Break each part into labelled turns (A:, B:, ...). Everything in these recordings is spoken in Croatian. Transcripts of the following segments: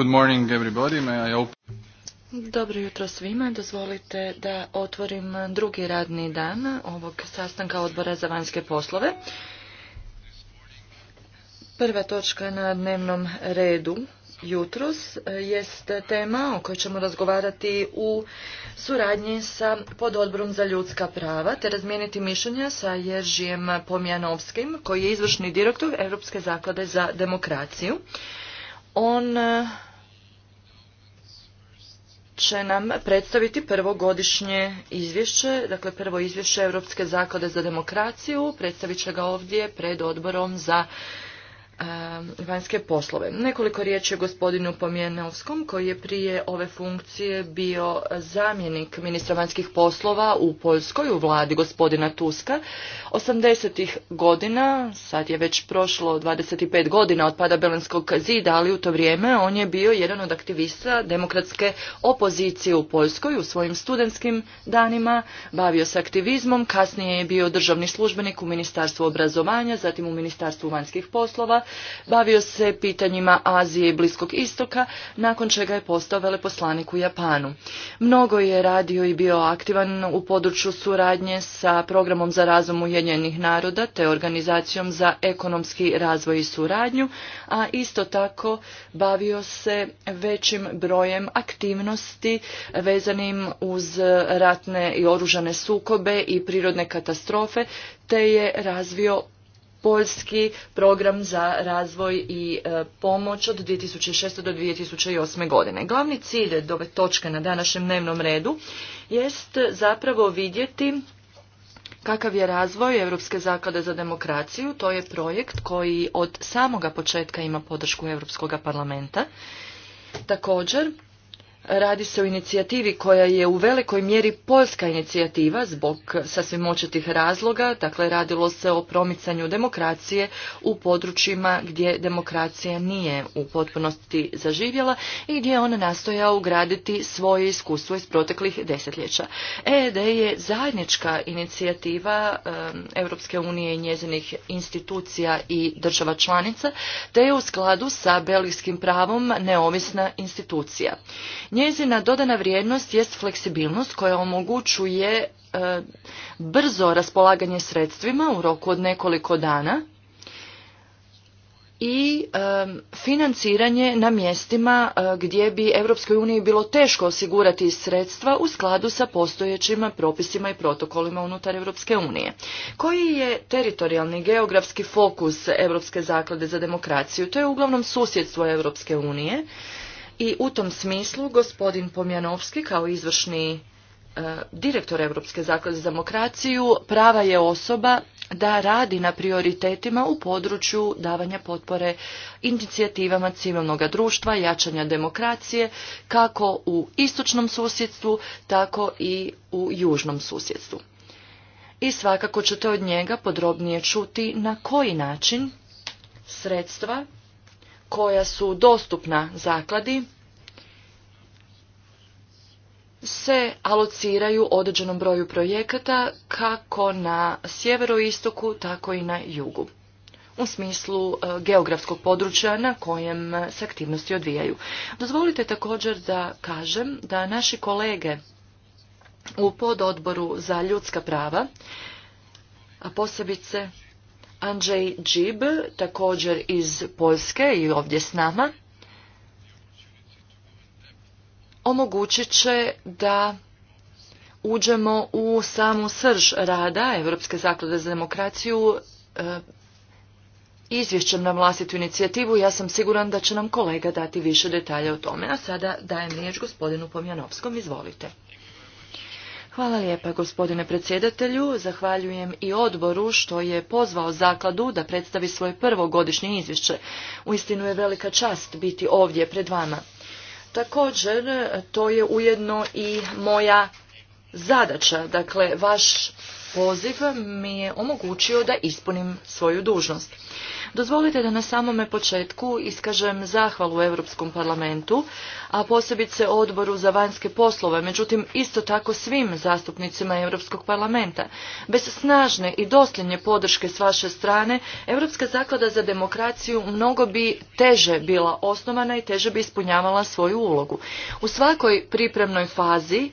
A: Good morning
B: Dobro jutro svima. Dozvolite da otvorim drugi radni dan ovog sastanka odbora za vanjske poslove. Prva točka na dnevnom redu jutros jest tema o kojoj ćemo razgovarati u suradnji sa pododborom za ljudska prava te razmijeniti mišljenja sa Jeržijem Pomjanovskim koji je izvršni direktor Europske zaklade za demokraciju. On će nam predstaviti prvo godišnje izvješće, dakle prvo izvješće Europske zaklade za demokraciju, predstavit će ga ovdje pred odborom za E, vanjske poslove. Nekoliko riječi o gospodinu Pomjenovskom koji je prije ove funkcije bio zamjenik ministra vanjskih poslova u Poljskoj u vladi gospodina Tuska. 80 godina, sad je već prošlo 25 godina od pada Belenskog zida, ali u to vrijeme on je bio jedan od aktivista demokratske opozicije u Poljskoj u svojim studentskim danima, bavio se aktivizmom, kasnije je bio državni službenik u Ministarstvu obrazovanja, zatim u Ministarstvu vanjskih poslova, Bavio se pitanjima Azije i Bliskog istoka, nakon čega je postao veleposlanik u Japanu. Mnogo je radio i bio aktivan u području suradnje sa programom za razum Ujedinjenih naroda te organizacijom za ekonomski razvoj i suradnju, a isto tako bavio se većim brojem aktivnosti vezanim uz ratne i oružane sukobe i prirodne katastrofe te je razvio poljski program za razvoj i e, pomoć od 2006. do 2008. godine. Glavni cilj ove točke na današnjem dnevnom redu jest zapravo vidjeti Kakav je razvoj Europske zaklade za demokraciju? To je projekt koji od samoga početka ima podršku Europskog parlamenta. Također, Radi se o inicijativi koja je u velikoj mjeri poljska inicijativa zbog sasvim očitih razloga, dakle radilo se o promicanju demokracije u područjima gdje demokracija nije u potpunosti zaživjela i gdje ona nastoja ugraditi svoje iskustvo iz proteklih desetljeća. EED je zajednička inicijativa Europske unije i njezinih institucija i država članica, te je u skladu sa belgijskim pravom neovisna institucija. Njezina dodana vrijednost jest fleksibilnost koja omogućuje e, brzo raspolaganje sredstvima u roku od nekoliko dana i e, financiranje na mjestima e, gdje bi Europskoj uniji bilo teško osigurati sredstva u skladu sa postojećim propisima i protokolima unutar Europske unije. Koji je teritorijalni geografski fokus Europske zaklade za demokraciju? To je uglavnom susjedstvo Europske unije i u tom smislu gospodin Pomjanovski kao izvršni e, direktor Europske zaklade za demokraciju prava je osoba da radi na prioritetima u području davanja potpore inicijativama civilnog društva, jačanja demokracije, kako u istočnom susjedstvu, tako i u južnom susjedstvu. I svakako ćete od njega podrobnije čuti na koji način sredstva koja su dostupna zakladi se alociraju određenom broju projekata kako na sjeveroistoku, tako i na jugu u smislu e, geografskog područja na kojem se aktivnosti odvijaju. Dozvolite također da kažem da naši kolege u pododboru za ljudska prava, a posebice Andrzej Džib, također iz Poljske i ovdje s nama, omogućit će da uđemo u samu srž rada Europske zaklade za demokraciju e, izvješćem na vlastitu inicijativu. Ja sam siguran da će nam kolega dati više detalja o tome. A sada dajem riječ gospodinu Pomjanovskom. Izvolite. Hvala lijepa gospodine predsjedatelju. Zahvaljujem i odboru što je pozvao zakladu da predstavi svoje prvo godišnje izvješće. Uistinu je velika čast biti ovdje pred vama. Također, to je ujedno i moja zadaća. Dakle, vaš poziv mi je omogućio da ispunim svoju dužnost. Dozvolite da na samome početku iskažem zahvalu Europskom parlamentu, a posebice odboru za vanjske poslove, međutim isto tako svim zastupnicima Europskog parlamenta. Bez snažne i dosljednje podrške s vaše strane, Europska zaklada za demokraciju mnogo bi teže bila osnovana i teže bi ispunjavala svoju ulogu. U svakoj pripremnoj fazi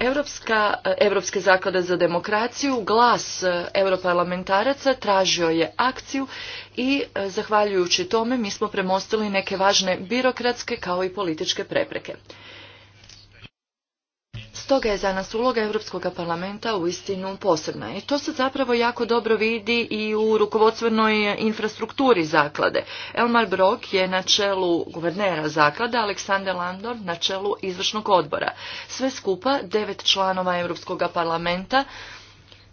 B: Europska, Europske zaklade za demokraciju glas europarlamentaraca tražio je akciju i e, zahvaljujući tome mi smo premostili neke važne birokratske kao i političke prepreke. Stoga je za nas uloga Europskog parlamenta u istinu posebna i to se zapravo jako dobro vidi i u rukovodstvenoj infrastrukturi zaklade. Elmar Brok je na čelu guvernera zaklade, Aleksander Landor na čelu izvršnog odbora. Sve skupa devet članova Europskog parlamenta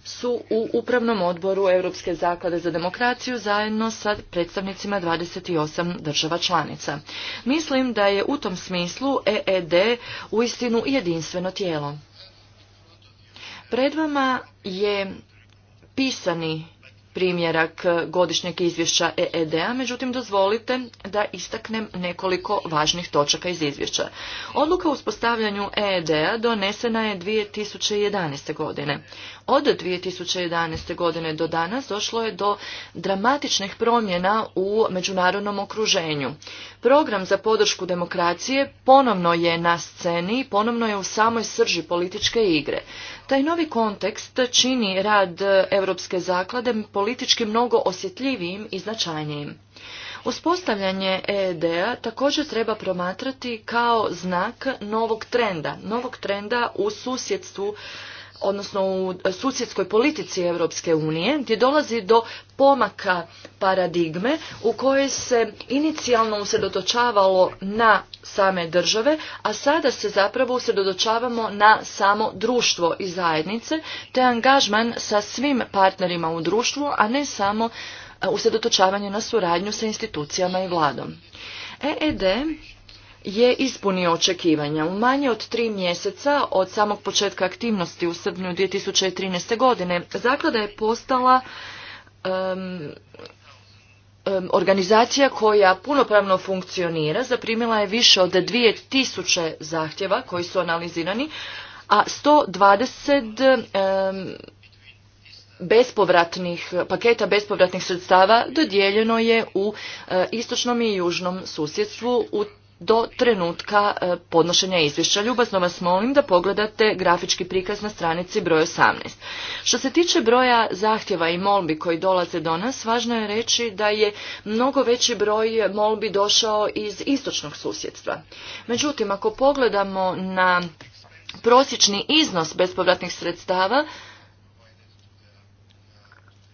B: su u upravnom odboru Europske zaklade za demokraciju zajedno sa predstavnicima 28 država članica. Mislim da je u tom smislu EED uistinu jedinstveno tijelo. Pred vama je pisani primjerak godišnjeg izvješća EED-a, međutim dozvolite da istaknem nekoliko važnih točaka iz izvješća. Odluka o uspostavljanju EED-a donesena je 2011. godine. Od 2011. godine do danas došlo je do dramatičnih promjena u međunarodnom okruženju. Program za podršku demokracije ponovno je na sceni, ponovno je u samoj srži političke igre. Taj novi kontekst čini rad Europske zaklade po politički mnogo osjetljivijim i značajnijim. Uspostavljanje EED-a također treba promatrati kao znak novog trenda, novog trenda u susjedstvu odnosno u susjedskoj politici Europske unije gdje dolazi do pomaka paradigme u kojoj se inicijalno usredotočavalo na same države, a sada se zapravo usredotočavamo na samo društvo i zajednice, te angažman sa svim partnerima u društvu, a ne samo usredotočavanje na suradnju sa institucijama i vladom. EED je ispunio očekivanja. U manje od tri mjeseca od samog početka aktivnosti u srpnju 2013. godine zaklada je postala organizacija koja punopravno funkcionira zaprimila je više od 2000 zahtjeva koji su analizirani, a 120 bespovratnih, paketa bespovratnih sredstava dodijeljeno je u e, istočnom i južnom susjedstvu u do trenutka e, podnošenja izvješća. Ljubazno vas molim da pogledate grafički prikaz na stranici broj 18. Što se tiče broja zahtjeva i molbi koji dolaze do nas, važno je reći da je mnogo veći broj molbi došao iz istočnog susjedstva. Međutim, ako pogledamo na prosječni iznos bespovratnih sredstava,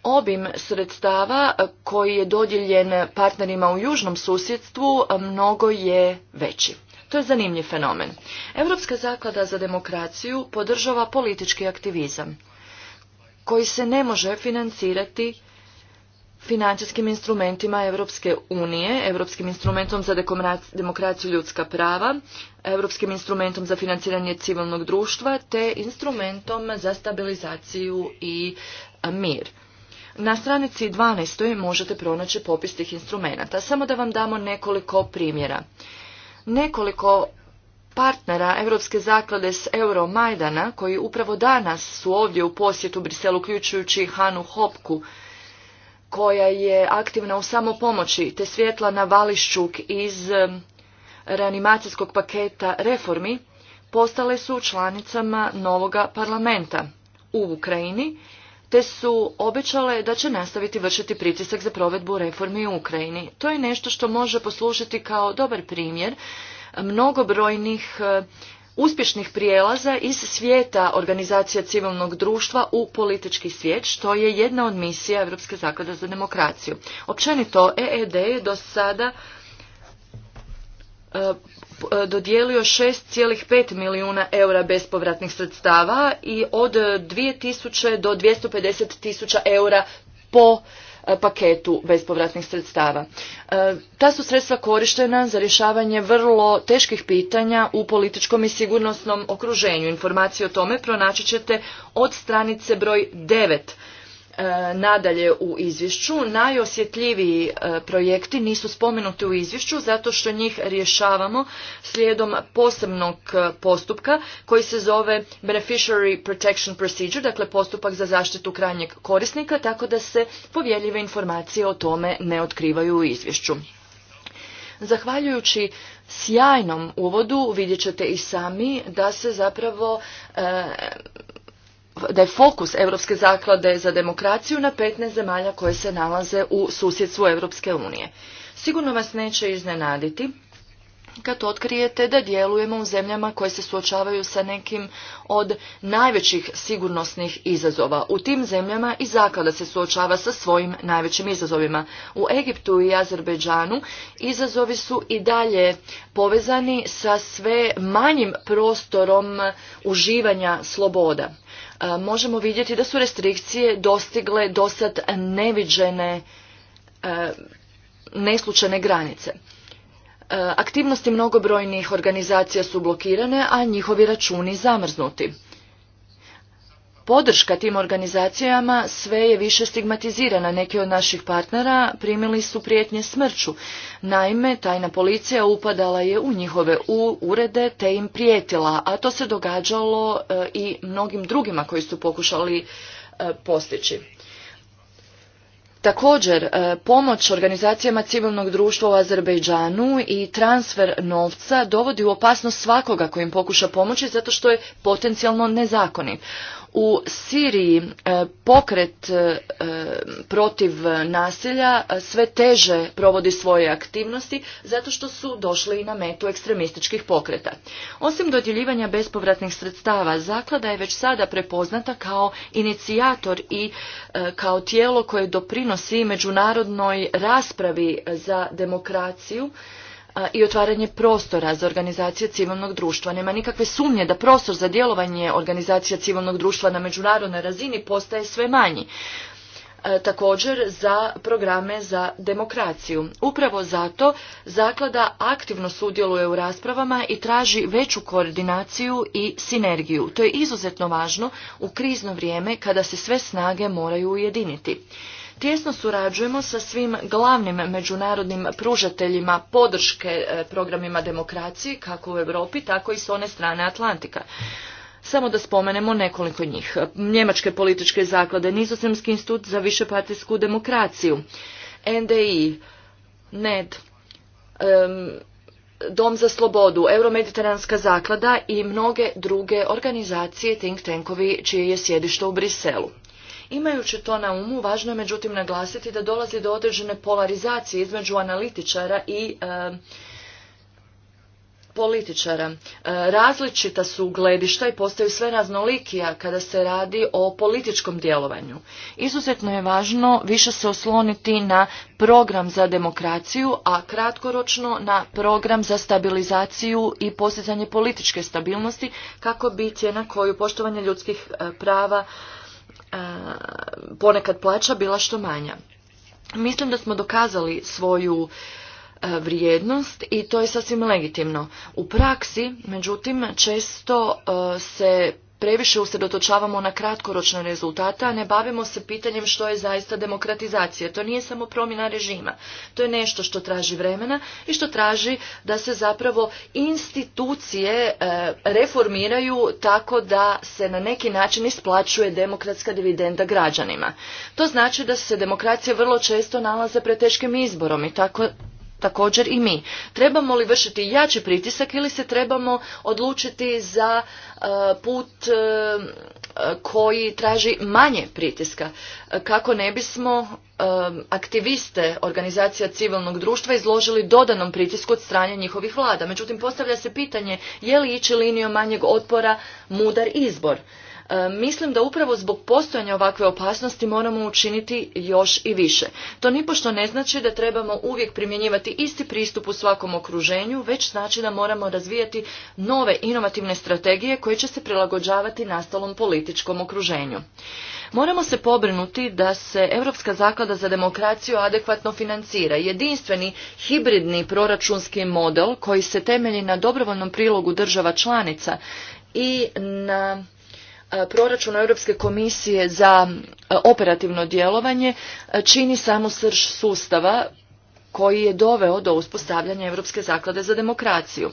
B: Obim sredstava koji je dodjeljen partnerima u južnom susjedstvu mnogo je veći. To je zanimljiv fenomen. Europska zaklada za demokraciju podržava politički aktivizam koji se ne može financirati financijskim instrumentima Europske unije, Europskim instrumentom za demokraciju ljudska prava, Europskim instrumentom za financiranje civilnog društva te instrumentom za stabilizaciju i mir. Na stranici 12. možete pronaći popis tih instrumenta. Samo da vam damo nekoliko primjera. Nekoliko partnera Europske zaklade s Euromajdana, koji upravo danas su ovdje u posjetu Briselu, uključujući Hanu Hopku, koja je aktivna u samopomoći, te na Vališčuk iz reanimacijskog paketa reformi, postale su članicama novoga parlamenta u Ukrajini te su obećale da će nastaviti vršiti pritisak za provedbu reformi u Ukrajini. To je nešto što može poslužiti kao dobar primjer mnogobrojnih e, uspješnih prijelaza iz svijeta organizacija civilnog društva u politički svijet, što je jedna od misija Europske zaklade za demokraciju. Općenito, EED je do sada E, e, dodijelio 6,5 milijuna eura bespovratnih sredstava i od 2000 do 250 tisuća eura po e, paketu bespovratnih sredstava. Ta su sredstva korištena za rješavanje vrlo teških pitanja u političkom i sigurnosnom okruženju. Informacije o tome pronaći ćete od stranice broj 9 E, nadalje u izvješću najosjetljiviji e, projekti nisu spomenuti u izvješću zato što njih rješavamo slijedom posebnog e, postupka koji se zove Beneficiary Protection Procedure, dakle postupak za zaštitu krajnjeg korisnika, tako da se povjeljive informacije o tome ne otkrivaju u izvješću. Zahvaljujući sjajnom uvodu vidjet ćete i sami da se zapravo da je fokus Europske zaklade za demokraciju na 15 zemalja koje se nalaze u susjedstvu Europske unije. Sigurno vas neće iznenaditi kad otkrijete da djelujemo u zemljama koje se suočavaju sa nekim od najvećih sigurnosnih izazova. U tim zemljama i zaklada se suočava sa svojim najvećim izazovima. U Egiptu i Azerbejdžanu izazovi su i dalje povezani sa sve manjim prostorom uživanja sloboda. E, možemo vidjeti da su restrikcije dostigle dosad neviđene e, neslučene granice. E, aktivnosti mnogobrojnih organizacija su blokirane, a njihovi računi zamrznuti. Podrška tim organizacijama sve je više stigmatizirana. Neki od naših partnera primili su prijetnje smrću. Naime, tajna policija upadala je u njihove urede te im prijetila, a to se događalo e, i mnogim drugima koji su pokušali e, postići. Također, e, pomoć organizacijama civilnog društva u Azerbejdžanu i transfer novca dovodi u opasnost svakoga im pokuša pomoći zato što je potencijalno nezakonit. U Siriji e, pokret e, protiv nasilja e, sve teže provodi svoje aktivnosti zato što su došli i na metu ekstremističkih pokreta. Osim dodjeljivanja bespovratnih sredstava, zaklada je već sada prepoznata kao inicijator i kao tijelo koje doprinosi međunarodnoj raspravi za demokraciju i otvaranje prostora za organizacije civilnog društva. Nema nikakve sumnje da prostor za djelovanje organizacija civilnog društva na međunarodnoj razini postaje sve manji. E, također za programe za demokraciju. Upravo zato zaklada aktivno sudjeluje u raspravama i traži veću koordinaciju i sinergiju. To je izuzetno važno u krizno vrijeme kada se sve snage moraju ujediniti. Tjesno surađujemo sa svim glavnim međunarodnim pružateljima podrške e, programima demokracije kako u Europi tako i s one strane Atlantika. Samo da spomenemo nekoliko njih. E, Njemačke političke zaklade, Nizozemski institut za višepartijsku demokraciju, NDI, NED, Dom za slobodu, Euromediteranska zaklada i mnoge druge organizacije think tankovi čije je sjedište u Briselu. Imajući to na umu, važno je međutim naglasiti da dolazi do određene polarizacije između analitičara i e, političara. E, različita su gledišta i postaju sve raznolikija kada se radi o političkom djelovanju. Izuzetno je važno više se osloniti na program za demokraciju, a kratkoročno na program za stabilizaciju i postizanje političke stabilnosti kako bi cijena koju poštovanje ljudskih e, prava ponekad plaća bila što manja. Mislim da smo dokazali svoju e, vrijednost i to je sasvim legitimno. U praksi, međutim, često e, se previše usredotočavamo na kratkoročne rezultate, a ne bavimo se pitanjem što je zaista demokratizacija. To nije samo promjena režima. To je nešto što traži vremena i što traži da se zapravo institucije e, reformiraju tako da se na neki način isplaćuje demokratska dividenda građanima. To znači da se demokracije vrlo često nalaze pred teškim izborom i tako također i mi. Trebamo li vršiti jači pritisak ili se trebamo odlučiti za e, put e, koji traži manje pritiska e, kako ne bismo aktiviste organizacija civilnog društva izložili dodanom pritisku od strane njihovih vlada. Međutim, postavlja se pitanje je li ići linijom manjeg otpora mudar izbor. E, mislim da upravo zbog postojanja ovakve opasnosti moramo učiniti još i više. To nipošto ne znači da trebamo uvijek primjenjivati isti pristup u svakom okruženju, već znači da moramo razvijati nove inovativne strategije koje će se prilagođavati nastalom političkom okruženju. Moramo se pobrinuti da se Europska zaklada za demokraciju adekvatno financira. Jedinstveni hibridni proračunski model koji se temelji na dobrovoljnom prilogu država članica i na E, proračun Europske komisije za e, operativno djelovanje e, čini samo srž sustava koji je doveo do uspostavljanja Europske zaklade za demokraciju.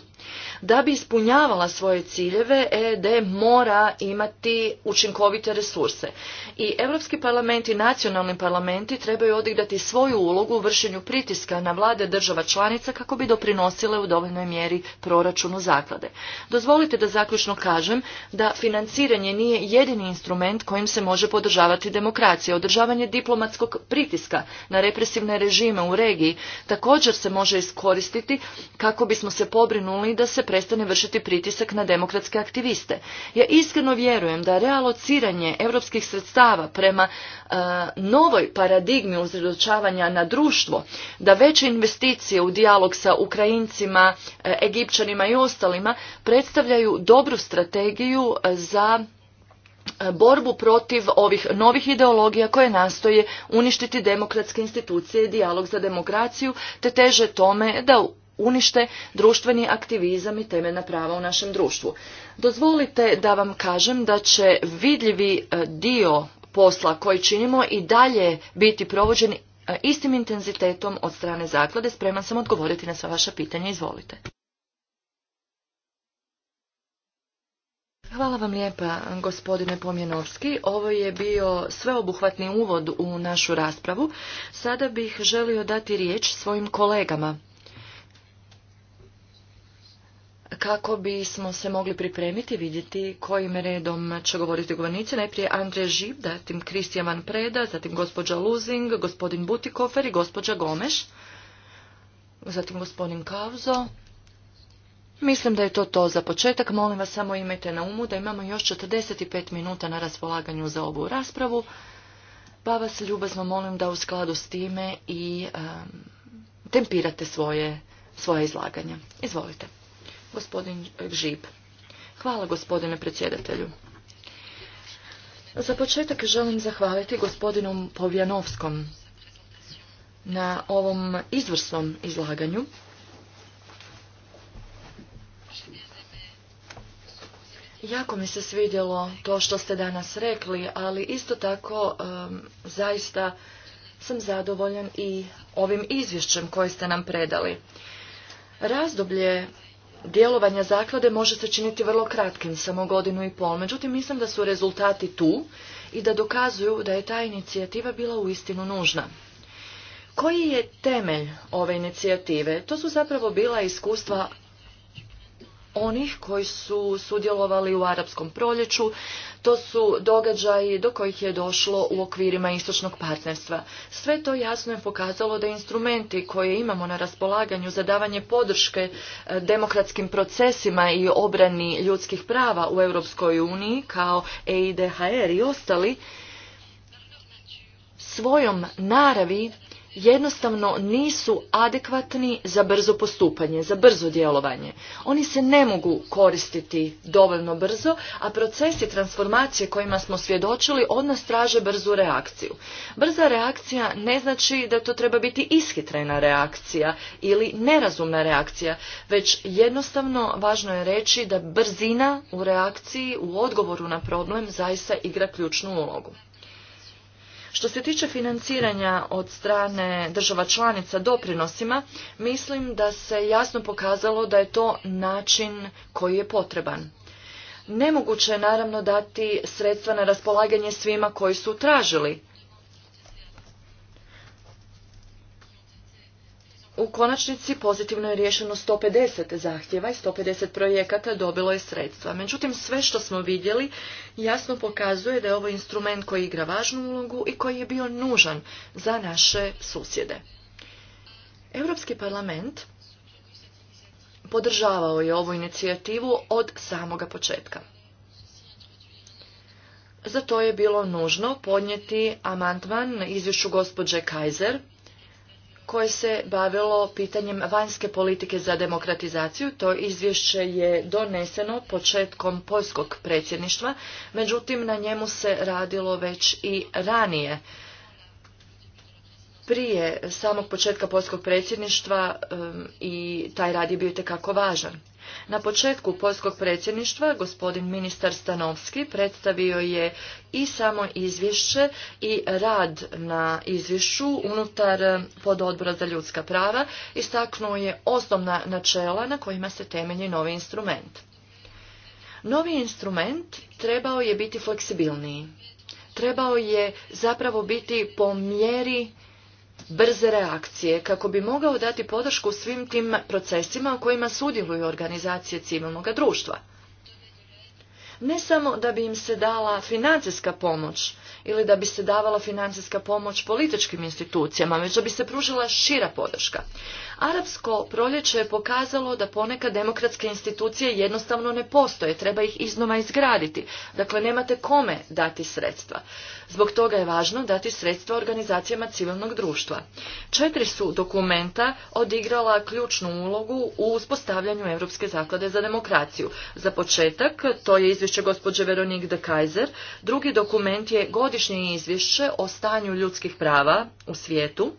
B: Da bi ispunjavala svoje ciljeve, EED mora imati učinkovite resurse. I Europski parlament i nacionalni parlamenti trebaju odigrati svoju ulogu u vršenju pritiska na vlade država članica kako bi doprinosile u dovoljnoj mjeri proračunu zaklade. Dozvolite da zaključno kažem da financiranje nije jedini instrument kojim se može podržavati demokracija. Održavanje diplomatskog pritiska na represivne režime u regiji također se može iskoristiti kako bismo se pobrinuli da se prestane vršiti pritisak na demokratske aktiviste. Ja iskreno vjerujem da realociranje europskih sredstava prema e, novoj paradigmi uzredočavanja na društvo, da veće investicije u dijalog sa Ukrajincima, e, Egipćanima i ostalima predstavljaju dobru strategiju e, za borbu protiv ovih novih ideologija koje nastoje uništiti demokratske institucije i dijalog za demokraciju te teže tome da unište društveni aktivizam i temeljna prava u našem društvu. Dozvolite da vam kažem da će vidljivi e, dio posla koji činimo i dalje biti provođen e, istim intenzitetom od strane zaklade. Spreman sam odgovoriti na sva vaša pitanja. Izvolite. Hvala vam lijepa, gospodine Pomjenovski. Ovo je bio sveobuhvatni uvod u našu raspravu. Sada bih želio dati riječ svojim kolegama kako bismo se mogli pripremiti, vidjeti kojim redom će govoriti govornici. Najprije Andrej Žib, zatim Kristijan Van Preda, zatim gospođa Luzing, gospodin Butikofer i gospođa Gomeš, zatim gospodin Kauzo. Mislim da je to to za početak. Molim vas samo imajte na umu da imamo još 45 minuta na raspolaganju za ovu raspravu. Pa vas ljubazno molim da u skladu s time i tempirate svoje, svoje izlaganje. Izvolite. Gospodin Žib. Hvala gospodine predsjedatelju. Za početak želim zahvaliti gospodinu Povjanovskom na ovom izvrsnom izlaganju. Jako mi se svidjelo to što ste danas rekli, ali isto tako zaista sam zadovoljan i ovim izvješćem koje ste nam predali. Razdoblje djelovanja zaklade može se činiti vrlo kratkim, samo godinu i pol. Međutim, mislim da su rezultati tu i da dokazuju da je ta inicijativa bila uistinu nužna. Koji je temelj ove inicijative? To su zapravo bila iskustva onih koji su sudjelovali u arapskom proljeću. To su događaji do kojih je došlo u okvirima istočnog partnerstva. Sve to jasno je pokazalo da instrumenti koje imamo na raspolaganju za davanje podrške e, demokratskim procesima i obrani ljudskih prava u Europskoj uniji kao EIDHR i ostali svojom naravi jednostavno nisu adekvatni za brzo postupanje, za brzo djelovanje. Oni se ne mogu koristiti dovoljno brzo, a procesi transformacije kojima smo svjedočili od nas traže brzu reakciju. Brza reakcija ne znači da to treba biti ishitrena reakcija ili nerazumna reakcija, već jednostavno važno je reći da brzina u reakciji, u odgovoru na problem zaista igra ključnu ulogu. Što se tiče financiranja od strane država članica doprinosima, mislim da se jasno pokazalo da je to način koji je potreban. Nemoguće je naravno dati sredstva na raspolaganje svima koji su tražili U konačnici pozitivno je rješeno 150 zahtjeva i 150 projekata dobilo je sredstva. Međutim, sve što smo vidjeli jasno pokazuje da je ovo instrument koji igra važnu ulogu i koji je bio nužan za naše susjede. Europski parlament podržavao je ovu inicijativu od samoga početka. Za to je bilo nužno podnijeti amandman na izvješću gospođe Kaiser, koje se bavilo pitanjem vanjske politike za demokratizaciju. To izvješće je doneseno početkom poljskog predsjedništva, međutim na njemu se radilo već i ranije. Prije samog početka poljskog predsjedništva i taj rad je bio itekako važan. Na početku poljskog predsjedništva gospodin ministar Stanovski predstavio je i samo izvješće i rad na izvješću unutar eh, pododbora za ljudska prava istaknuo je osnovna načela na kojima se temelji novi instrument. Novi instrument trebao je biti fleksibilniji. Trebao je zapravo biti po mjeri brze reakcije kako bi mogao dati podršku svim tim procesima u kojima sudjeluju organizacije civilnog društva. Ne samo da bi im se dala financijska pomoć, ili da bi se davala financijska pomoć političkim institucijama, već da bi se pružila šira podrška. Arapsko proljeće je pokazalo da ponekad demokratske institucije jednostavno ne postoje, treba ih iznova izgraditi. Dakle, nemate kome dati sredstva. Zbog toga je važno dati sredstva organizacijama civilnog društva. Četiri su dokumenta odigrala ključnu ulogu u uspostavljanju Europske zaklade za demokraciju. Za početak, to je izvješće gospođe Veronique de Kaiser, drugi dokument je godišnje izvješće o stanju ljudskih prava u svijetu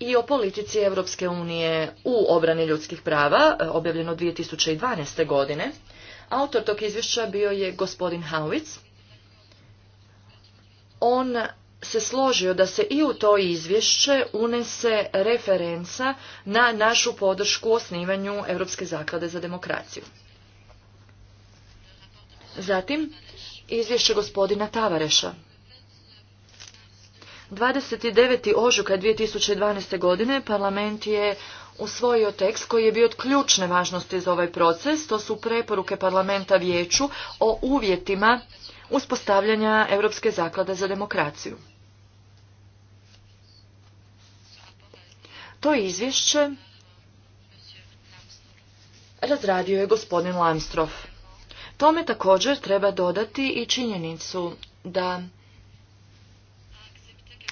B: i o politici Europske unije u obrani ljudskih prava, e, objavljeno 2012. godine. Autor tog izvješća bio je gospodin Howitz. On se složio da se i u to izvješće unese referenca na našu podršku osnivanju Europske zaklade za demokraciju. Zatim, izvješće gospodina Tavareša. 29. ožuka 2012. godine parlament je usvojio tekst koji je bio od ključne važnosti za ovaj proces. To su preporuke parlamenta vijeću o uvjetima uspostavljanja Europske zaklade za demokraciju. To izvješće razradio je gospodin Lamstrov. Tome također treba dodati i činjenicu da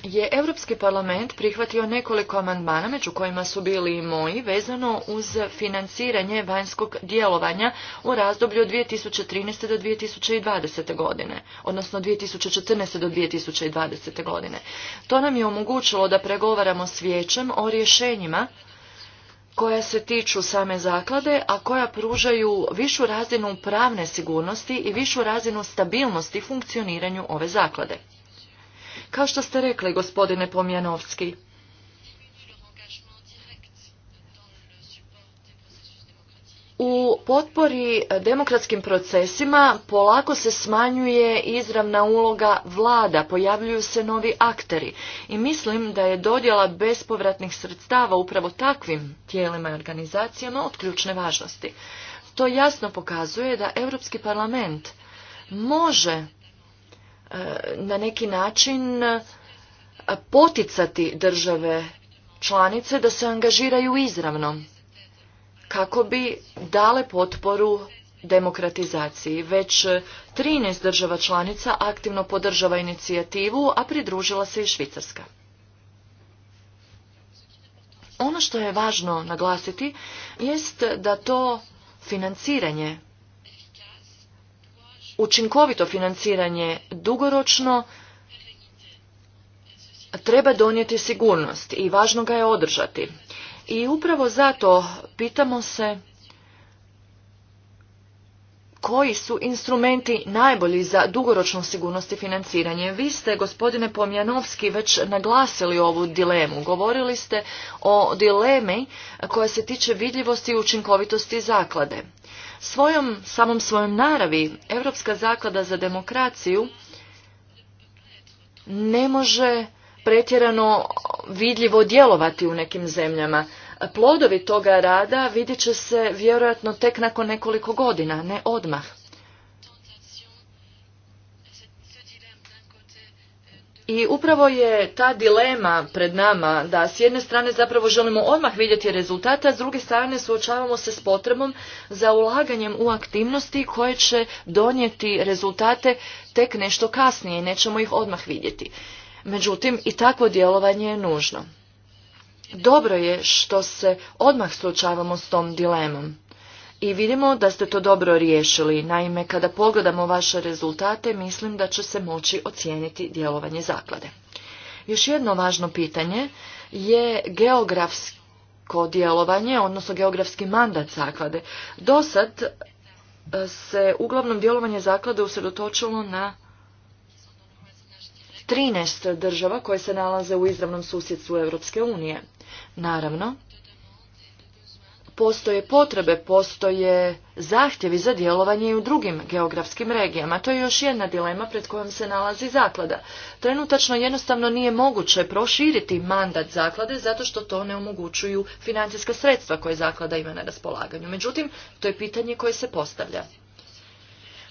B: je Europski parlament prihvatio nekoliko amandmana, među kojima su bili i moji, vezano uz financiranje vanjskog djelovanja u razdoblju od 2013. do 2020. godine, odnosno 2014. do 2020. godine. To nam je omogućilo da pregovaramo s vijećem o rješenjima koja se tiču same zaklade, a koja pružaju višu razinu pravne sigurnosti i višu razinu stabilnosti funkcioniranju ove zaklade. Kao što ste rekli, gospodine Pomjanovski, u potpori demokratskim procesima polako se smanjuje izravna uloga vlada, pojavljuju se novi akteri i mislim da je dodjela bespovratnih sredstava upravo takvim tijelima i organizacijama od ključne važnosti. To jasno pokazuje da Europski parlament može e, na neki način e, poticati države članice da se angažiraju izravno kako bi dale potporu demokratizaciji. Već 13 država članica aktivno podržava inicijativu, a pridružila se i Švicarska. Ono što je važno naglasiti jest da to financiranje, učinkovito financiranje dugoročno treba donijeti sigurnost i važno ga je održati. I upravo zato pitamo se koji su instrumenti najbolji za dugoročnu sigurnost i financiranje. Vi ste, gospodine Pomjanovski, već naglasili ovu dilemu. Govorili ste o dilemi koja se tiče vidljivosti i učinkovitosti zaklade. Svojom, samom svojom naravi, Europska zaklada za demokraciju ne može pretjerano vidljivo djelovati u nekim zemljama. Plodovi toga rada vidjet će se vjerojatno tek nakon nekoliko godina, ne odmah. I upravo je ta dilema pred nama da s jedne strane zapravo želimo odmah vidjeti rezultate, a s druge strane suočavamo se s potrebom za ulaganjem u aktivnosti koje će donijeti rezultate tek nešto kasnije i nećemo ih odmah vidjeti. Međutim, i takvo djelovanje je nužno. Dobro je što se odmah suočavamo s tom dilemom. I vidimo da ste to dobro riješili. Naime, kada pogledamo vaše rezultate, mislim da će se moći ocijeniti djelovanje zaklade. Još jedno važno pitanje je geografsko djelovanje, odnosno geografski mandat zaklade. Do sad e, se uglavnom djelovanje zaklade usredotočilo na 13 država koje se nalaze u izravnom susjedstvu Europske unije. Naravno, postoje potrebe, postoje zahtjevi za djelovanje i u drugim geografskim regijama. To je još jedna dilema pred kojom se nalazi zaklada. Trenutačno jednostavno nije moguće proširiti mandat zaklade zato što to ne omogućuju financijska sredstva koje zaklada ima na raspolaganju. Međutim, to je pitanje koje se postavlja.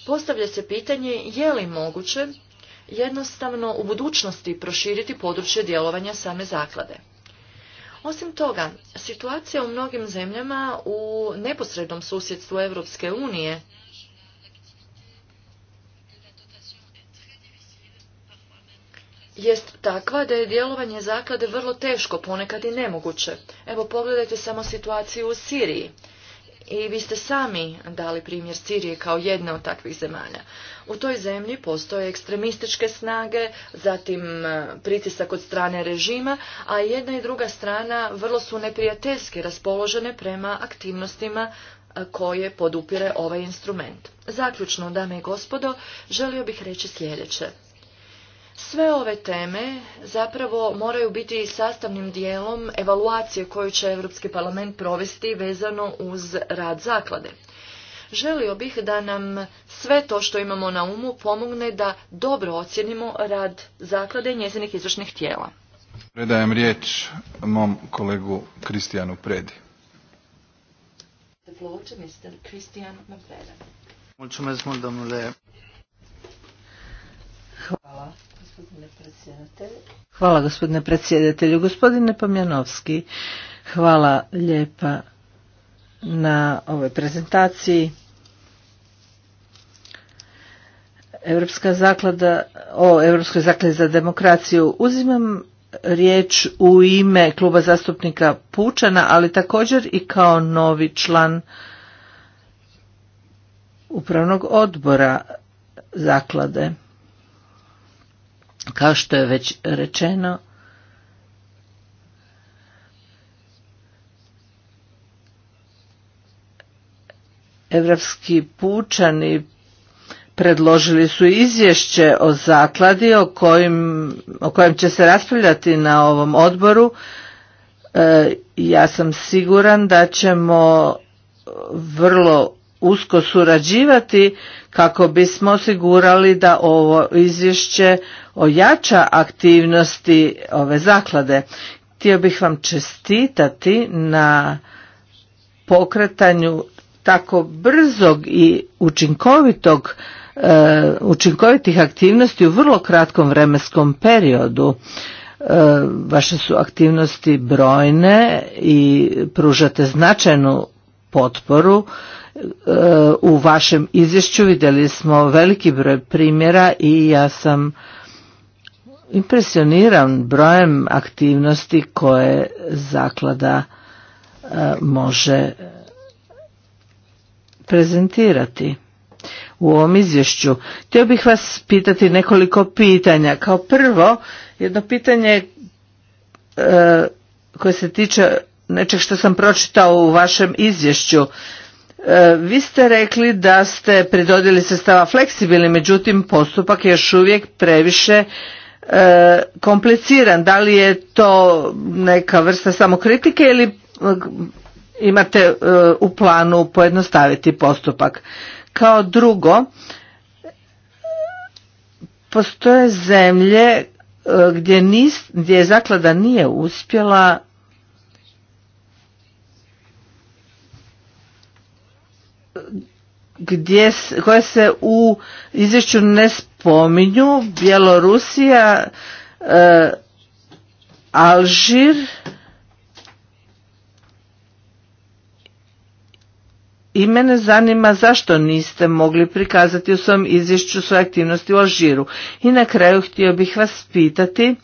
B: Postavlja se pitanje je li moguće jednostavno u budućnosti proširiti područje djelovanja same zaklade. Osim toga, situacija u mnogim zemljama u neposrednom susjedstvu Europske unije jest takva da je djelovanje zaklade vrlo teško, ponekad i nemoguće. Evo pogledajte samo situaciju u Siriji i vi ste sami dali primjer Sirije kao jedna od takvih zemalja. U toj zemlji postoje ekstremističke snage, zatim e, pritisak od strane režima, a jedna i druga strana vrlo su neprijateljski raspoložene prema aktivnostima e, koje podupire ovaj instrument. Zaključno, dame i gospodo, želio bih reći sljedeće. Sve ove teme zapravo moraju biti sastavnim dijelom evaluacije koju će Europski parlament provesti vezano uz rad zaklade. Želio bih da nam sve to što imamo na umu pomogne da dobro ocjenimo rad zaklade njezinih izvršnih tijela.
A: Predajem riječ mom kolegu Kristijanu Predi.
C: Hvala gospodine Hvala gospodine predsjedatelju. Gospodine Pomjanovski, hvala lijepa na ovoj prezentaciji. Europska zaklada o Europskoj zakladi za demokraciju uzimam riječ u ime kluba zastupnika Pučana, ali također i kao novi član upravnog odbora zaklade. Kao što je već rečeno, Evropski pučani predložili su izvješće o zakladi o kojem, o kojem će se raspravljati na ovom odboru. E, ja sam siguran da ćemo vrlo usko surađivati kako bismo osigurali da ovo izvješće ojača aktivnosti ove zaklade. Htio bih vam čestitati na pokretanju tako brzog i učinkovitog e, učinkovitih aktivnosti u vrlo kratkom vremenskom periodu. E, vaše su aktivnosti brojne i pružate značajnu potporu. E, u vašem izvješću vidjeli smo veliki broj primjera i ja sam impresioniran brojem aktivnosti koje zaklada e, može e, prezentirati u ovom izvješću. Htio bih vas pitati nekoliko pitanja. Kao prvo, jedno pitanje e, koje se tiče nečeg što sam pročitao u vašem izvješću. vi ste rekli da ste pridodili sestava fleksibilni, međutim postupak je još uvijek previše E, kompliciran. Da li je to neka vrsta samokritike ili e, imate e, u planu pojednostaviti postupak? Kao drugo, postoje zemlje gdje, gdje zaklada nije uspjela gdje, koje se u izvješću ne spominju, Bjelorusija, e, Alžir i mene zanima zašto niste mogli prikazati u svom izvješću svoje aktivnosti u Alžiru. I na kraju htio bih vas pitati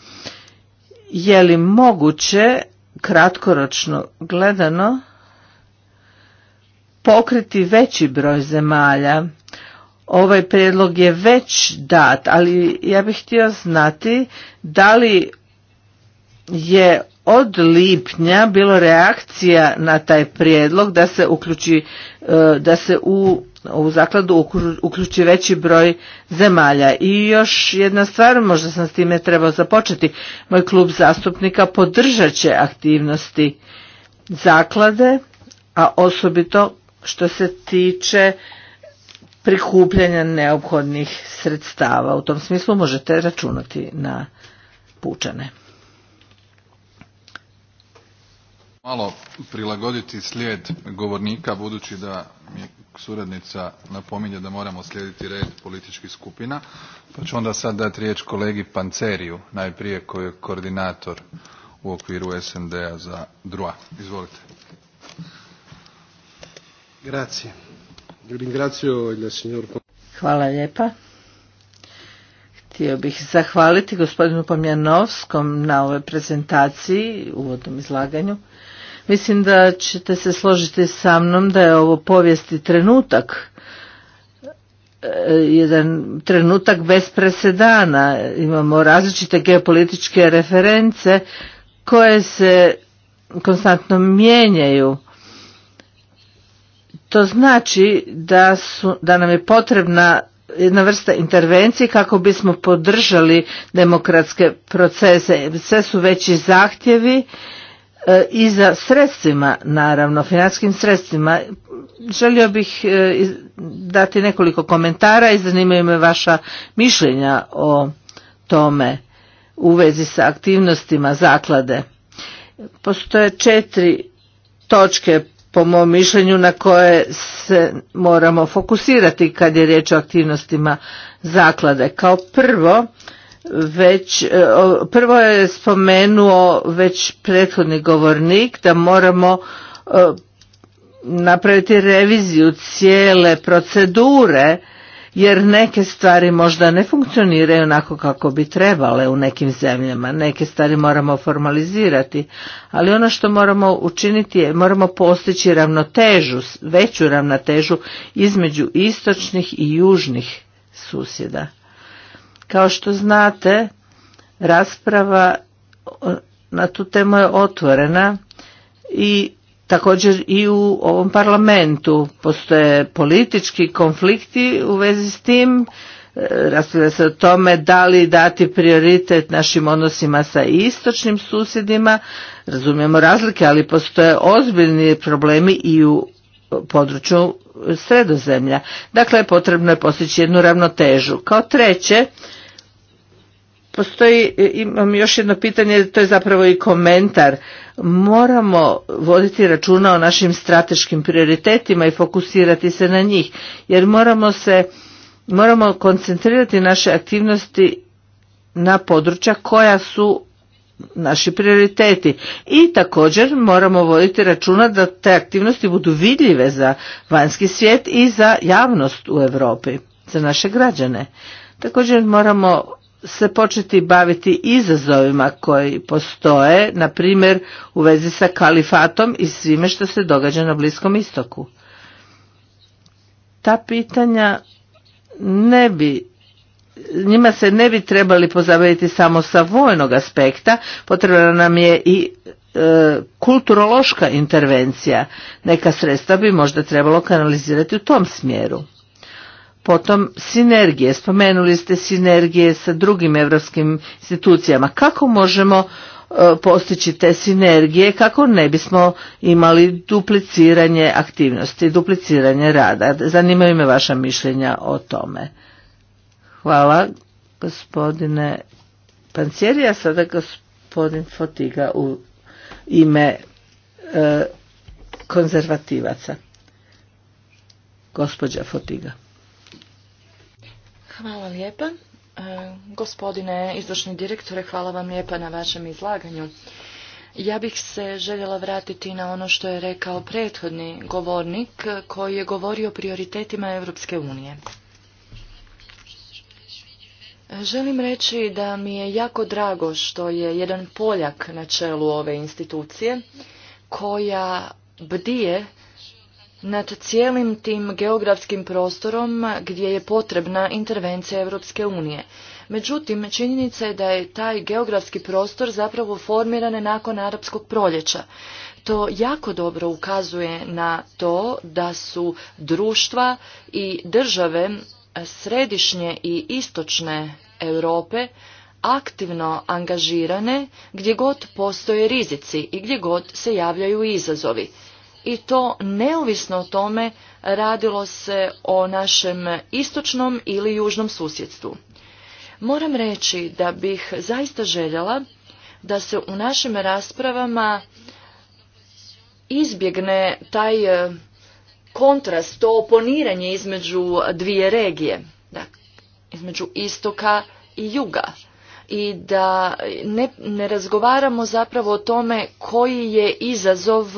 C: je li moguće kratkoročno gledano pokriti veći broj zemalja. Ovaj prijedlog je već dat, ali ja bih htio znati da li je od lipnja bilo reakcija na taj prijedlog da se uključi e, da se u ovu zakladu uključi veći broj zemalja. I još jedna stvar, možda sam s time trebao započeti, moj klub zastupnika podržat će aktivnosti zaklade, a osobito što se tiče prikupljanja neophodnih sredstava. U tom smislu možete računati na pučane.
A: Malo prilagoditi slijed govornika budući da mi suradnica napominje da moramo slijediti red političkih skupina, pa ću onda sad dati riječ kolegi Panceriju, najprije koji je koordinator u okviru SND-a za DRUA. Izvolite. Hvala
C: lijepa. Htio bih zahvaliti gospodinu Pomjanovskom na ovoj prezentaciji, uvodnom izlaganju. Mislim da ćete se složiti sa mnom da je ovo povijesti trenutak, e, jedan trenutak bez presedana. Imamo različite geopolitičke reference koje se konstantno mijenjaju to znači da, su, da nam je potrebna jedna vrsta intervencije kako bismo podržali demokratske procese. Sve su veći zahtjevi e, i za sredstvima, naravno, financijskim sredstvima. Želio bih e, dati nekoliko komentara i zanimaju me vaša mišljenja o tome u vezi sa aktivnostima zaklade. Postoje četiri točke po mom mišljenju na koje se moramo fokusirati kad je riječ o aktivnostima zaklade. Kao prvo, već, e, prvo je spomenuo već prethodni govornik da moramo e, napraviti reviziju cijele procedure jer neke stvari možda ne funkcioniraju onako kako bi trebale u nekim zemljama, neke stvari moramo formalizirati, ali ono što moramo učiniti je moramo postići ravnotežu, veću ravnotežu između istočnih i južnih susjeda. Kao što znate, rasprava na tu temu je otvorena i Također i u ovom parlamentu postoje politički konflikti u vezi s tim, e, raspravlja se o tome da li dati prioritet našim odnosima sa istočnim susjedima, razumijemo razlike, ali postoje ozbiljni problemi i u području sredozemlja. Dakle, potrebno je postići jednu ravnotežu. Kao treće, Postoji, e, imam još jedno pitanje, to je zapravo i komentar. Moramo voditi računa o našim strateškim prioritetima i fokusirati se na njih, jer moramo se, moramo koncentrirati naše aktivnosti na područja koja su naši prioriteti i također moramo voditi računa da te aktivnosti budu vidljive za vanjski svijet i za javnost u Europi, za naše građane. Također moramo se početi baviti izazovima koji postoje, na primjer u vezi sa kalifatom i svime što se događa na Bliskom istoku. Ta pitanja ne bi njima se ne bi trebali pozabaviti samo sa vojnog aspekta, potrebna nam je i e, kulturološka intervencija. Neka sredstva bi možda trebalo kanalizirati u tom smjeru. Potom sinergije, spomenuli ste sinergije sa drugim europskim institucijama. Kako možemo e, postići te sinergije kako ne bismo imali dupliciranje aktivnosti, dupliciranje rada. Zanimaju me vaša mišljenja o tome. Hvala gospodine a sada gospodin Fotiga u ime e, konzervativaca. Gospođa Fotiga.
B: Hvala lijepa. E, gospodine izvršni direktore, hvala vam lijepa na vašem izlaganju. Ja bih se željela vratiti na ono što je rekao prethodni govornik koji je govorio o prioritetima Europske unije. Želim reći da mi je jako drago što je jedan Poljak na čelu ove institucije koja bdije nad cijelim tim geografskim prostorom gdje je potrebna intervencija Europske unije. Međutim, činjenica je da je taj geografski prostor zapravo formiran nakon arapskog proljeća. To jako dobro ukazuje na to da su društva i države središnje i istočne Europe aktivno angažirane gdje god postoje rizici i gdje god se javljaju izazovi i to neovisno o tome radilo se o našem istočnom ili južnom susjedstvu. Moram reći da bih zaista željela da se u našim raspravama izbjegne taj e, kontrast, to oponiranje između dvije regije, dakle, između istoka i juga i da ne, ne razgovaramo zapravo o tome koji je izazov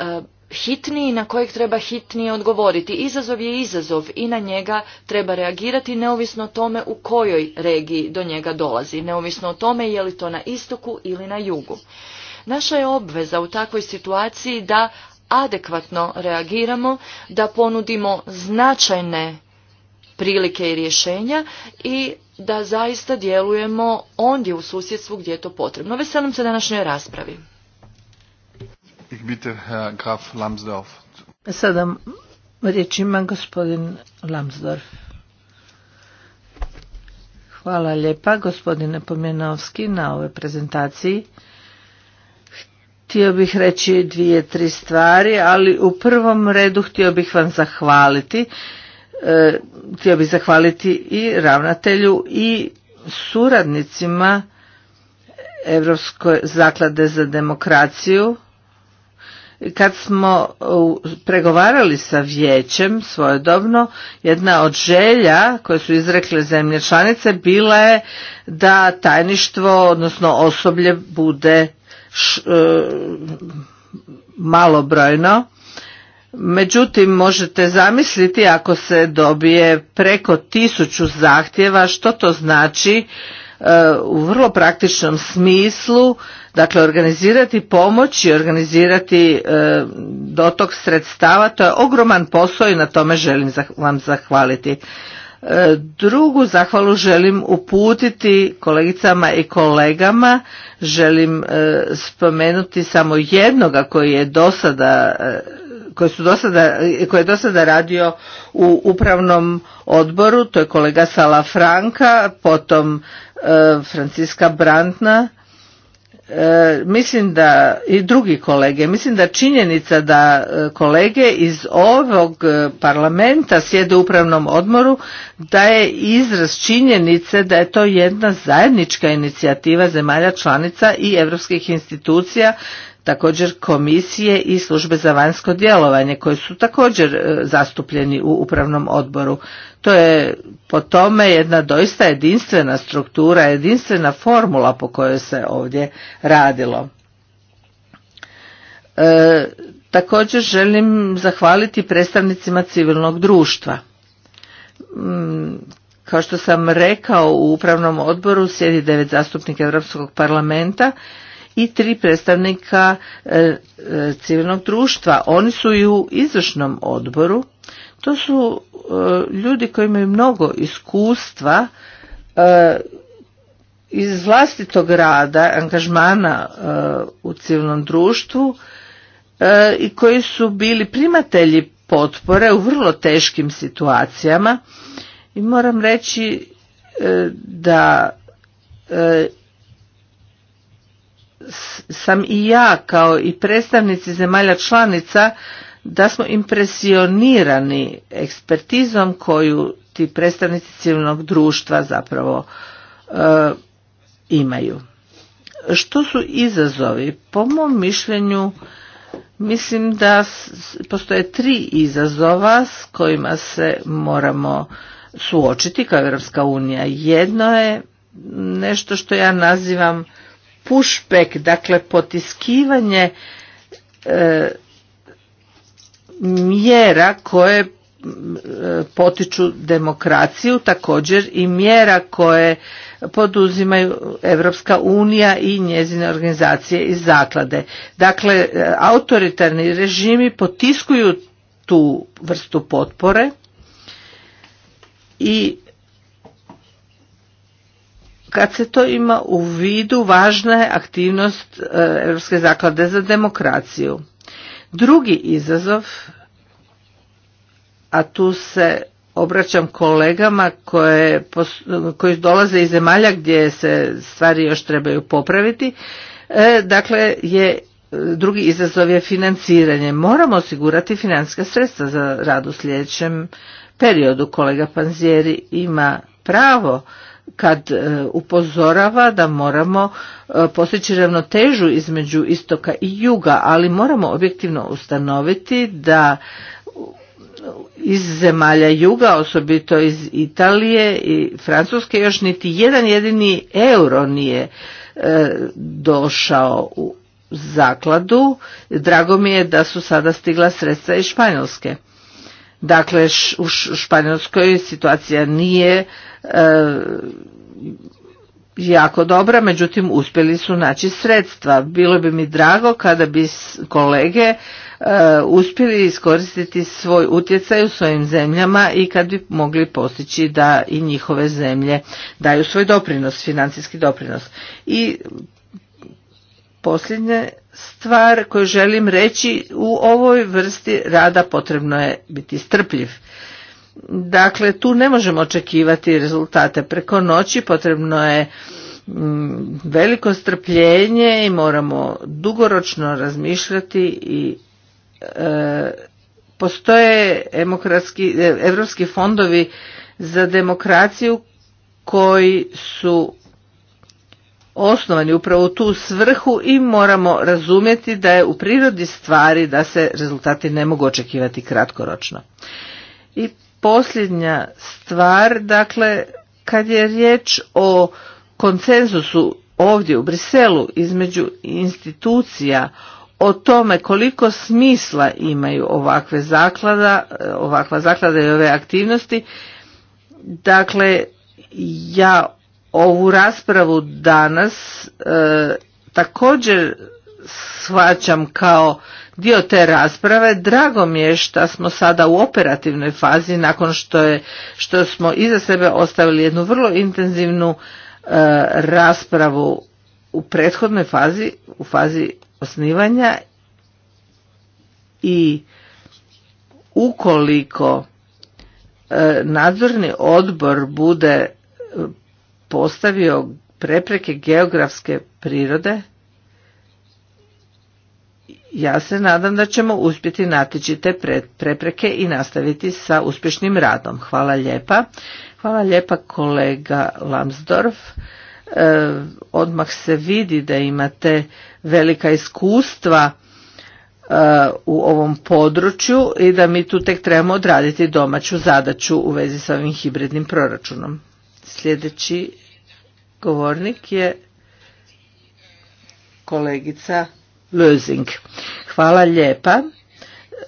B: E, hitniji na kojeg treba hitnije odgovoriti. Izazov je izazov i na njega treba reagirati neovisno o tome u kojoj regiji do njega dolazi, neovisno o tome je li to na istoku ili na jugu. Naša je obveza u takvoj situaciji da adekvatno reagiramo, da ponudimo značajne prilike i rješenja i da zaista djelujemo ondje u susjedstvu gdje je to potrebno. Veselim se današnjoj raspravi.
C: Sada riječ ima gospodin Lambsdorff. Hvala lijepa gospodine Pomjenovski na ovoj prezentaciji. Htio bih reći dvije, tri stvari, ali u prvom redu htio bih vam zahvaliti. E, htio bih zahvaliti i ravnatelju i suradnicima Evropskoj zaklade za demokraciju kad smo pregovarali sa vijećem svojedobno, jedna od želja koje su izrekle zemlje članice bila je da tajništvo, odnosno osoblje, bude e, malobrojno. Međutim, možete zamisliti ako se dobije preko tisuću zahtjeva što to znači e, u vrlo praktičnom smislu Dakle, organizirati pomoć i organizirati e, dotok sredstava, to je ogroman posao i na tome želim vam zahvaliti. E, drugu zahvalu želim uputiti kolegicama i kolegama, želim e, spomenuti samo jednoga koji je do sada koji su dosada, koji je do sada radio u upravnom odboru, to je kolega Sala Franka, potom Franciska Brantna, E, mislim da i drugi kolege, mislim da činjenica da e, kolege iz ovog e, parlamenta sjede u upravnom odmoru, da je izraz činjenice da je to jedna zajednička inicijativa zemalja članica i europskih institucija također komisije i službe za vanjsko djelovanje koji su također e, zastupljeni u upravnom odboru. To je po tome jedna doista jedinstvena struktura, jedinstvena formula po kojoj se ovdje radilo. E, također želim zahvaliti predstavnicima civilnog društva. Mm, kao što sam rekao u upravnom odboru sjedi devet zastupnika Europskog parlamenta i tri predstavnika e, e, civilnog društva. Oni su i u izvršnom odboru. To su e, ljudi koji imaju mnogo iskustva iz vlastitog rada, angažmana u civilnom društvu i koji su bili primatelji potpore u vrlo teškim situacijama i moram reći da sam i ja kao i predstavnici zemalja članica da smo impresionirani ekspertizom koju ti predstavnici civilnog društva zapravo e, imaju. Što su izazovi? Po mom mišljenju mislim da postoje tri izazova s kojima se moramo suočiti kao Europska unija. Jedno je nešto što ja nazivam pushback, dakle potiskivanje e, mjera koje e, potiču demokraciju, također i mjera koje poduzimaju Europska unija i njezine organizacije i zaklade. Dakle, e, autoritarni režimi potiskuju tu vrstu potpore i kad se to ima u vidu, važna je aktivnost e, Europske zaklade za demokraciju. Drugi izazov, a tu se obraćam kolegama koji dolaze iz zemalja gdje se stvari još trebaju popraviti, e, dakle je drugi izazov je financiranje. Moramo osigurati financijska sredstva za rad u sljedećem periodu. Kolega Panzieri ima pravo kad e, upozorava da moramo e, postići ravnotežu između istoka i juga, ali moramo objektivno ustanoviti da iz zemalja juga, osobito iz Italije i Francuske, još niti jedan jedini euro nije e, došao u zakladu. Drago mi je da su sada stigla sredstva iz Španjolske. Dakle, u Španjolskoj situacija nije e, jako dobra, međutim uspjeli su naći sredstva. Bilo bi mi drago kada bi kolege e, uspjeli iskoristiti svoj utjecaj u svojim zemljama i kad bi mogli postići da i njihove zemlje daju svoj doprinos, financijski doprinos. I posljednja stvar koju želim reći u ovoj vrsti rada potrebno je biti strpljiv. Dakle, tu ne možemo očekivati rezultate preko noći, potrebno je mm, veliko strpljenje i moramo dugoročno razmišljati i e, postoje europski e, fondovi za demokraciju koji su osnovani upravo u tu svrhu i moramo razumjeti da je u prirodi stvari da se rezultati ne mogu očekivati kratkoročno. I posljednja stvar, dakle, kad je riječ o konsenzusu ovdje u Briselu između institucija o tome koliko smisla imaju ovakve zaklada, ovakva zaklada i ove aktivnosti, dakle, ja ovu raspravu danas e, također shvaćam kao dio te rasprave. Drago mi je što smo sada u operativnoj fazi nakon što, je, što smo iza sebe ostavili jednu vrlo intenzivnu e, raspravu u prethodnoj fazi, u fazi osnivanja i ukoliko e, nadzorni odbor bude postavio prepreke geografske prirode, ja se nadam da ćemo uspjeti natići te prepreke i nastaviti sa uspješnim radom. Hvala lijepa. Hvala lijepa kolega Lamsdorf. E, odmah se vidi da imate velika iskustva e, u ovom području i da mi tu tek trebamo odraditi domaću zadaću u vezi sa ovim hibridnim proračunom. Sljedeći govornik je kolegica Lözing. Hvala lijepa.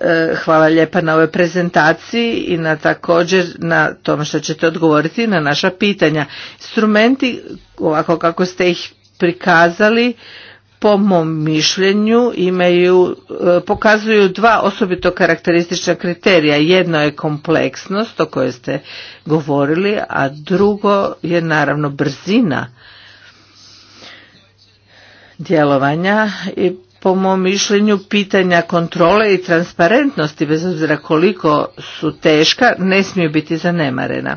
C: E, hvala lijepa na ovoj prezentaciji i na također na tom što ćete odgovoriti na naša pitanja. Instrumenti, ovako kako ste ih prikazali, po mom mišljenju imaju, e, pokazuju dva osobito karakteristična kriterija. Jedno je kompleksnost o kojoj ste govorili, a drugo je naravno brzina djelovanja i po mom mišljenju pitanja kontrole i transparentnosti bez obzira koliko su teška ne smiju biti zanemarena.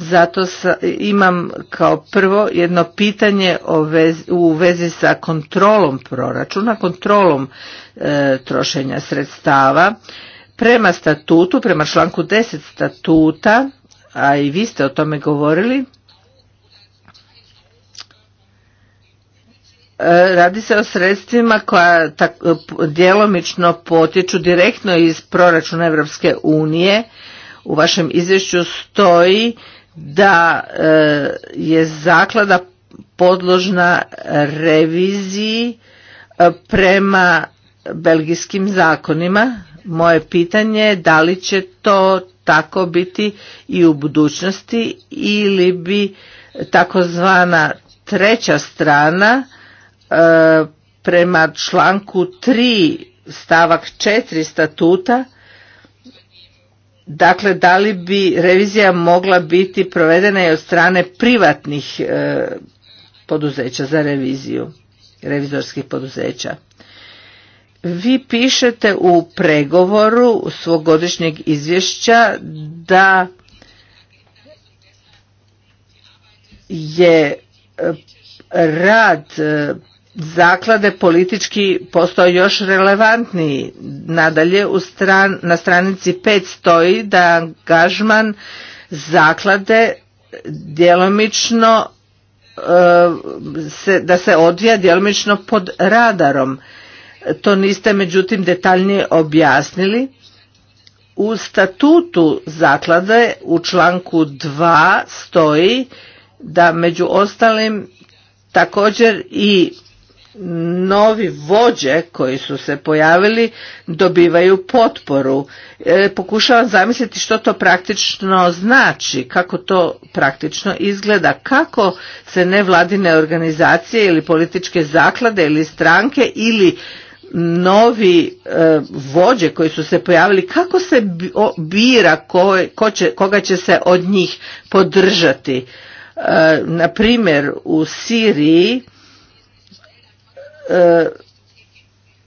C: Zato sa, imam kao prvo jedno pitanje u vezi sa kontrolom proračuna, kontrolom e, trošenja sredstava. Prema statutu, prema članku 10 statuta, a i vi ste o tome govorili, e, Radi se o sredstvima koja djelomično potječu direktno iz proračuna Europske unije. U vašem izvješću stoji da e, je zaklada podložna reviziji e, prema belgijskim zakonima. Moje pitanje je da li će to tako biti i u budućnosti ili bi takozvana treća strana e, prema članku 3 stavak 4 statuta Dakle, da li bi revizija mogla biti provedena i od strane privatnih e, poduzeća za reviziju, revizorskih poduzeća? Vi pišete u pregovoru svog godišnjeg izvješća da je e, rad zaklade politički postao još relevantniji. Nadalje, na stranici 5 stoji da angažman zaklade djelomično e, da se odvija djelomično pod radarom. To niste međutim detaljnije objasnili. U statutu zaklade u članku 2 stoji da među ostalim također i novi vođe koji su se pojavili dobivaju potporu. E, pokušavam zamisliti što to praktično znači, kako to praktično izgleda, kako se nevladine organizacije ili političke zaklade ili stranke ili novi e, vođe koji su se pojavili, kako se bira ko, ko će, koga će se od njih podržati. E, na primjer u Siriji E,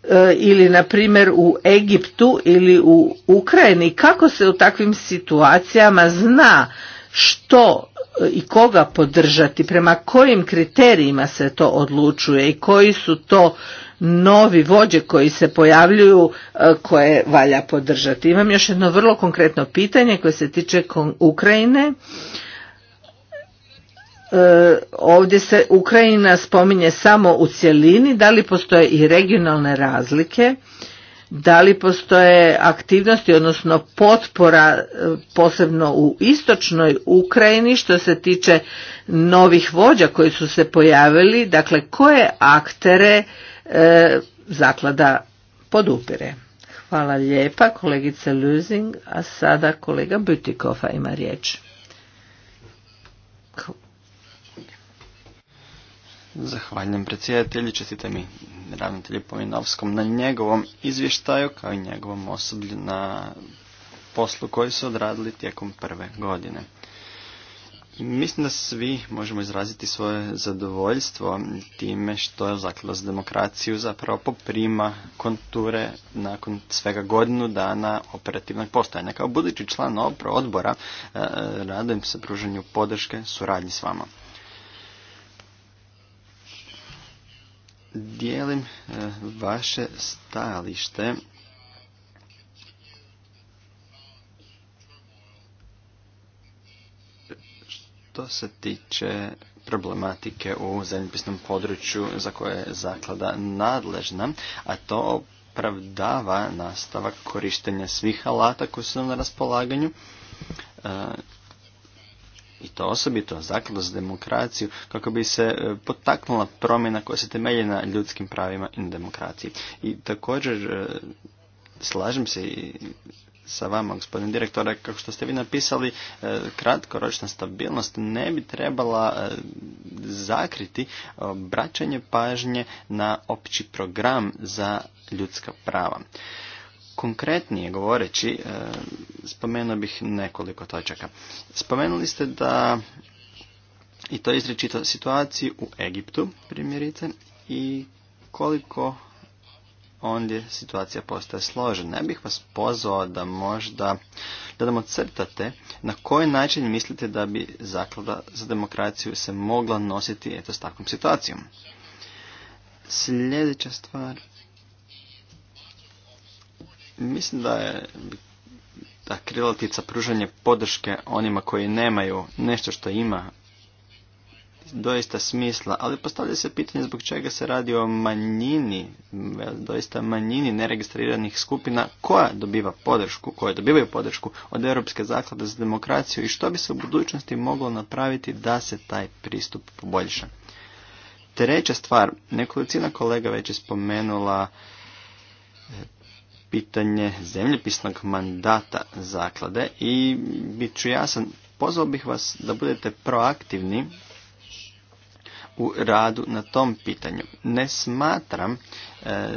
C: e, ili na primjer u Egiptu ili u Ukrajini kako se u takvim situacijama zna što e, i koga podržati prema kojim kriterijima se to odlučuje i koji su to novi vođe koji se pojavljuju koje valja podržati imam još jedno vrlo konkretno pitanje koje se tiče Ukrajine E, ovdje se Ukrajina spominje samo u cjelini, da li postoje i regionalne razlike, da li postoje aktivnosti, odnosno potpora e, posebno u istočnoj Ukrajini što se tiče novih vođa koji su se pojavili, dakle koje aktere e, zaklada podupire. Hvala lijepa kolegice Luzing, a sada kolega Butikova ima riječ.
D: Zahvaljujem predsjedatelji, čestite mi ravnatelju Pominovskom na njegovom izvještaju kao i njegovom osoblju na poslu koji su odradili tijekom prve godine. Mislim da svi možemo izraziti svoje zadovoljstvo time što je zaklada za demokraciju zapravo poprima konture nakon svega godinu dana operativnog postojanja. Kao budući član odbora e, radujem se pruženju podrške suradnji s vama. dijelim e, vaše stajalište što se tiče problematike u zemljopisnom području za koje je zaklada nadležna, a to opravdava nastavak korištenja svih alata koji su nam na raspolaganju e, i to osobito zakladu za demokraciju, kako bi se e, potaknula promjena koja se temelji na ljudskim pravima i na demokraciji. I također e, slažem se i sa vama, gospodin direktora, kako što ste vi napisali, e, kratkoročna stabilnost ne bi trebala zakriti braćanje pažnje na opći program za ljudska prava. Konkretnije govoreći, e, spomenuo bih nekoliko točaka. Spomenuli ste da, i to izrečito situaciji u Egiptu, primjerice, i koliko ondje situacija postaje složena. Ja bih vas pozvao da možda da nam ocrtate na koji način mislite da bi zaklada za demokraciju se mogla nositi eto s takvom situacijom. Sljedeća stvar Mislim da je ta krilatica pružanje podrške onima koji nemaju nešto što ima doista smisla, ali postavlja se pitanje zbog čega se radi o manjini, doista manjini neregistriranih skupina koja dobiva podršku, koje dobivaju podršku od Europske zaklade za demokraciju i što bi se u budućnosti moglo napraviti da se taj pristup poboljša. Treća stvar, nekolicina kolega već je spomenula pitanje zemljepisnog mandata zaklade i bit ću jasan, pozvao bih vas da budete proaktivni u radu na tom pitanju. Ne smatram e,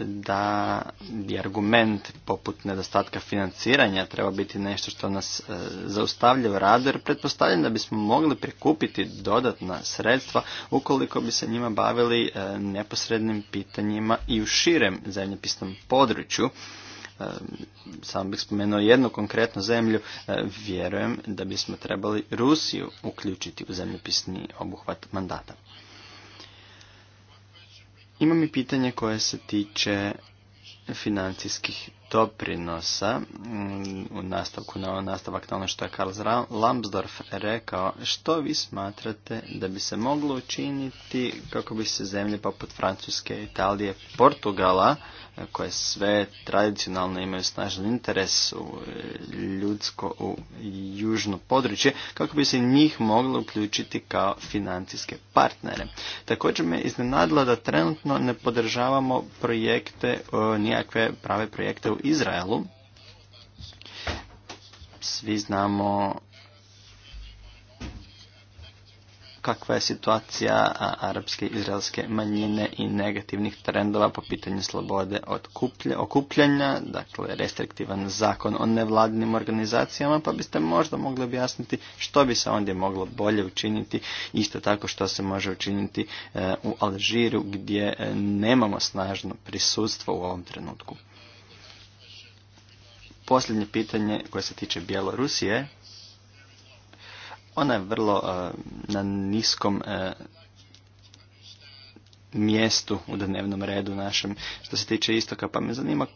D: da bi argument poput nedostatka financiranja treba biti nešto što nas e, zaustavlja u radu, jer pretpostavljam da bismo mogli prikupiti dodatna sredstva ukoliko bi se njima bavili e, neposrednim pitanjima i u širem zemljopisnom području Ehm, Sam bih spomenuo jednu konkretnu zemlju. E, vjerujem da bismo trebali Rusiju uključiti u zemljopisni obuhvat mandata. Imam i pitanje koje se tiče financijskih doprinosa mm, u nastavku na ovaj nastavak na ono što je Karl Lambsdorff rekao što vi smatrate da bi se moglo učiniti kako bi se zemlje poput Francuske, Italije, Portugala koje sve tradicionalno imaju snažan interes u e, ljudsko u južno područje kako bi se njih moglo uključiti kao financijske partnere. Također me iznenadilo da trenutno ne podržavamo projekte, e, nijakve prave projekte u Izraelu. Svi znamo kakva je situacija arapske izraelske manjine i negativnih trendova po pitanju slobode od okupljanja, dakle restriktivan zakon o nevladnim organizacijama, pa biste možda mogli objasniti što bi se ondje moglo bolje učiniti, isto tako što se može učiniti e, u Alžiru gdje e, nemamo snažno prisustvo u ovom trenutku. Posljednje pitanje koje se tiče Bjelorusije ona je vrlo e, na niskom e, mjestu u dnevnom redu našem što se tiče istoka, pa me zanima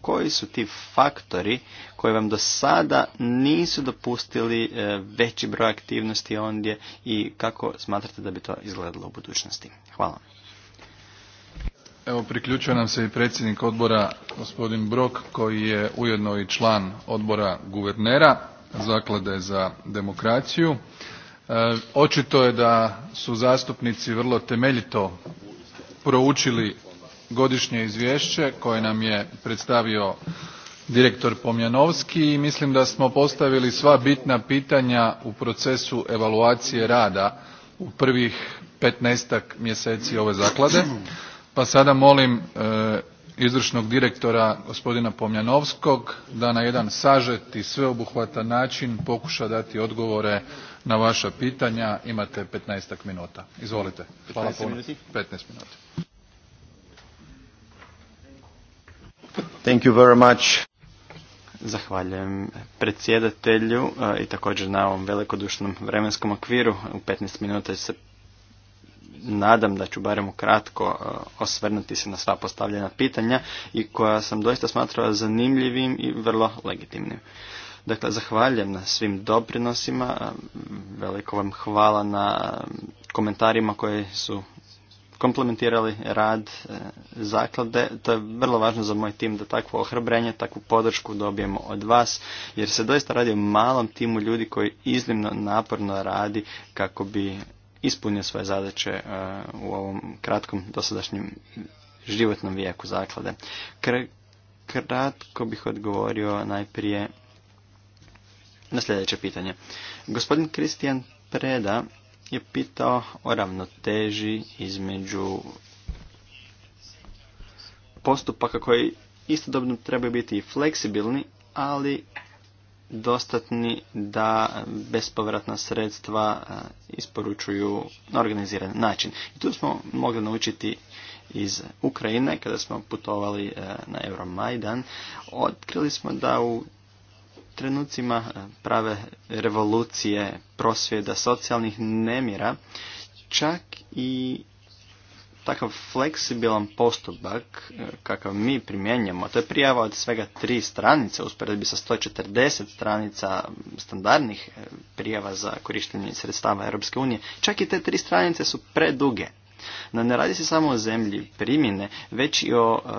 D: koji su ti faktori koji vam do sada nisu dopustili e, veći broj aktivnosti ondje i kako smatrate da bi to izgledalo u budućnosti? Hvala.
A: Evo priključuje nam se i predsjednik odbora gospodin Brok koji je ujedno i član odbora guvernera zaklade za demokraciju e, očito je da su zastupnici vrlo temeljito proučili godišnje izvješće koje nam je predstavio direktor pomjanovski i mislim da smo postavili sva bitna pitanja u procesu evaluacije rada u prvih petnaestak mjeseci ove zaklade pa sada molim e, izvršnog direktora gospodina Pomjanovskog da na jedan sažet i sveobuhvatan način pokuša dati odgovore na vaša pitanja. Imate 15 minuta. Izvolite. Hvala 15 minuta. 15 minuta.
D: Thank you very much. Zahvaljujem predsjedatelju e, i također na ovom velikodušnom vremenskom okviru. U 15 minuta se nadam da ću barem ukratko e, osvrnuti se na sva postavljena pitanja i koja sam doista smatrao zanimljivim i vrlo legitimnim. Dakle, zahvaljujem na svim doprinosima, e, veliko vam hvala na komentarima koji su komplementirali rad e, zaklade. To je vrlo važno za moj tim da takvo ohrabrenje, takvu podršku dobijemo od vas, jer se doista radi o malom timu ljudi koji iznimno naporno radi kako bi ispunio svoje zadaće e, u ovom kratkom dosadašnjem životnom vijeku zaklade. Kratko bih odgovorio najprije na sljedeće pitanje. Gospodin Kristijan Preda je pitao o ravnoteži između postupaka koji istodobno trebaju biti i fleksibilni, ali dostatni da bespovratna sredstva e, isporučuju na organiziran način. I tu smo mogli naučiti iz Ukrajine kada smo putovali e, na Euromajdan. Otkrili smo da u trenucima e, prave revolucije, prosvjeda, socijalnih nemira, čak i takav fleksibilan postupak e, kakav mi primjenjamo, to je prijava od svega tri stranice, usporedbi sa 140 stranica standardnih e, prijava za korištenje sredstava Europske unije, čak i te tri stranice su preduge. No ne radi se samo o zemlji primjene, već i o e,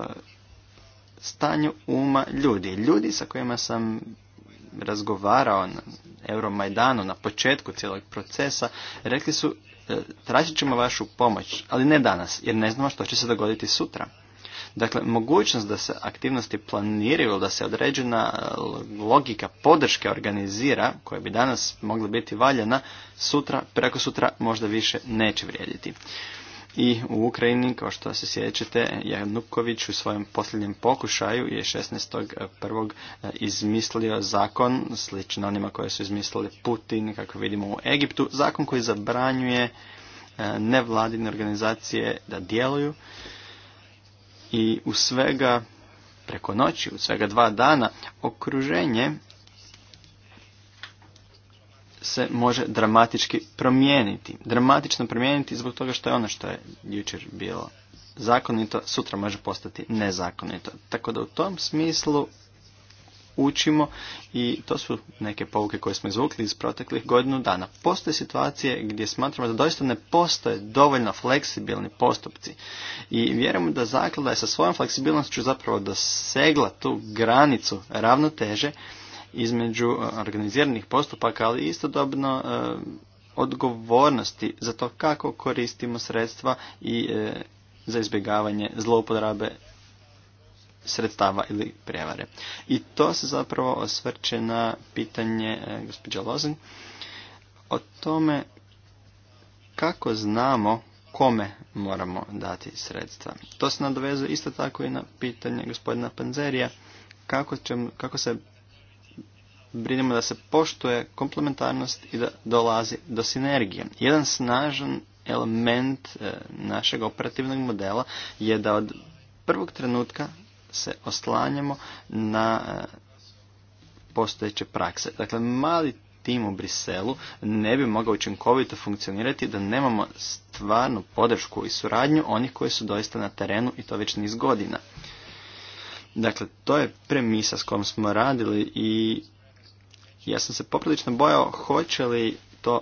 D: stanju uma ljudi. Ljudi sa kojima sam razgovarao na Euromajdanu na početku cijelog procesa, rekli su E, tražit ćemo vašu pomoć, ali ne danas, jer ne znamo što će se dogoditi sutra. Dakle, mogućnost da se aktivnosti planiraju da se određena e, logika podrške organizira, koja bi danas mogla biti valjana, sutra, preko sutra možda više neće vrijediti. I u Ukrajini, kao što se sjećate, Januković u svojem posljednjem pokušaju je 16.1. E, izmislio zakon, slično onima koje su izmislili Putin, kako vidimo u Egiptu, zakon koji zabranjuje e, nevladine organizacije da djeluju i u svega preko noći, u svega dva dana, okruženje se može dramatički promijeniti. Dramatično promijeniti zbog toga što je ono što je jučer bilo zakonito, sutra može postati nezakonito. Tako da u tom smislu učimo i to su neke pouke koje smo izvukli iz proteklih godinu dana. Postoje situacije gdje smatramo da doista ne postoje dovoljno fleksibilni postupci i vjerujemo da zaklada je sa svojom fleksibilnošću zapravo dosegla tu granicu ravnoteže između e, organiziranih postupaka, ali istodobno e, odgovornosti za to kako koristimo sredstva i e, za izbjegavanje zlouporabe sredstava ili prevare. I to se zapravo osvrće na pitanje gospođa Lozin o tome kako znamo kome moramo dati sredstva. To se nadovezuje isto tako i na pitanje gospodina Panzerija kako, ćemo, kako se brinemo da se poštuje komplementarnost i da dolazi do sinergije. Jedan snažan element e, našeg operativnog modela je da od prvog trenutka se oslanjamo na e, postojeće prakse. Dakle, mali tim u Briselu ne bi mogao učinkovito funkcionirati da nemamo stvarnu podršku i suradnju onih koji su doista na terenu i to već niz godina. Dakle, to je premisa s kojom smo radili i ja sam se poprilično bojao hoće li to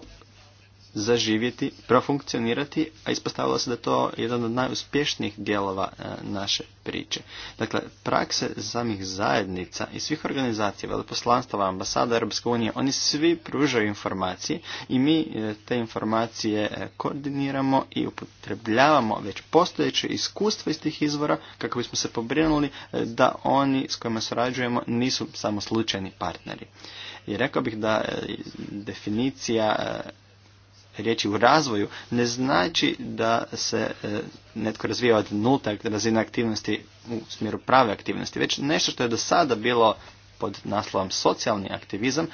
D: zaživjeti, profunkcionirati, a ispostavilo se da je to jedan od najuspješnijih dijelova e, naše priče. Dakle, prakse samih zajednica i svih organizacija, veleposlanstava, ambasada Europske unije, oni svi pružaju informacije i mi e, te informacije e, koordiniramo i upotrebljavamo već postojeće iskustva iz tih izvora kako bismo se pobrinuli da oni s kojima surađujemo nisu samo slučajni partneri. I rekao bih da e, definicija e, riječi u razvoju ne znači da se e, netko razvija od nulte razine aktivnosti u smjeru prave aktivnosti, već nešto što je do sada bilo pod naslovom socijalni aktivizam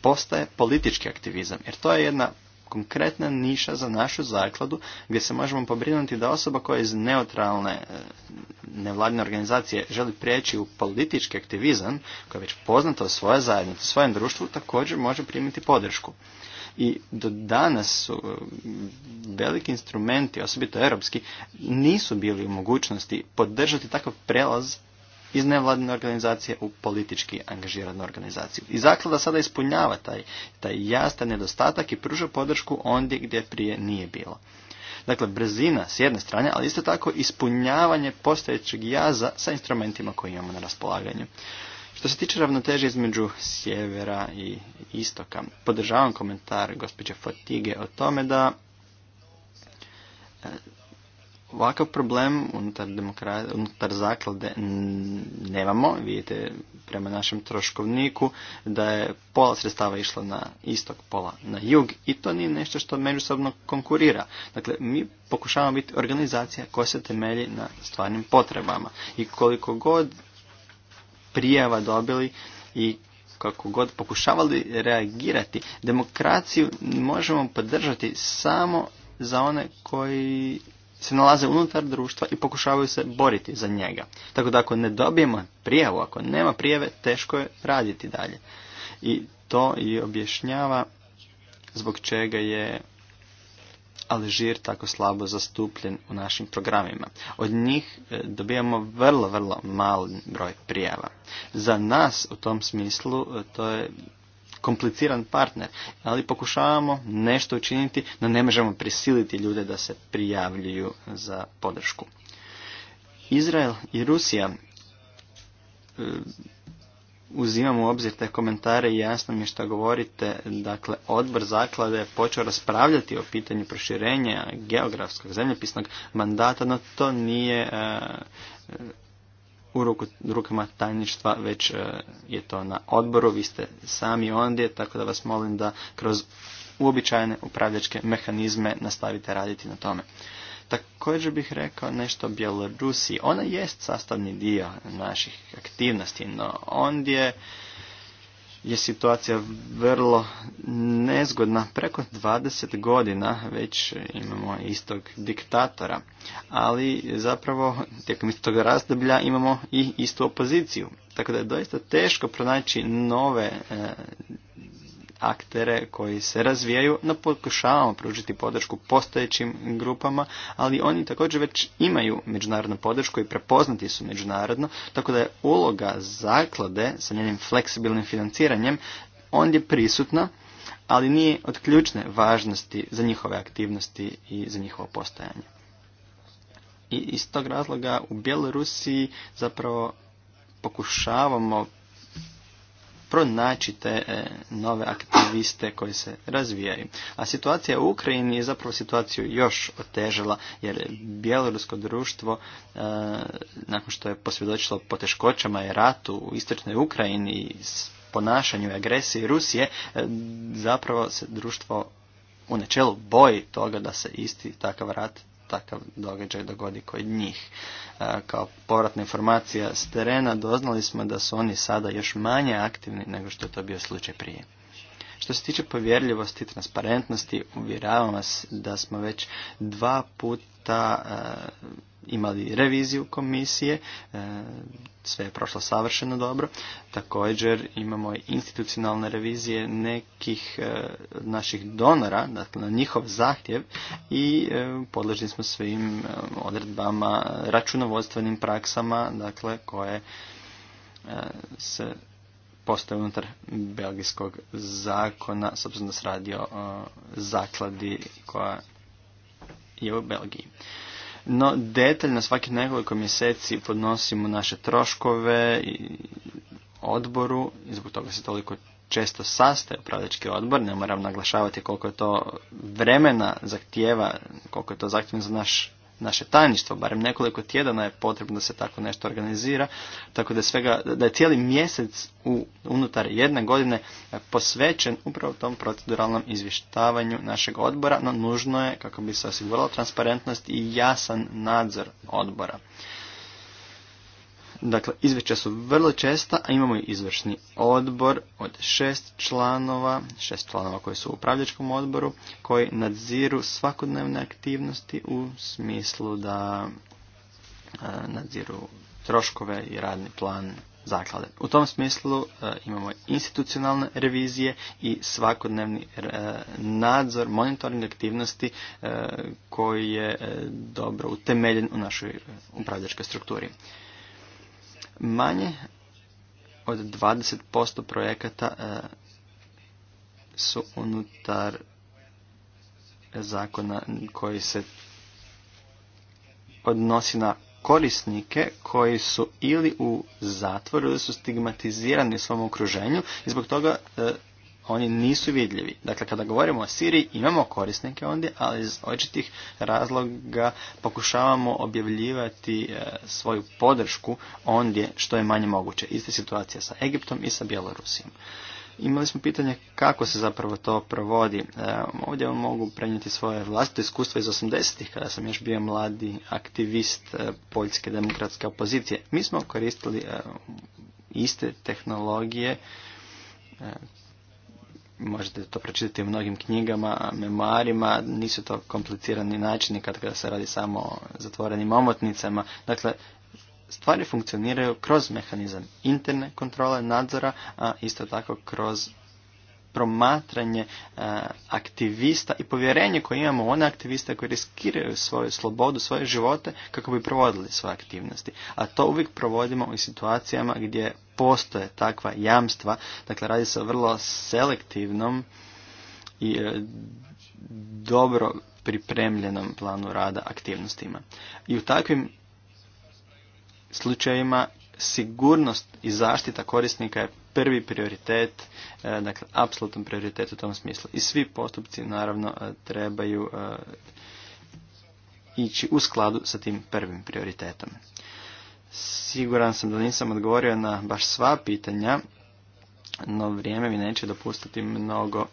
D: postaje politički aktivizam, jer to je jedna konkretna niša za našu zakladu gdje se možemo pobrinuti da osoba koja iz neutralne e, nevladine organizacije želi prijeći u politički aktivizam, koja je već poznata u svojoj zajednici, svojem društvu, također može primiti podršku. I do danas su e, veliki instrumenti, osobito europski, nisu bili u mogućnosti podržati takav prelaz iz nevladine organizacije u politički angažiranu organizaciju. I zaklada sada ispunjava taj, taj nedostatak i pruža podršku ondje gdje prije nije bilo. Dakle, brzina s jedne strane, ali isto tako ispunjavanje postojećeg jaza sa instrumentima koje imamo na raspolaganju. Što se tiče ravnoteže između sjevera i istoka, podržavam komentar gospođe Fotige o tome da e, ovakav problem unutar, demokra... unutar zaklade nemamo. Vidite prema našem troškovniku da je pola sredstava išla na istok, pola na jug i to nije nešto što međusobno konkurira. Dakle, mi pokušavamo biti organizacija koja se temelji na stvarnim potrebama i koliko god prijava dobili i kako god pokušavali reagirati, demokraciju možemo podržati samo za one koji se nalaze unutar društva i pokušavaju se boriti za njega. Tako da ako ne dobijemo prijavu, ako nema prijave, teško je raditi dalje. I to i objašnjava zbog čega je Alžir tako slabo zastupljen u našim programima. Od njih e, dobijamo vrlo, vrlo mali broj prijava. Za nas u tom smislu e, to je kompliciran partner, ali pokušavamo nešto učiniti, no ne možemo prisiliti ljude da se prijavljuju za podršku. Izrael i Rusija e, uzimamo u obzir te komentare i jasno mi što govorite. Dakle, odbor zaklade je počeo raspravljati o pitanju proširenja geografskog zemljopisnog mandata, no to nije e, u rukama tajništva, već e, je to na odboru, vi ste sami ondje, tako da vas molim da kroz uobičajene upravljačke mehanizme nastavite raditi na tome. Također bih rekao nešto o Bjelorusiji. Ona jest sastavni dio naših aktivnosti, no ondje je situacija vrlo nezgodna. Preko 20 godina već imamo istog diktatora, ali zapravo tijekom istog razdoblja imamo i istu opoziciju. Tako da je doista teško pronaći nove e, aktere koji se razvijaju, no pokušavamo pružiti podršku postojećim grupama, ali oni također već imaju međunarodnu podršku i prepoznati su međunarodno, tako da je uloga zaklade sa njenim fleksibilnim financiranjem ondje prisutna, ali nije od ključne važnosti za njihove aktivnosti i za njihovo postojanje. I iz tog razloga u Bjelorusiji zapravo pokušavamo te e, nove aktiviste koji se razvijaju. A situacija u Ukrajini je zapravo situaciju još otežala jer bjelorusko društvo e, nakon što je posvjedočilo poteškoćama i ratu u istočnoj Ukrajini i ponašanju i agresiji Rusije e, zapravo se društvo u načelu boji toga da se isti takav rat takav događaj dogodi kod njih. E, kao povratna informacija s terena doznali smo da su oni sada još manje aktivni nego što je to bio slučaj prije. Što se tiče povjerljivosti i transparentnosti, uvjeravam vas da smo već dva puta eh, imali reviziju komisije, eh, sve je prošlo savršeno dobro. Također imamo i institucionalne revizije nekih eh, naših donora, dakle na njihov zahtjev i podležni smo svim odredbama, računovodstvenim praksama, dakle koje se postoje unutar belgijskog zakona, s obzirom da se radi o zakladi koja je u Belgiji. No, detaljno svaki nekoliko mjeseci podnosimo naše troškove i odboru i zbog toga se toliko često sastaje upravljački odbor, ne moram naglašavati koliko je to vremena zahtjeva, koliko je to zahtjeva za naš naše tajništvo, barem nekoliko tjedana je potrebno da se tako nešto organizira, tako da, svega, da je cijeli mjesec u, unutar jedne godine posvećen upravo tom proceduralnom izvještavanju našeg odbora, no nužno je kako bi se osigurala transparentnost i jasan nadzor odbora. Dakle, izvješća su vrlo česta, a imamo i izvršni odbor od šest članova, šest članova koji su u upravljačkom odboru, koji nadziru svakodnevne aktivnosti u smislu da e, nadziru troškove i radni plan zaklade. U tom smislu e, imamo institucionalne revizije i svakodnevni e, nadzor monitoring aktivnosti koji je dobro utemeljen u našoj upravljačkoj strukturi. Manje od 20% projekata e, su unutar zakona koji se odnosi na korisnike koji su ili u zatvoru ili su stigmatizirani u svom okruženju i zbog toga e, oni nisu vidljivi. Dakle, kada govorimo o Siriji, imamo korisnike ondje, ali iz očitih razloga pokušavamo objavljivati e, svoju podršku ondje što je manje moguće. Ista situacija sa Egiptom i sa Bjelorusijom. Imali smo pitanje kako se zapravo to provodi. E, ovdje vam mogu prenijeti svoje vlastite iskustva iz 80-ih kada sam još bio mladi aktivist e, poljske demokratske opozicije. Mi smo koristili iste tehnologije možete to pročitati u mnogim knjigama, memoarima, nisu to komplicirani načini kad kada se radi samo o zatvorenim omotnicama. Dakle, stvari funkcioniraju kroz mehanizam interne kontrole nadzora, a isto tako kroz promatranje e, aktivista i povjerenje koje imamo one aktiviste koji riskiraju svoju slobodu, svoje živote kako bi provodili svoje aktivnosti. A to uvijek provodimo u situacijama gdje postoje takva jamstva. Dakle, radi se o vrlo selektivnom i e, dobro pripremljenom planu rada aktivnostima. I u takvim slučajevima sigurnost i zaštita korisnika je prvi prioritet, e, dakle, apsolutan prioritet u tom smislu. I svi postupci, naravno, e, trebaju ići u skladu sa tim prvim prioritetom. Siguran sam da nisam odgovorio na baš sva pitanja, no vrijeme mi neće dopustiti mnogo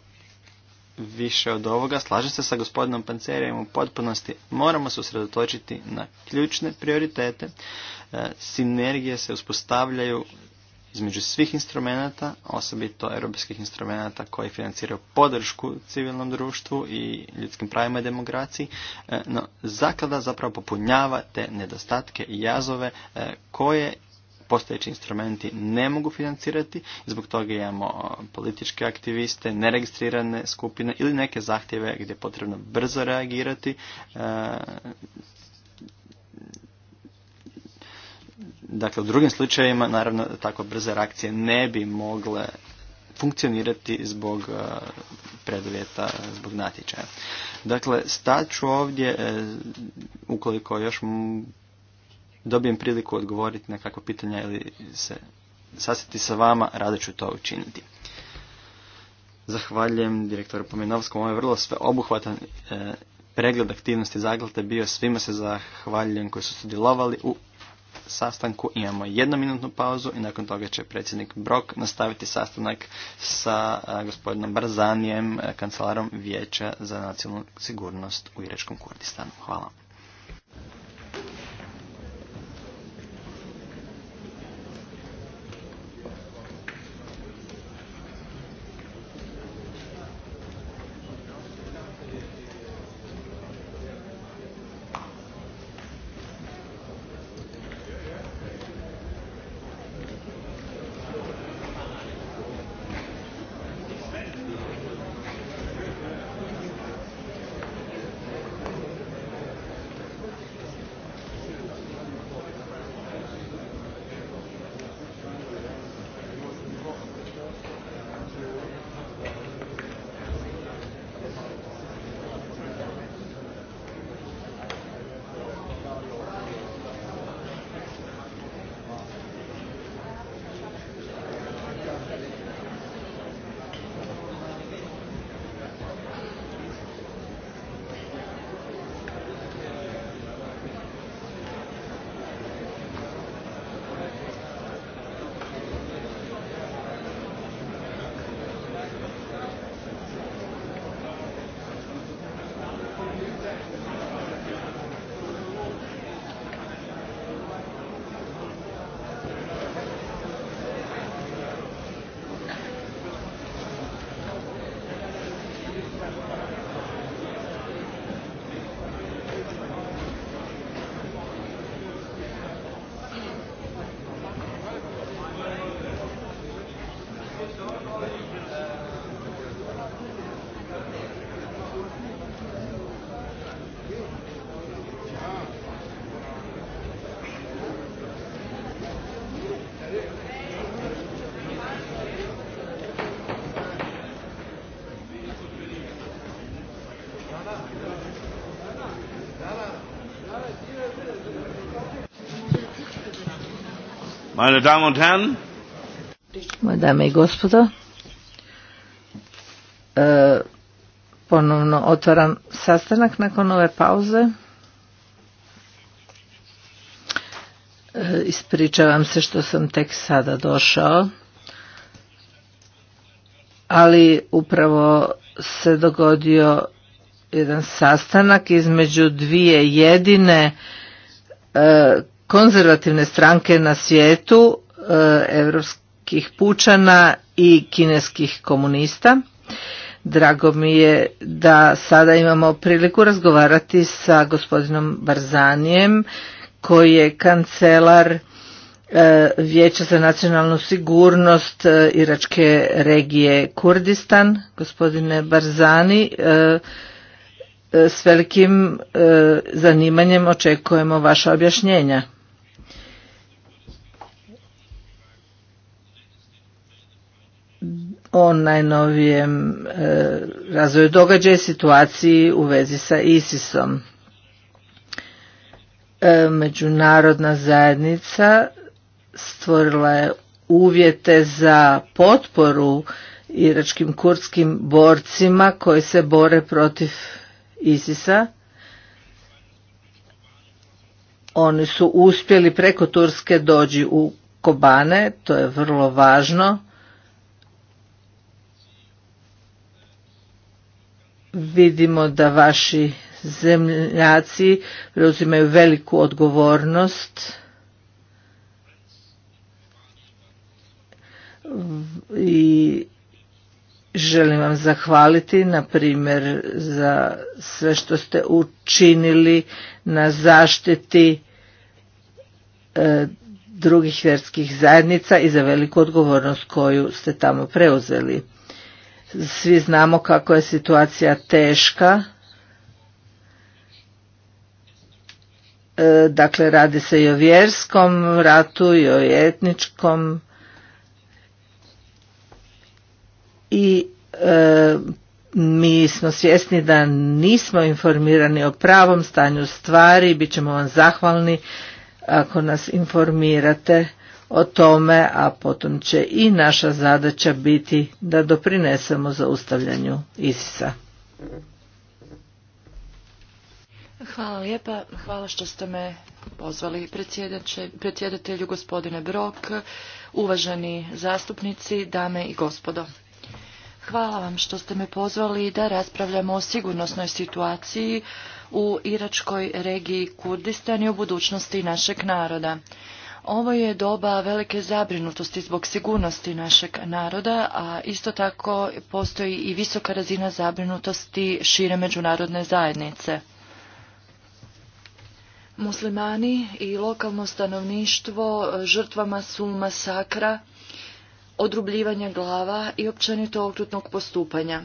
D: više od ovoga. Slažem se sa gospodinom Pancerijem u potpunosti. Moramo se usredotočiti na ključne prioritete. E, sinergije se uspostavljaju između svih instrumenata, osobito europskih instrumenata koji financiraju podršku civilnom društvu i ljudskim pravima i demokraciji, e, no zaklada zapravo popunjava te nedostatke i jazove e, koje postojeći instrumenti ne mogu financirati, zbog toga imamo političke aktiviste, neregistrirane skupine ili neke zahtjeve gdje je potrebno brzo reagirati e, Dakle, u drugim slučajevima, naravno, tako brze reakcije ne bi mogle funkcionirati zbog e, preduvjeta, zbog natječaja. Dakle, staću ovdje, e, ukoliko još dobijem priliku odgovoriti na kakva pitanja ili se sasjeti sa vama, rado ću to učiniti. Zahvaljujem direktoru Pominovskom, ovo je vrlo sve obuhvatan e, pregled aktivnosti zaklade bio svima se zahvaljujem koji su sudjelovali u sastanku. Imamo jednominutnu pauzu i nakon toga će predsjednik Brok nastaviti sastanak sa gospodinom Barzanijem, kancelarom Vijeća za nacionalnu sigurnost u Irečkom Kurdistanu. Hvala.
C: Meine Damen und Herren, moje dame i gospodo, e, ponovno otvaram sastanak nakon ove pauze. E, ispričavam se što sam tek sada došao, ali upravo se dogodio jedan sastanak između dvije jedine e, konzervativne stranke na svijetu, europskih pučana i kineskih komunista. Drago mi je da sada imamo priliku razgovarati sa gospodinom Barzanijem koji je kancelar e, Vijeća za nacionalnu sigurnost e, Iračke regije Kurdistan. Gospodine Barzani, e, s velikim zanimanjem očekujemo vaša objašnjenja. o najnovijem e, razvoju događaja i situaciji u vezi sa ISISom. E, međunarodna zajednica stvorila je uvjete za potporu iračkim kurdskim borcima koji se bore protiv ISISA. Oni su uspjeli preko Turske dođi u Kobane, to je vrlo važno vidimo da vaši zemljaci preuzimaju veliku odgovornost i želim vam zahvaliti na primjer za sve što ste učinili na zaštiti e, drugih vjerskih zajednica i za veliku odgovornost koju ste tamo preuzeli svi znamo kako je situacija teška. E, dakle, radi se i o vjerskom ratu i o etničkom i e, mi smo svjesni da nismo informirani o pravom stanju stvari, bit ćemo vam zahvalni ako nas informirate o tome, a potom će i naša zadaća biti da doprinesemo zaustavljanju ISIS-a.
B: Hvala lijepa, hvala što ste me pozvali predsjedatelju gospodine Brok, uvaženi zastupnici, dame i gospodo. Hvala vam što ste me pozvali da raspravljamo o sigurnosnoj situaciji u iračkoj regiji Kurdistan i o budućnosti našeg naroda. Ovo je doba velike zabrinutosti zbog sigurnosti našeg naroda, a isto tako postoji i visoka razina zabrinutosti šire međunarodne zajednice. Muslimani i lokalno stanovništvo žrtvama su masakra, odrubljivanja glava i općenito okrutnog postupanja.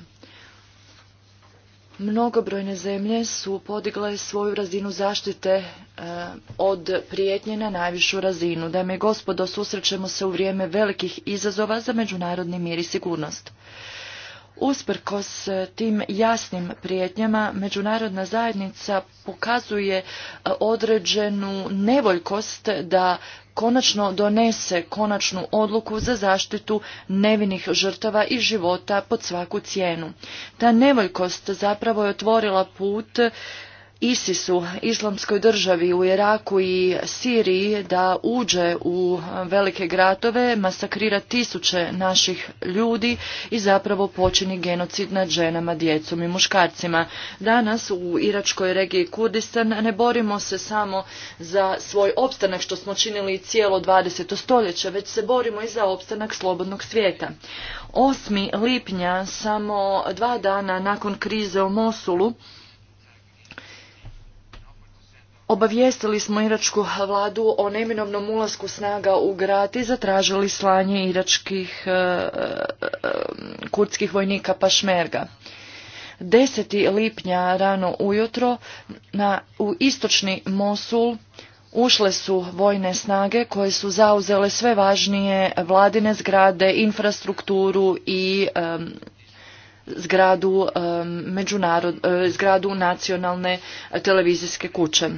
B: Mnogobrojne zemlje su podigle svoju razinu zaštite e, od prijetnje na najvišu razinu. Dame i gospodo, susrećemo se u vrijeme velikih izazova za međunarodni mir i sigurnost. Usprkos e, tim jasnim prijetnjama, međunarodna zajednica pokazuje e, određenu nevoljkost da konačno donese konačnu odluku za zaštitu nevinih žrtava i života pod svaku cijenu. Ta nevoljkost zapravo je otvorila put ISIS-u, islamskoj državi u Iraku i Siriji da uđe u velike gratove, masakrira tisuće naših ljudi i zapravo počini genocid nad ženama, djecom i muškarcima. Danas u iračkoj regiji Kurdistan ne borimo se samo za svoj opstanak što smo činili cijelo 20. stoljeće, već se borimo i za opstanak slobodnog svijeta. 8. lipnja, samo dva dana nakon krize u Mosulu, Obavijestili smo iračku vladu o neminovnom ulasku snaga u grad i zatražili slanje iračkih e, e, e, kurdskih vojnika Pašmerga. 10. lipnja rano ujutro na, u istočni Mosul ušle su vojne snage koje su zauzele sve važnije vladine zgrade, infrastrukturu i zgradu, zgradu nacionalne televizijske kuće.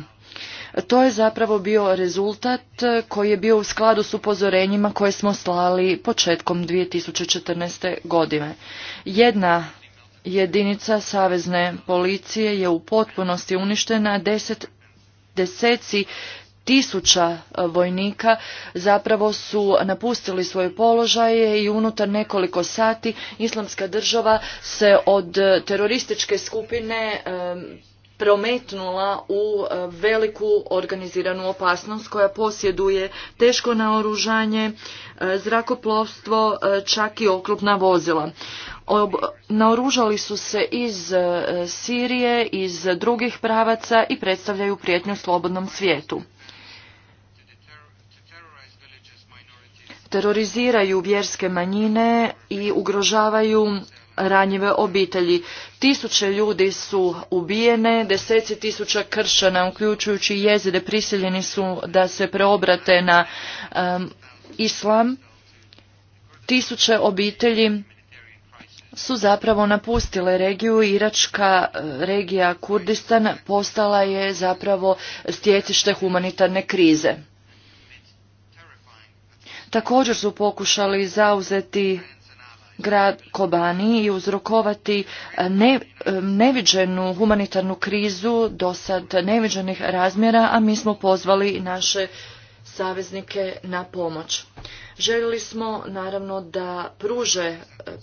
B: To je zapravo bio rezultat koji je bio u skladu s upozorenjima koje smo slali početkom 2014. godine. Jedna jedinica savezne policije je u potpunosti uništena, deset, deseci tisuća vojnika zapravo su napustili svoje položaje i unutar nekoliko sati islamska država se od terorističke skupine prometnula u e, veliku organiziranu opasnost koja posjeduje teško naoružanje, e, zrakoplovstvo, e, čak i oklopna vozila. naoružali su se iz Sirije, iz drugih pravaca i predstavljaju prijetnju slobodnom svijetu. Teroriziraju vjerske manjine i ugrožavaju ranjive obitelji. Tisuće ljudi su ubijene, deseci tisuća kršćana, uključujući jezide, prisiljeni su da se preobrate na islam. Tisuće obitelji su zapravo napustile regiju. Iračka e, regija Kurdistan postala je zapravo stjecište humanitarne krize. Također su pokušali zauzeti grad Kobani i uzrokovati e, ne, e, neviđenu humanitarnu krizu do sad neviđenih razmjera, a mi smo pozvali naše saveznike na pomoć. Željeli smo naravno da pruže e,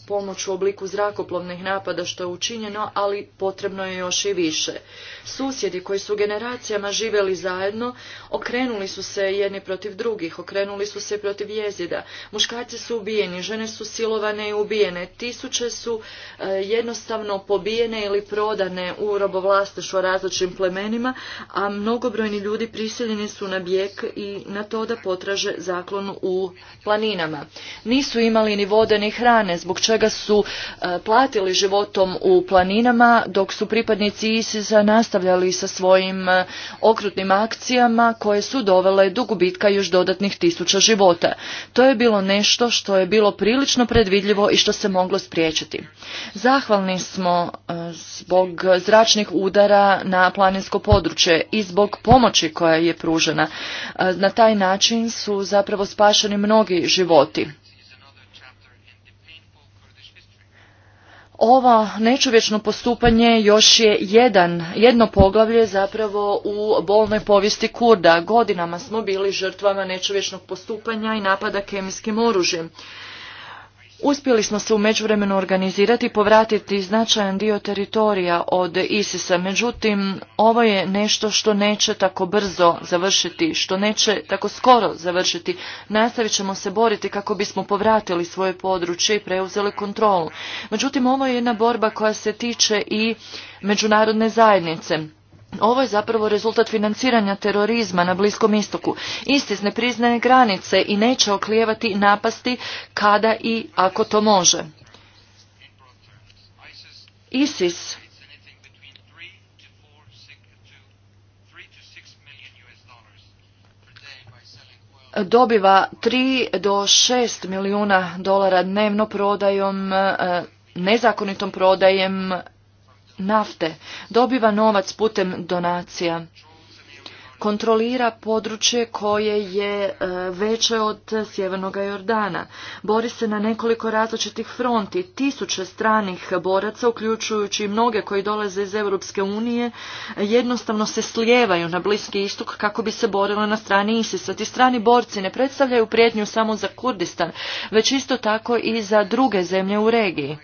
B: pomoć u obliku zrakoplovnih napada što je učinjeno, ali potrebno je još i više. Susjedi koji su generacijama živjeli zajedno, okrenuli su se jedni protiv drugih, okrenuli su se protiv jezida. Muškarci su ubijeni, žene su silovane i ubijene, tisuće su e, jednostavno pobijene ili prodane u robovlastešu različitim plemenima, a mnogobrojni ljudi prisiljeni su na bijeg i na to da potraže zaklon u planinama. Nisu imali ni vode ni hrane, zbog čega su e, platili životom u planinama, dok su pripadnici ISIS-a nastavljali sa svojim e, okrutnim akcijama koje su dovele do gubitka još dodatnih tisuća života. To je bilo nešto što je bilo prilično predvidljivo i što se moglo spriječiti. Zahvalni smo e, zbog zračnih udara na planinsko područje i zbog pomoći koja je pružena. E, na taj način su zapravo spašeni mnogi životi. ovo nečovječno postupanje još je jedan, jedno poglavlje zapravo u bolnoj povijesti Kurda. Godinama smo bili žrtvama nečovječnog postupanja i napada kemijskim oružjem. Uspjeli smo se u međuvremenu organizirati i povratiti značajan dio teritorija od ISIS-a. Međutim, ovo je nešto što neće tako brzo završiti, što neće tako skoro završiti. Nastavit ćemo se boriti kako bismo povratili svoje područje i preuzeli kontrolu. Međutim, ovo je jedna borba koja se tiče i međunarodne zajednice. Ovo je zapravo rezultat financiranja terorizma na Bliskom istoku. Istis ne priznaje granice i neće oklijevati napasti kada i ako to može. ISIS dobiva 3 do 6 milijuna dolara dnevno prodajom, e, nezakonitom prodajem nafte, dobiva novac putem donacija, kontrolira područje koje je e, veće od Sjevernog Jordana, bori se na nekoliko različitih fronti, tisuće stranih boraca, uključujući i mnoge koji dolaze iz Europske unije, jednostavno se slijevaju na Bliski istok kako bi se borilo na strani Isisa. Ti strani borci ne predstavljaju prijetnju samo za Kurdistan, već isto tako i za druge zemlje u regiji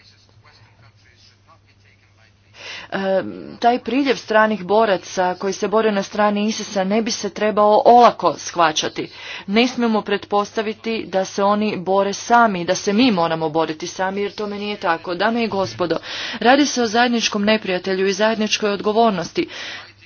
B: taj priljev stranih boraca koji se bore na strani ISIS-a ne bi se trebao olako shvaćati. Ne smijemo pretpostaviti da se oni bore sami, da se mi moramo boriti sami jer tome nije tako. Dame i gospodo, radi se o zajedničkom neprijatelju i zajedničkoj odgovornosti.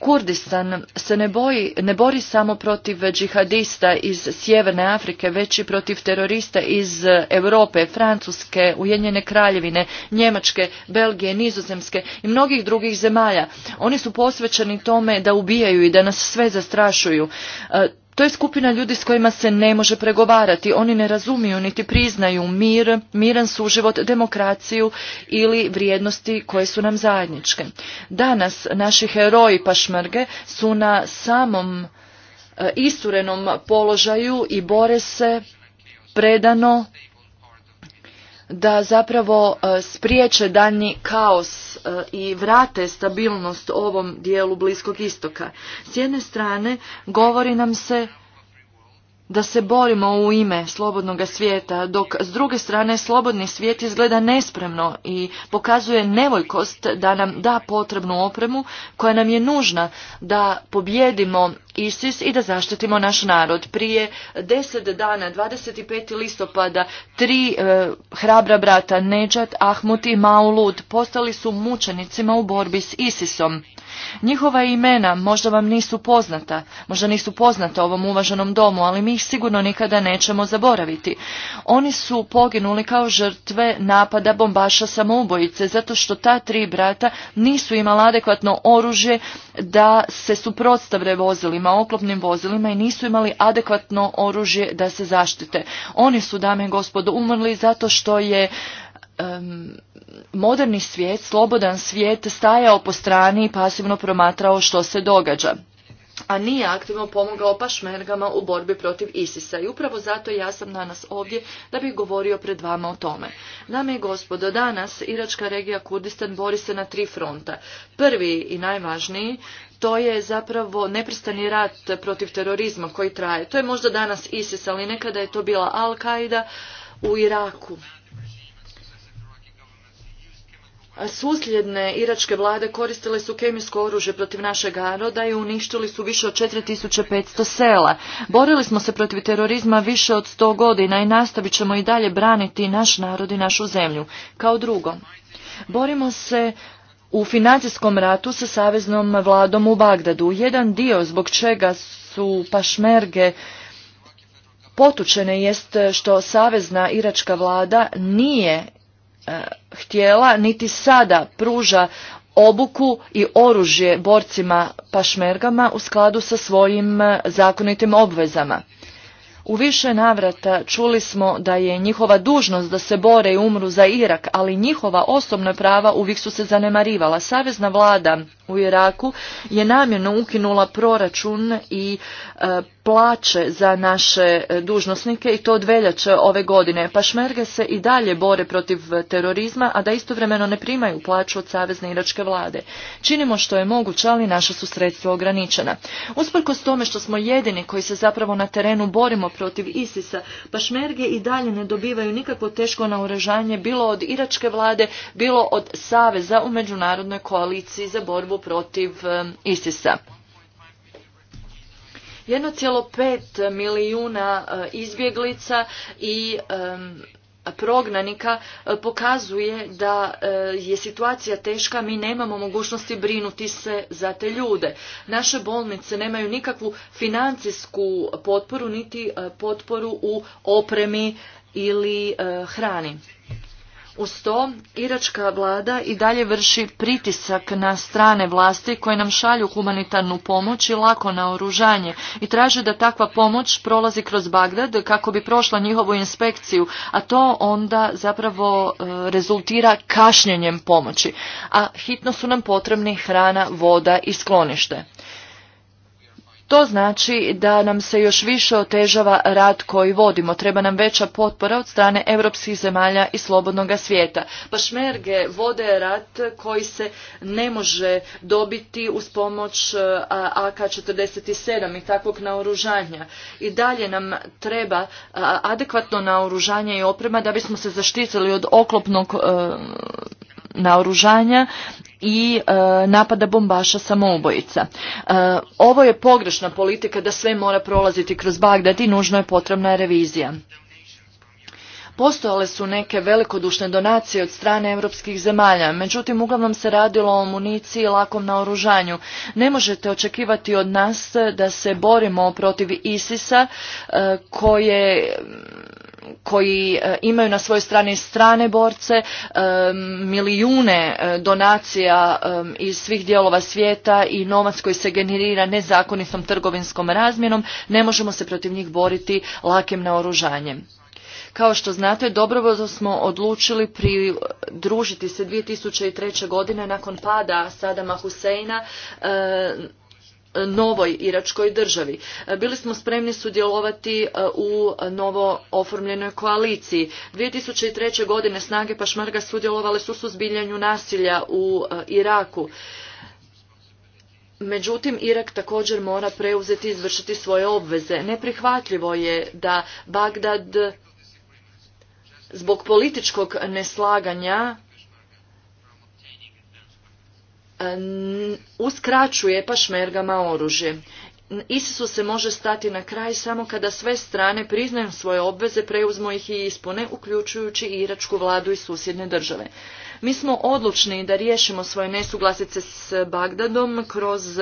B: Kurdistan se ne, boji, ne bori samo protiv džihadista iz Sjeverne Afrike, već i protiv terorista iz Europe, Francuske, Ujedinjene Kraljevine, Njemačke, Belgije, Nizozemske i mnogih drugih zemalja. Oni su posvećeni tome da ubijaju i da nas sve zastrašuju. E, to je skupina ljudi s kojima se ne može pregovarati. Oni ne razumiju niti priznaju mir, miran suživot, demokraciju ili vrijednosti koje su nam zajedničke. Danas naši heroji pašmrge su na samom e, isturenom položaju i bore se predano da zapravo e, spriječe daljnji kaos e, i vrate stabilnost ovom dijelu Bliskog istoka. S jedne strane govori nam se da se borimo u ime slobodnog svijeta, dok s druge strane slobodni svijet izgleda nespremno i pokazuje nevoljkost da nam da potrebnu opremu koja nam je nužna da pobjedimo ISIS i da zaštitimo naš narod. Prije deset dana, 25. listopada, tri e, hrabra brata Neđat Ahmut i Maulud postali su mučenicima u borbi s ISISom. Njihova imena možda vam nisu poznata, možda nisu poznata ovom uvaženom domu, ali mi ih sigurno nikada nećemo zaboraviti. Oni su poginuli kao žrtve napada bombaša samoubojice, zato što ta tri brata nisu imala adekvatno oružje da se suprotstavre vozilima, oklopnim vozilima i nisu imali adekvatno oružje da se zaštite. Oni su, dame i gospodo, umrli zato što je um, moderni svijet, slobodan svijet stajao po strani i pasivno promatrao što se događa a nije aktivno pomogao pašmergama u borbi protiv Isisa. I upravo zato ja sam danas ovdje da bih govorio pred vama o tome. Dame i gospodo, danas Iračka regija Kurdistan bori se na tri fronta. Prvi i najvažniji to je zapravo neprestani rat protiv terorizma koji traje. To je možda danas Isis, ali nekada je to bila Al-Qaida u Iraku Susljedne iračke vlade koristile su kemijsko oružje protiv našeg naroda i uništili su više od 4500 sela. Borili smo se protiv terorizma više od 100 godina i nastavit ćemo i dalje braniti naš narod i našu zemlju. Kao drugo, borimo se u financijskom ratu sa saveznom vladom u Bagdadu. Jedan dio zbog čega su pašmerge potučene jest što savezna iračka vlada nije E, htjela, niti sada pruža obuku i oružje borcima pašmergama u skladu sa svojim e, zakonitim obvezama. U više navrata čuli smo da je njihova dužnost da se bore i umru za Irak, ali njihova osobna prava uvijek su se zanemarivala. Savezna vlada u Iraku je namjerno ukinula proračun i e, plaće za naše e, dužnosnike i to od veljače ove godine. Pašmerge se i dalje bore protiv terorizma, a da istovremeno ne primaju plaću od Savezne iračke vlade. Činimo što je moguće, ali naša su sredstva ograničena. Usprkos tome što smo jedini koji se zapravo na terenu borimo protiv ISISA, a pa Pašmerge i dalje ne dobivaju nikakvo teško naoružanje bilo od iračke vlade, bilo od Saveza u međunarodnoj koaliciji za borbu protiv ISIS-a. 1,5 milijuna e, izbjeglica i prognanika e, pokazuje da e, je situacija teška, mi nemamo mogućnosti brinuti se za te ljude. Naše bolnice nemaju nikakvu financijsku potporu niti potporu u opremi ili hrani. Uz to, iračka vlada i dalje vrši pritisak na strane vlasti koje nam šalju humanitarnu pomoć i lako naoružanje i traže da takva pomoć prolazi kroz Bagdad kako bi prošla njihovu inspekciju, a to onda zapravo e, rezultira kašnjenjem pomoći. A hitno su nam potrebni hrana, voda i sklonište. To znači da nam se još više otežava rad koji vodimo. Treba nam veća potpora od strane europskih zemalja i slobodnog svijeta. Pa Šmerge vode rat koji se ne može dobiti uz pomoć e, AK-47 i takvog naoružanja. I dalje nam treba e, adekvatno naoružanje i oprema da bismo se zaštitili od oklopnog e, naoružanja i e, napada bombaša samoubojica. E, ovo je pogrešna politika da sve mora prolaziti kroz Bagdad i nužno je potrebna revizija. Postojale su neke velikodušne donacije od strane europskih zemalja, međutim uglavnom se radilo o municiji i lakom naoružanju. Ne možete očekivati od nas da se borimo protiv ISIS-a e, koje koji e, imaju na svojoj strani strane borce, e, milijune e, donacija iz svih dijelova svijeta i novac koji se generira nezakonitom trgovinskom razmjenom, ne možemo se protiv njih boriti lakim naoružanjem. Kao što znate, dobrovoljno smo odlučili pridružiti se 2003. godine nakon pada Sadama Huseina novoj iračkoj državi. E, bili smo spremni sudjelovati e, u novo oformljenoj koaliciji. 2003. godine snage Pašmarga sudjelovale su suzbiljanju nasilja u e, Iraku. Međutim, Irak također mora preuzeti i izvršiti svoje obveze. Neprihvatljivo je da Bagdad zbog političkog neslaganja uskraćuje pa šmergama oružje. Isisu se može stati na kraj samo kada sve strane priznaju svoje obveze, preuzmu ih i ispune, uključujući i iračku vladu i susjedne države. Mi smo odlučni da riješimo svoje nesuglasice s Bagdadom kroz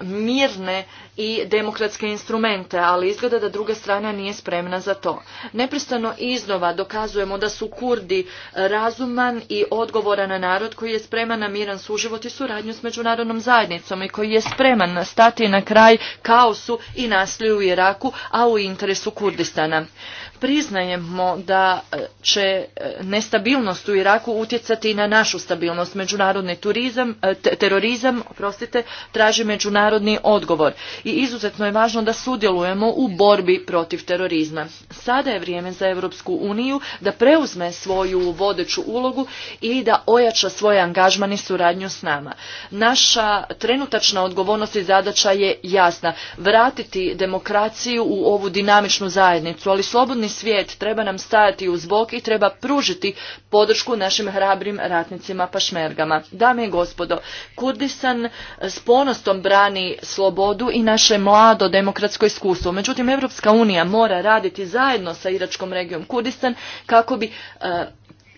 B: mirne i demokratske instrumente, ali izgleda da druga strana nije spremna za to. Neprestano iznova dokazujemo da su Kurdi razuman i odgovoran narod koji je spreman na miran suživot i suradnju s međunarodnom zajednicom i koji je spreman stati na kraj kaosu i nasilju u Iraku, a u interesu Kurdistana priznajemo da e, će e, nestabilnost u Iraku utjecati i na našu stabilnost. Međunarodni turizam, e, terorizam prostite, traži međunarodni odgovor i izuzetno je važno da sudjelujemo u borbi protiv terorizma. Sada je vrijeme za Europsku uniju da preuzme svoju vodeću ulogu i da ojača svoje angažman i suradnju s nama. Naša trenutačna odgovornost i zadaća je jasna. Vratiti demokraciju u ovu dinamičnu zajednicu, ali slobodni svijet treba nam stajati uz bok i treba pružiti podršku našim hrabrim ratnicima pašmergama. Dame i gospodo, Kurdistan s ponostom brani slobodu i naše mlado demokratsko iskustvo. Međutim, Europska unija mora raditi zajedno sa iračkom regijom Kurdistan kako bi eh,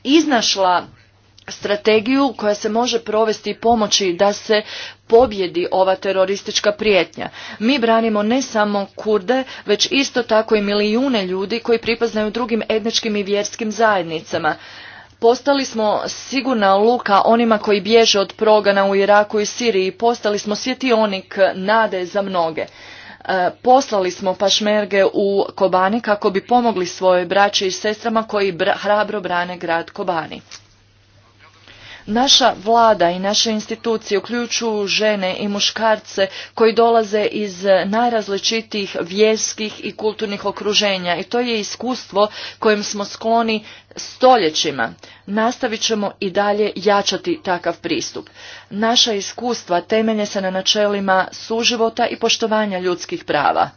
B: iznašla strategiju koja se može provesti i pomoći da se pobjedi ova teroristička prijetnja. Mi branimo ne samo kurde, već isto tako i milijune ljudi koji pripaznaju drugim etničkim i vjerskim zajednicama. Postali smo sigurna luka onima koji bježe od progana u Iraku i Siriji. Postali smo svjetionik nade za mnoge. E, poslali smo pašmerge u Kobani kako bi pomogli svojoj braći i sestrama koji hrabro brane grad Kobani. Naša vlada i naše institucije uključuju žene i muškarce koji dolaze iz najrazličitijih vjerskih i kulturnih okruženja i to je iskustvo kojem smo skloni stoljećima. Nastavit ćemo i dalje jačati takav pristup. Naša iskustva temelje se na načelima suživota i poštovanja ljudskih prava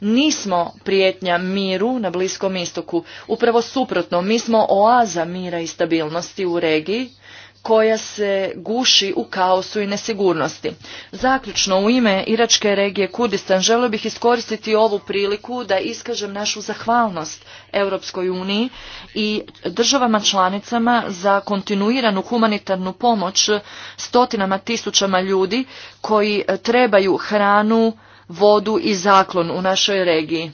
B: nismo prijetnja miru na Bliskom istoku. Upravo suprotno, mi smo oaza mira i stabilnosti u regiji koja se guši u kaosu i nesigurnosti. Zaključno u ime Iračke regije Kurdistan želio bih iskoristiti ovu priliku da iskažem našu zahvalnost Europskoj uniji i državama članicama za kontinuiranu humanitarnu pomoć stotinama tisućama ljudi koji eh, trebaju hranu, vodu i zaklon u našoj regiji.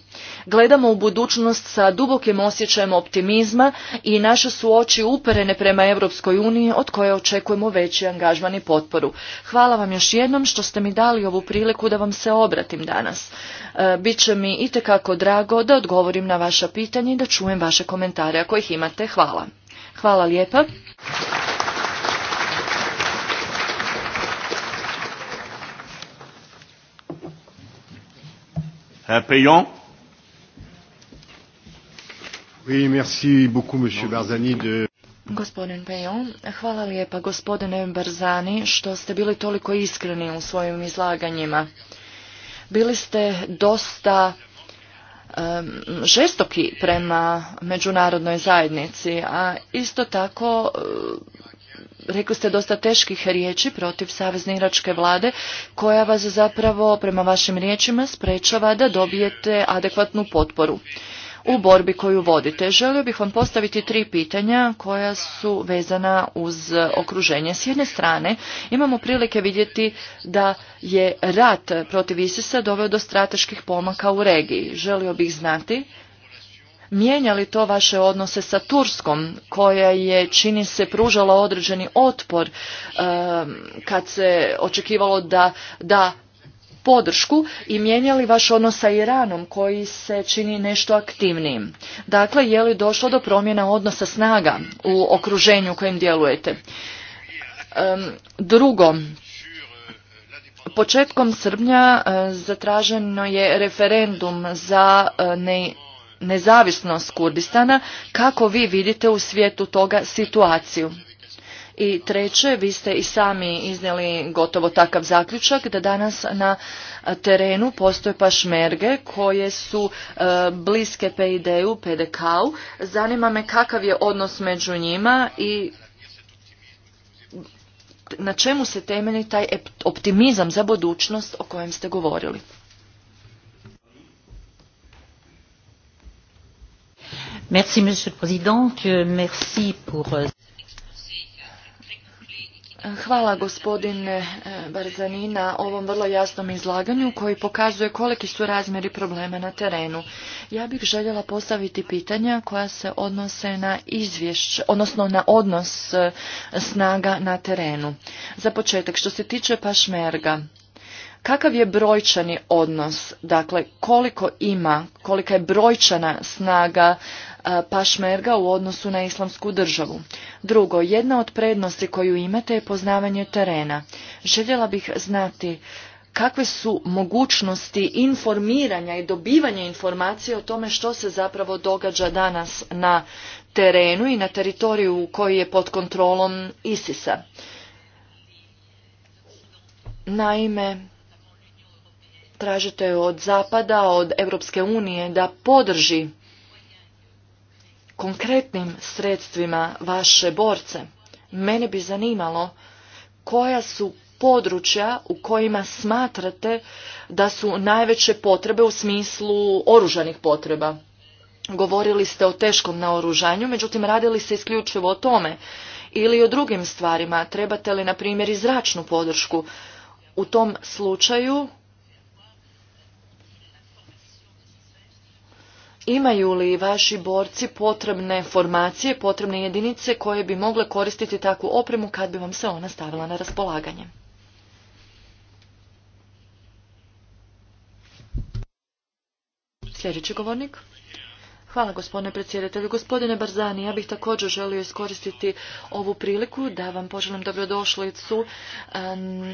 B: Gledamo u budućnost sa dubokim osjećajem optimizma i naše su oči uperene prema Europskoj uniji od koje očekujemo veći angažman i potporu. Hvala vam još jednom što ste mi dali ovu priliku da vam se obratim danas. E, Biće mi itekako drago da odgovorim na vaša pitanja i da čujem vaše komentare ako ih imate. Hvala. Hvala lijepa.
A: Euh, oui, merci beaucoup, monsieur Barzani, de...
B: Gospodin Pejon, hvala lijepa gospodine Barzani što ste bili toliko iskreni u svojim izlaganjima. Bili ste dosta žestoki prema međunarodnoj zajednici, a isto tako rekli ste dosta teških riječi protiv savezne iračke vlade koja vas zapravo prema vašim riječima sprečava da dobijete adekvatnu potporu u borbi koju vodite. Želio bih vam postaviti tri pitanja koja su vezana uz okruženje. S jedne strane imamo prilike vidjeti da je rat protiv Isisa doveo do strateških pomaka u regiji. Želio bih znati Mijenja li to vaše odnose sa Turskom koja je čini se pružala određeni otpor ehm, kad se očekivalo da da podršku i mijenja li vaš odnos sa Iranom koji se čini nešto aktivnijim? Dakle, je li došlo do promjena odnosa snaga u okruženju u kojem djelujete? Ehm, drugo, početkom srbnja eh, zatraženo je referendum za eh, ne nezavisnost Kurdistana, kako vi vidite u svijetu toga situaciju? I treće, vi ste i sami iznijeli gotovo takav zaključak da danas na terenu postoje pašmerge koje su e, bliske PID-u, PDK-u. Zanima me kakav je odnos među njima i na čemu se temeni taj optimizam za budućnost o kojem ste govorili. Euh, Hvala gospodine eh, Barzanina, na ovom vrlo jasnom izlaganju koji pokazuje koliki su razmjeri problema na terenu. Ja bih željela postaviti pitanja koja se odnose na izvješće, odnosno na odnos eh, snaga na terenu. Za početak, što se tiče Pašmerga, kakav je brojčani odnos, dakle koliko ima, kolika je brojčana snaga E, pašmerga u odnosu na islamsku državu. Drugo, jedna od prednosti koju imate je poznavanje terena. Željela bih znati kakve su mogućnosti informiranja i dobivanja informacije o tome što se zapravo događa danas na terenu i na teritoriju koji je pod kontrolom ISIS-a. Naime, tražite od Zapada, od Europske unije da podrži konkretnim sredstvima vaše borce. Mene bi zanimalo koja su područja u kojima smatrate da su najveće potrebe u smislu oružanih potreba. Govorili ste o teškom naoružanju, međutim radili se isključivo o tome ili o drugim stvarima. Trebate li, na primjer, i zračnu podršku? U tom slučaju Imaju li vaši borci potrebne formacije, potrebne jedinice koje bi mogle koristiti takvu opremu kad bi vam se ona stavila na raspolaganje? Sljedeći govornik. Hvala gospodine predsjedatelju. Gospodine Barzani, ja bih također želio iskoristiti ovu priliku da vam poželim dobrodošlicu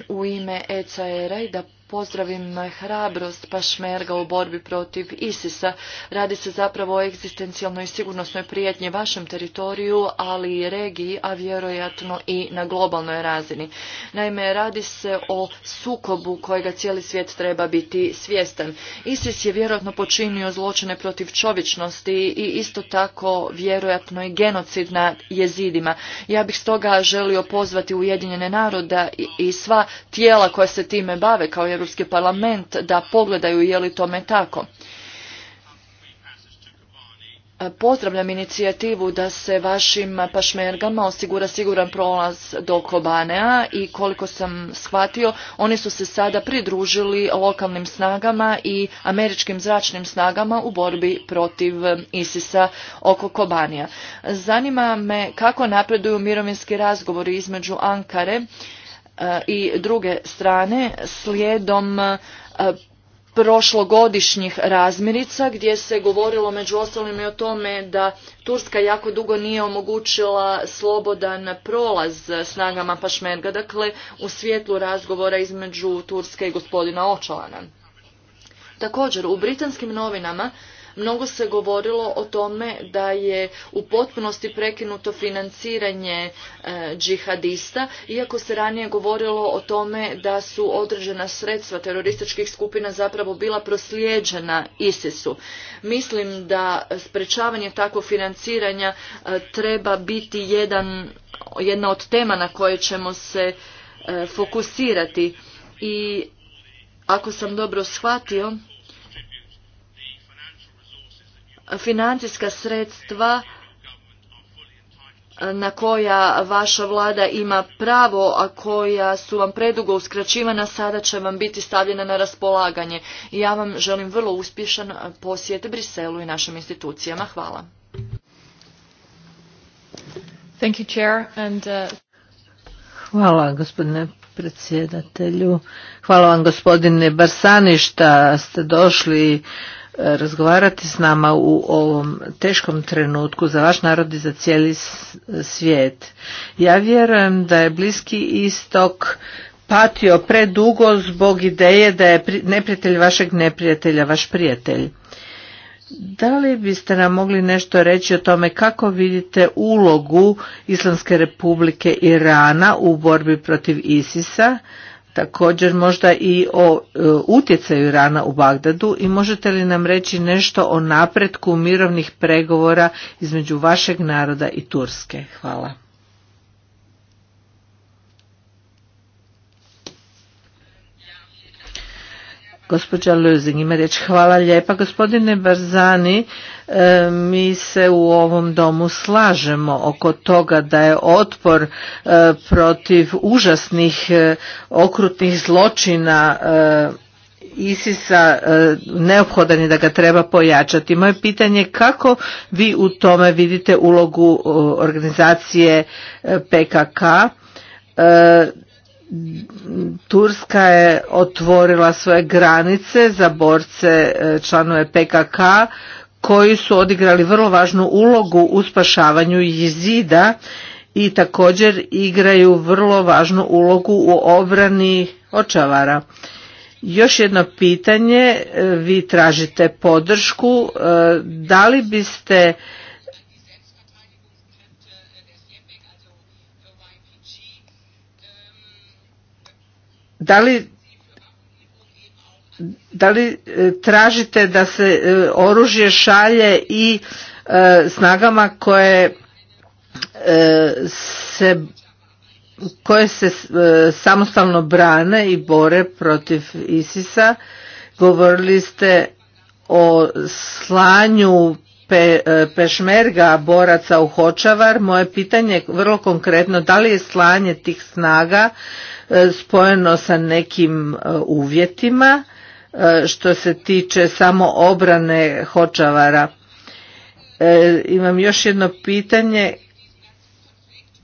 B: u ime ECR-a i da pozdravim hrabrost Pašmerga u borbi protiv ISIS-a. Radi se zapravo o egzistencijalnoj i sigurnosnoj prijetnji vašem teritoriju, ali i regiji, a vjerojatno i na globalnoj razini. Naime, radi se o sukobu kojega cijeli svijet treba biti svjestan. ISIS je vjerojatno počinio zločine protiv čovječnosti i isto tako vjerojatno i genocid na jezidima. Ja bih stoga želio pozvati Ujedinjene naroda i sva tijela koja se time bave kao je Europski parlament da pogledaju je li tome tako. Pozdravljam inicijativu da se vašim pašmergama osigura siguran prolaz do Kobanea i koliko sam shvatio, oni su se sada pridružili lokalnim snagama i američkim zračnim snagama u borbi protiv ISIS-a oko Kobanija. Zanima me kako napreduju mirovinski razgovori između Ankare E, i druge strane slijedom e, prošlogodišnjih razmirica gdje se govorilo među ostalim i o tome da Turska jako dugo nije omogućila slobodan prolaz snagama Pašmerga, dakle u svjetlu razgovora između Turske i gospodina Očalana. Također, u britanskim novinama Mnogo se govorilo o tome da je u potpunosti prekinuto financiranje e, džihadista, iako se ranije govorilo o tome da su određena sredstva terorističkih skupina zapravo bila proslijeđena ISIS-u. Mislim da sprečavanje takvog financiranja e, treba biti jedan, jedna od tema na koje ćemo se e, fokusirati i ako sam dobro shvatio, financijska sredstva e, na koja vaša vlada ima pravo, a koja su vam predugo uskraćivana, sada će vam biti stavljena na raspolaganje. I ja vam želim vrlo uspješan posjet Briselu i našim institucijama. Hvala. Thank uh,
C: Hvala gospodine predsjedatelju. Hvala vam gospodine Barsani ste došli razgovarati s nama u ovom teškom trenutku za vaš narod i za cijeli svijet. Ja vjerujem da je Bliski istok patio predugo zbog ideje da je neprijatelj vašeg neprijatelja vaš prijatelj. Da li biste nam mogli nešto reći o tome kako vidite ulogu Islamske republike Irana u borbi protiv ISIS-a? također možda i o e, utjecaju Irana u Bagdadu i možete li nam reći nešto o napretku mirovnih pregovora između vašeg naroda i Turske? Hvala. Gospođa ima Hvala lijepa. Gospodine Barzani, E, mi se u ovom domu slažemo oko toga da je otpor e, protiv užasnih e, okrutnih zločina Isisa neophodan je da ga treba pojačati. Moje pitanje je kako vi u tome vidite ulogu organizacije PKK? Turska je otvorila svoje granice za borce članove PKK koji su odigrali vrlo važnu ulogu u spašavanju jezida i također igraju vrlo važnu ulogu u obrani očavara. Još jedno pitanje, e, vi tražite podršku, e, da li biste da li da li e, tražite da se e, oružje šalje i e, snagama koje se koje se samostalno brane i bore protiv Isisa. Govorili ste o slanju pešmerga boraca u Hočavar. Moje pitanje je vrlo konkretno, da li je slanje tih snaga spojeno sa nekim uvjetima E, što se tiče samo obrane Hočavara. E, imam još jedno pitanje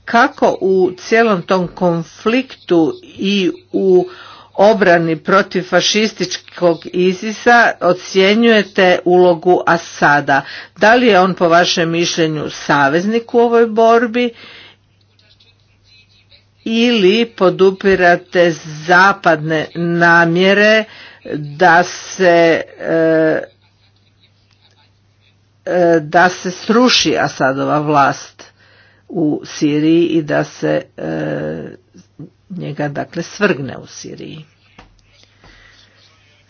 C: kako u cijelom tom konfliktu i u obrani protiv fašističkog Izisa ocjenjujete ulogu Asada. Da li je on po vašem mišljenju saveznik u ovoj borbi ili podupirate zapadne namjere da se e, e, da se sruši Asadova vlast u Siriji i da se e, njega dakle svrgne u Siriji.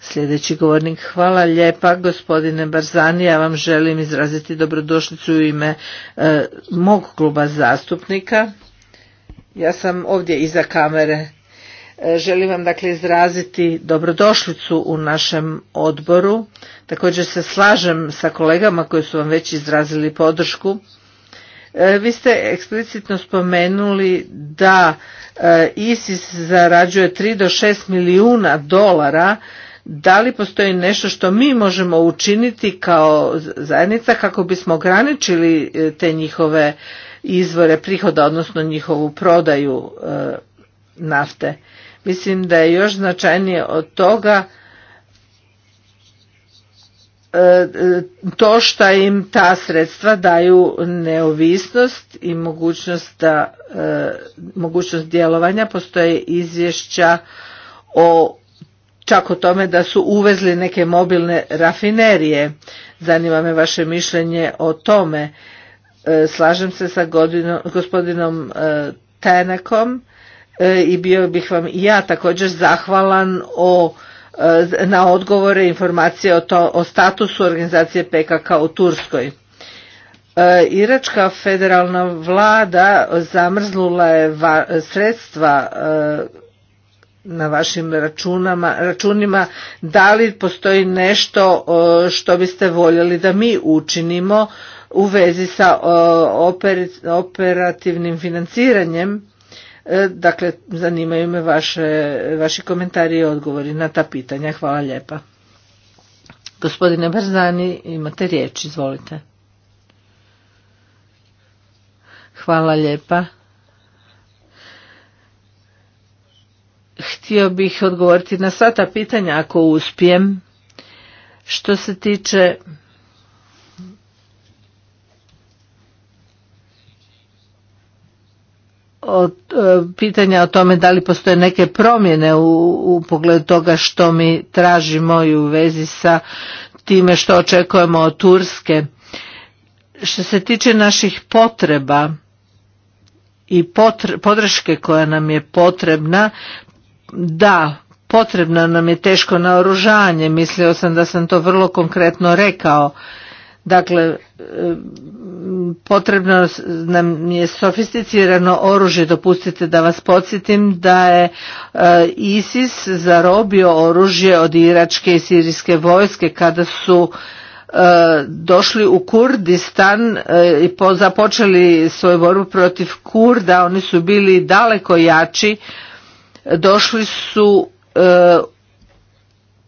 C: Sljedeći govornik, hvala lijepa gospodine Barzani, ja vam želim izraziti dobrodošlicu u ime mog kluba zastupnika. Ja sam ovdje iza kamere Želim vam dakle izraziti dobrodošlicu u našem odboru. Također se slažem sa kolegama koji su vam već izrazili podršku. E, vi ste eksplicitno spomenuli da e, ISIS zarađuje 3 do 6 milijuna dolara. Da li postoji nešto što mi možemo učiniti kao zajednica kako bismo ograničili e, te njihove izvore prihoda, odnosno njihovu prodaju nafte? Mislim da je još značajnije od toga e, to što im ta sredstva daju neovisnost i mogućnost, da, e, mogućnost djelovanja. Postoje izvješća o čak o tome da su uvezli neke mobilne rafinerije. Zanima me vaše mišljenje o tome. E, slažem se sa gospodinom Tenekom E, i bio bih vam i ja također zahvalan o e, na odgovore i informacije o, o statusu organizacije PKK u Turskoj. E, iračka federalna vlada zamrznula je sredstva na vašim računama, računima. Da li postoji nešto što biste voljeli da mi učinimo u vezi sa operativnim financiranjem? E, dakle, zanimaju me vaše, vaši komentari i odgovori na ta pitanja. Hvala lijepa. Gospodine Brzani, imate riječ, izvolite. Hvala lijepa. Htio bih odgovoriti na sva ta pitanja ako uspijem. Što se tiče od e, pitanja o tome da li postoje neke promjene u, pogledu toga što mi tražimo i u vezi sa time što očekujemo od Turske. Što se tiče naših potreba i podrške koja nam je potrebna, da, potrebno nam je teško naoružanje, mislio sam da sam to vrlo konkretno rekao Dakle, e, potrebno nam je sofisticirano oružje. Dopustite da vas podsjetim da je e, ISIS zarobio oružje od iračke i sirijske vojske kada su e, došli u Kurdistan i započeli svoju borbu protiv Kurda. Oni su bili daleko jači. Došli su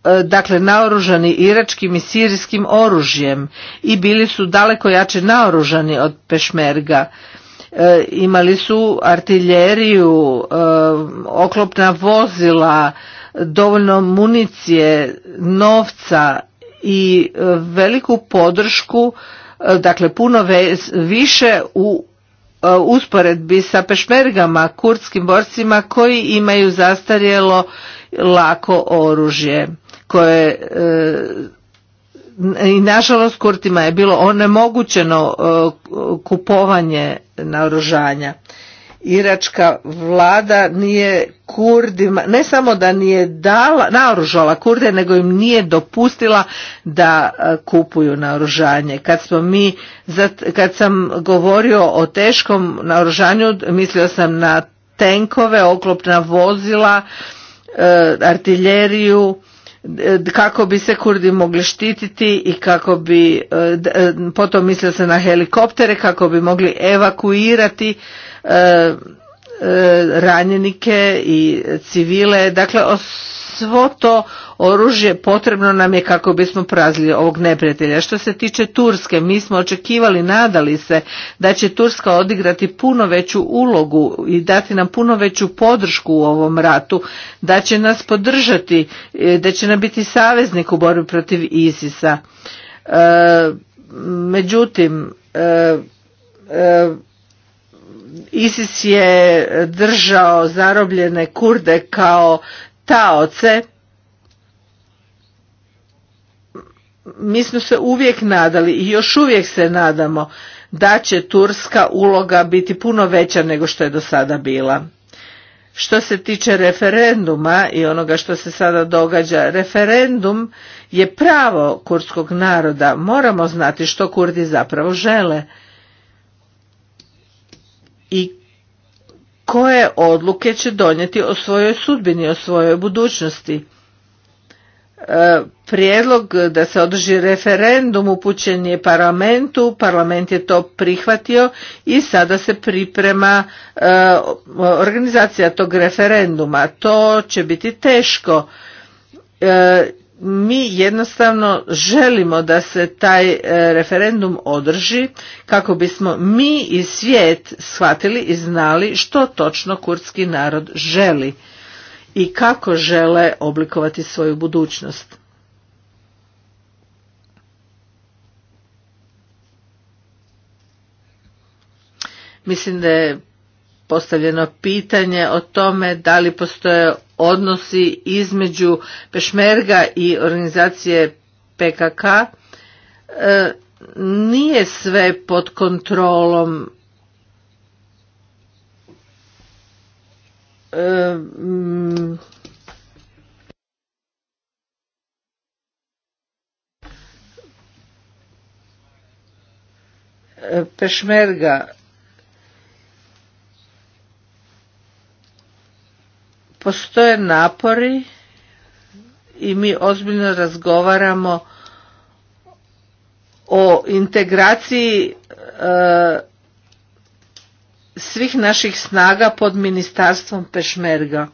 C: E, dakle naoružani iračkim i sirijskim oružjem i bili su daleko jače naoružani od pešmerga e, imali su artiljeriju e, oklopna vozila dovoljno municije novca i veliku podršku dakle puno više u usporedbi sa pešmergama kurdskim borcima koji imaju zastarjelo lako oružje koje e, i nažalost Kurtima je bilo onemogućeno e, kupovanje naoružanja. Iračka vlada nije Kurdima, ne samo da nije dala, naoružala Kurde, nego im nije dopustila da e, kupuju naoružanje. Kad, smo mi, kad sam govorio o teškom naoružanju, mislio sam na tenkove, oklopna vozila, artiljeriju, E, kako bi se kurdi mogli štititi i kako bi e, e, potom mislio se na helikoptere kako bi mogli evakuirati ranjenike i civile dakle svo to oružje potrebno nam je kako bismo prazili ovog neprijatelja. Što se tiče Turske, mi smo očekivali, nadali se da će Turska odigrati puno veću ulogu i dati nam puno veću podršku u ovom ratu, da će nas podržati, e, da će nam biti saveznik u borbi protiv Isisa. a e, međutim, e, ISIS je držao zarobljene kurde kao taoce mi smo se uvijek nadali i još uvijek se nadamo da će turska uloga biti puno veća nego što je do sada bila. Što se tiče referenduma i onoga što se sada događa, referendum je pravo kurdskog naroda. Moramo znati što kurdi zapravo žele. I koje odluke će donijeti o svojoj sudbini, o svojoj budućnosti. E, prijedlog da se održi referendum upućen je parlamentu, parlament je to prihvatio i sada se priprema e, organizacija tog referenduma. To će biti teško e, mi jednostavno želimo da se taj e, referendum održi kako bismo mi i svijet shvatili i znali što točno kurdski narod želi i kako žele oblikovati svoju budućnost. Mislim da je postavljeno pitanje o tome da li postoje odnosi između Pešmerga i organizacije PKK e, nije sve pod kontrolom e, e, Pešmerga postoje napori i mi ozbiljno razgovaramo o integraciji e, svih naših snaga pod ministarstvom Pešmerga.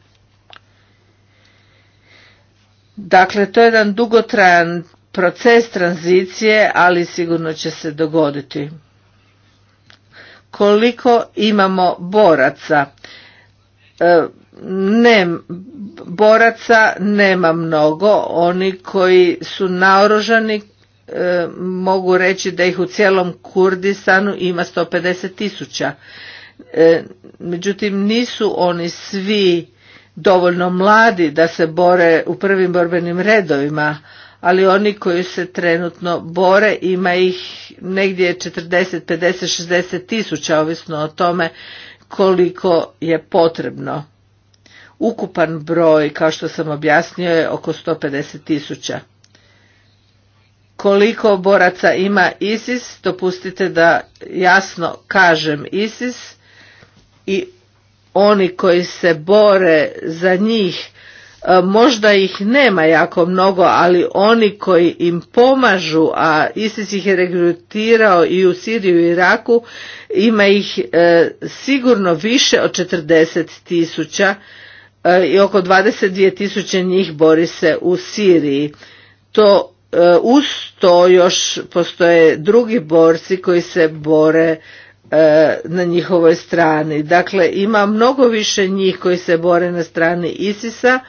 C: Dakle, to je jedan dugotrajan proces tranzicije, ali sigurno će se dogoditi. Koliko imamo boraca? E, ne, boraca nema mnogo, oni koji su naoružani e, mogu reći da ih u cijelom Kurdistanu ima 150 tisuća. E, međutim, nisu oni svi dovoljno mladi da se bore u prvim borbenim redovima, ali oni koji se trenutno bore ima ih negdje 40, 50, 60 tisuća, ovisno o tome koliko je potrebno. Ukupan broj, kao što sam objasnio, je oko 150 tisuća. Koliko boraca ima ISIS, dopustite da jasno kažem ISIS i oni koji se bore za njih, e, možda ih nema jako mnogo, ali oni koji im pomažu, a ISIS ih je regrutirao i u Siriju i Iraku, ima ih e, sigurno više od 40 tisuća E, i oko 22 tisuće njih bori se u Siriji. To e, uz to još postoje drugi borci koji se bore e, na njihovoj strani. Dakle, ima mnogo više njih koji se bore na strani Isisa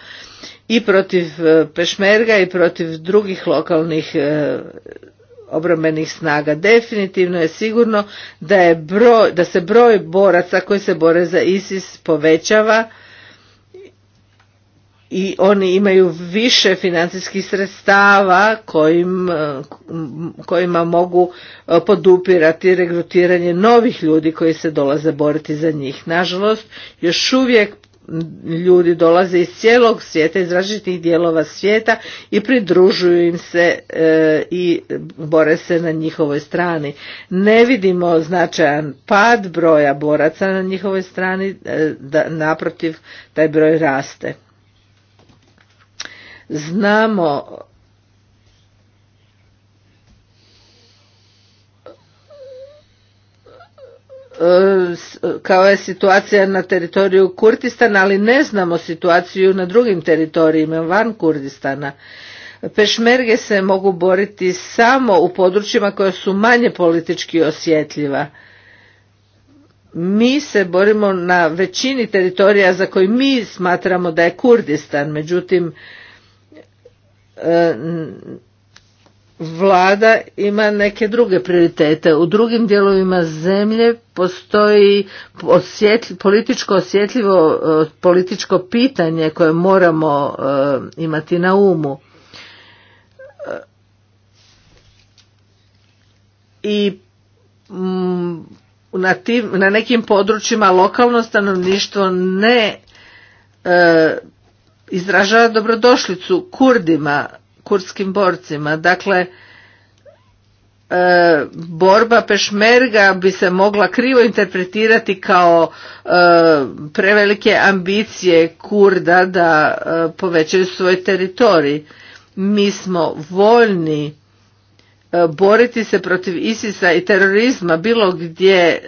C: i protiv Pešmerga i protiv drugih lokalnih obrambenih snaga. Definitivno je sigurno da, je da se broj boraca koji se bore za Isis povećava i oni imaju više financijskih sredstava kojim, e, kojima mogu e, podupirati regrutiranje novih ljudi koji se dolaze boriti za njih. Nažalost, još uvijek ljudi dolaze iz cijelog svijeta, iz različitih dijelova svijeta i pridružuju im se e, i bore se na njihovoj strani. Ne vidimo značajan pad broja boraca na njihovoj strani, da, naprotiv taj broj raste znamo e, kao je situacija na teritoriju Kurdistana, ali ne znamo situaciju na drugim teritorijima van Kurdistana. Pešmerge se mogu boriti samo u područjima koja su manje politički osjetljiva. Mi se borimo na većini teritorija za koji mi smatramo da je Kurdistan, međutim E, vlada ima neke druge prioritete. U drugim dijelovima zemlje postoji političko osjetljivo e, političko pitanje koje moramo e, imati na umu. I na, na nekim područjima lokalno stanovništvo ne izražava dobrodošlicu kurdima, kurdskim borcima. Dakle, e, borba pešmerga bi se mogla krivo interpretirati kao e, prevelike ambicije kurda da e, povećaju svoj teritorij. Mi smo voljni e, boriti se protiv Isisa i terorizma bilo gdje e,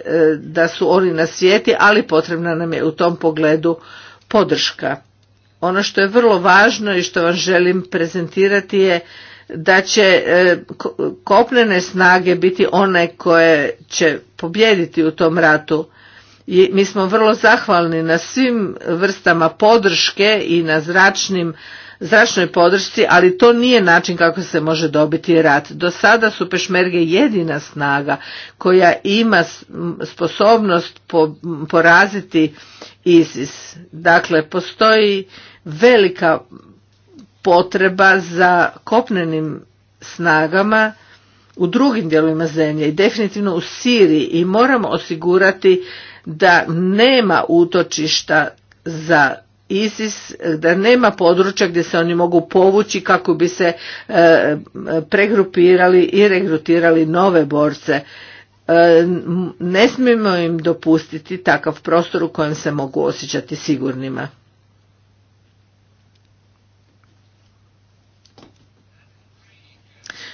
C: da su oni na svijeti, ali potrebna nam je u tom pogledu podrška. Ono što je vrlo važno i što vam želim prezentirati je da će e, kopnene snage biti one koje će pobjediti u tom ratu. I mi smo vrlo zahvalni na svim vrstama podrške i na zračnim, zračnoj podršci, ali to nije način kako se može dobiti rat. Do sada su pešmerge jedina snaga koja ima sposobnost poraziti ISIS. Dakle, postoji velika potreba za kopnenim snagama u drugim dijelovima zemlje i definitivno u Siriji i moramo osigurati da nema utočišta za ISIS, da nema područja gdje se oni mogu povući kako bi se e, e, pregrupirali i regrutirali nove borce. E, ne smijemo im dopustiti takav prostor u kojem se mogu osjećati sigurnima.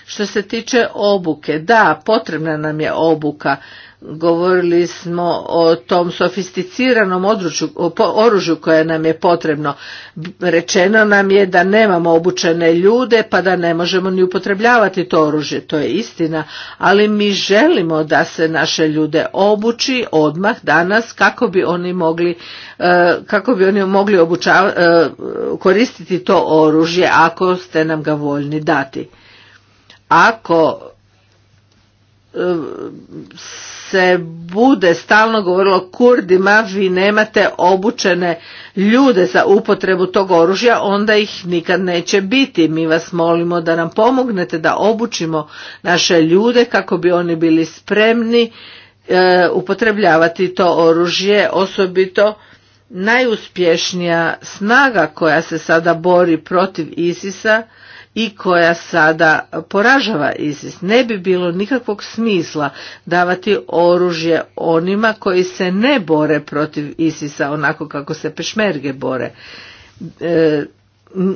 C: Što se tiče obuke, da, potrebna nam je obuka. Govorili smo o tom sofisticiranom oružju koje nam je potrebno. Rečeno nam je da nemamo obučene ljude pa da ne možemo ni upotrebljavati to oružje. To je istina, ali mi želimo da se naše ljude obuči odmah danas kako bi oni mogli, e, kako bi oni mogli obučava, e, koristiti to oružje ako ste nam ga voljni dati ako e, se bude stalno govorilo kurdima vi nemate obučene ljude za upotrebu tog oružja onda ih nikad neće biti mi vas molimo da nam pomognete da obučimo naše ljude kako bi oni bili spremni e, upotrebljavati to oružje osobito najuspješnija snaga koja se sada bori protiv Isisa i koja sada poražava ISIS. Ne bi bilo nikakvog smisla davati oružje onima koji se ne bore protiv Isisa onako kako se pešmerge bore. E,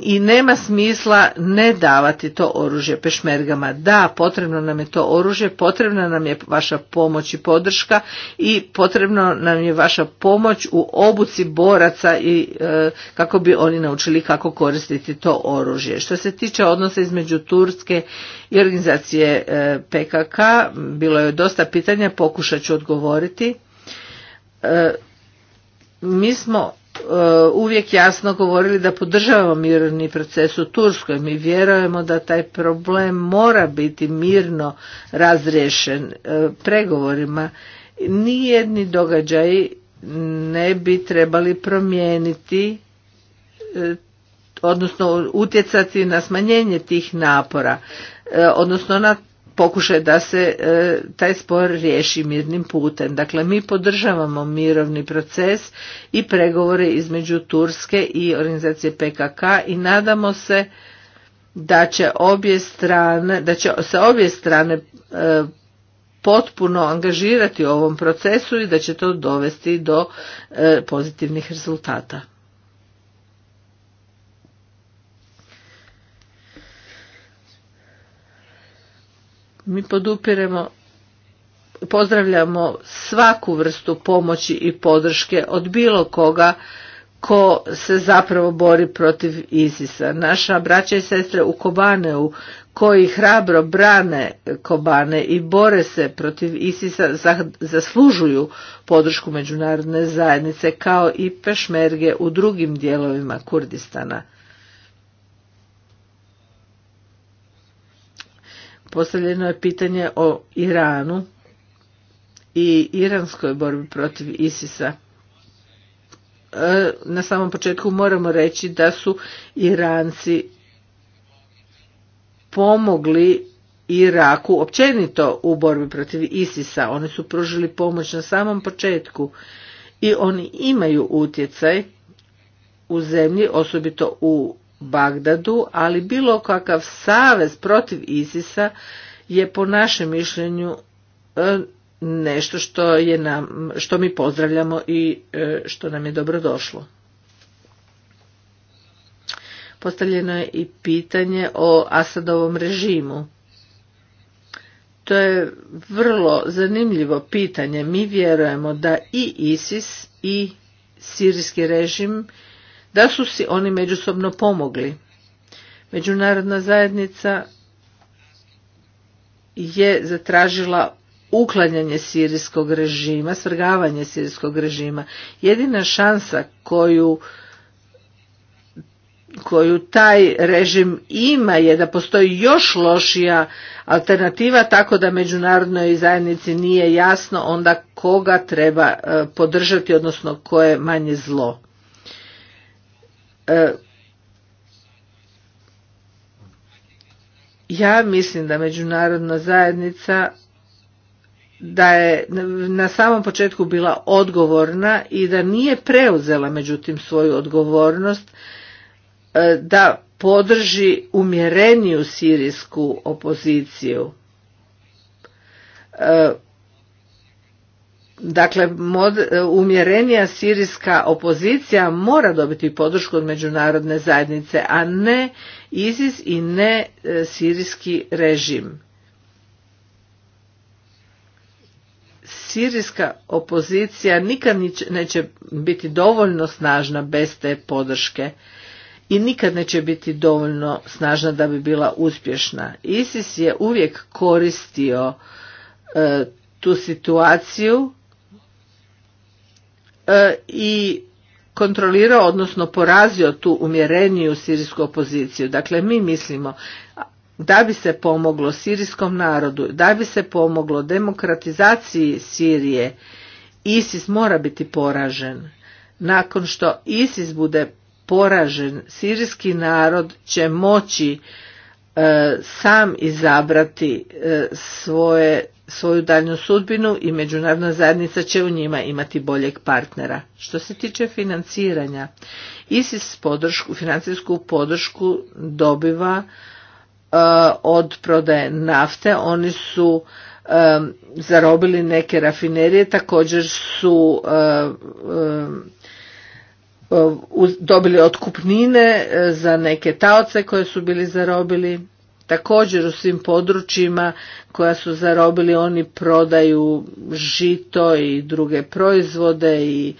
C: i nema smisla ne davati to oružje pešmergama. Da, potrebno nam je to oružje, potrebna nam je vaša pomoć i podrška i potrebno nam je vaša pomoć u obuci boraca i e, kako bi oni naučili kako koristiti to oružje. Što se tiče odnosa između Turske i organizacije e, PKK, bilo je dosta pitanja, pokušat ću odgovoriti. E, mi smo Eh, uvijek jasno govorili da podržavamo mirni proces u Turskoj. Mi vjerujemo da taj problem mora biti mirno razriješen eh, pregovorima. Nijedni događaji ne bi trebali promijeniti eh, odnosno utjecati na smanjenje tih napora odnosno na pokušaj da se e, taj spor riješi mirnim putem. Dakle, mi podržavamo mirovni proces i pregovore između Turske i organizacije PKK i nadamo se da će obje strane, da će se obje strane e, potpuno angažirati u ovom procesu i da će to dovesti do e, pozitivnih rezultata. Mi podupiremo pozdravljamo svaku vrstu pomoći i podrške od bilo koga ko se zapravo bori protiv Isisa. Naša braća i sestre u Kobaneu koji hrabro brane Kobane i bore se protiv Isisa zaslužuju podršku međunarodne zajednice kao i pešmerge u drugim dijelovima Kurdistana. postavljeno je pitanje o Iranu i iranskoj borbi protiv ISISA. E, na samom početku moramo reći da su Iranci pomogli Iraku općenito u borbi protiv ISISA. Oni su pružili pomoć na samom početku i oni imaju utjecaj u zemlji, osobito u Bagdadu, ali bilo kakav savez protiv Isisa je po našem mišljenju e, nešto što je što mi pozdravljamo i e, što nam je dobro došlo. Postavljeno je i pitanje o Asadovom režimu. To je vrlo zanimljivo pitanje. Mi vjerujemo da i ISIS i sirijski režim da su si oni međusobno pomogli. Međunarodna zajednica je zatražila uklanjanje sirijskog režima, svrgavanje sirijskog režima. Jedina šansa koju koju taj režim ima je da postoji još lošija alternativa tako da međunarodnoj zajednici nije jasno onda koga treba eh, podržati odnosno koje manje zlo. E, ja mislim da međunarodna zajednica da je na samom početku bila odgovorna i da nije preuzela međutim svoju odgovornost e, da podrži umjereniju sirijsku opoziciju e, Dakle, mod, e, umjerenija sirijska opozicija mora dobiti podršku od međunarodne zajednice, a ne ISIS i ne e, sirijski režim. Sirijska opozicija nikad neće biti dovoljno snažna bez te podrške i nikad neće biti dovoljno snažna da bi bila uspješna. ISIS je uvijek koristio e, tu situaciju E, i kontrolirao, odnosno porazio tu umjereniju sirijsku opoziciju. Dakle, mi mislimo da bi se pomoglo sirijskom narodu, da bi se pomoglo demokratizaciji Sirije, ISIS mora biti poražen. Nakon što ISIS bude poražen, sirijski narod će moći E, sam izabrati e, svoje, svoju daljnu sudbinu i međunarodna zajednica će u njima imati boljeg partnera. Što se tiče financiranja, ISIS podršku, financijsku podršku dobiva e, od prodaje nafte, oni su zarobili neke rafinerije, također su dobili otkupnine e, za neke taoce koje su bili zarobili. Također u svim područjima koja su zarobili oni prodaju žito i druge proizvode i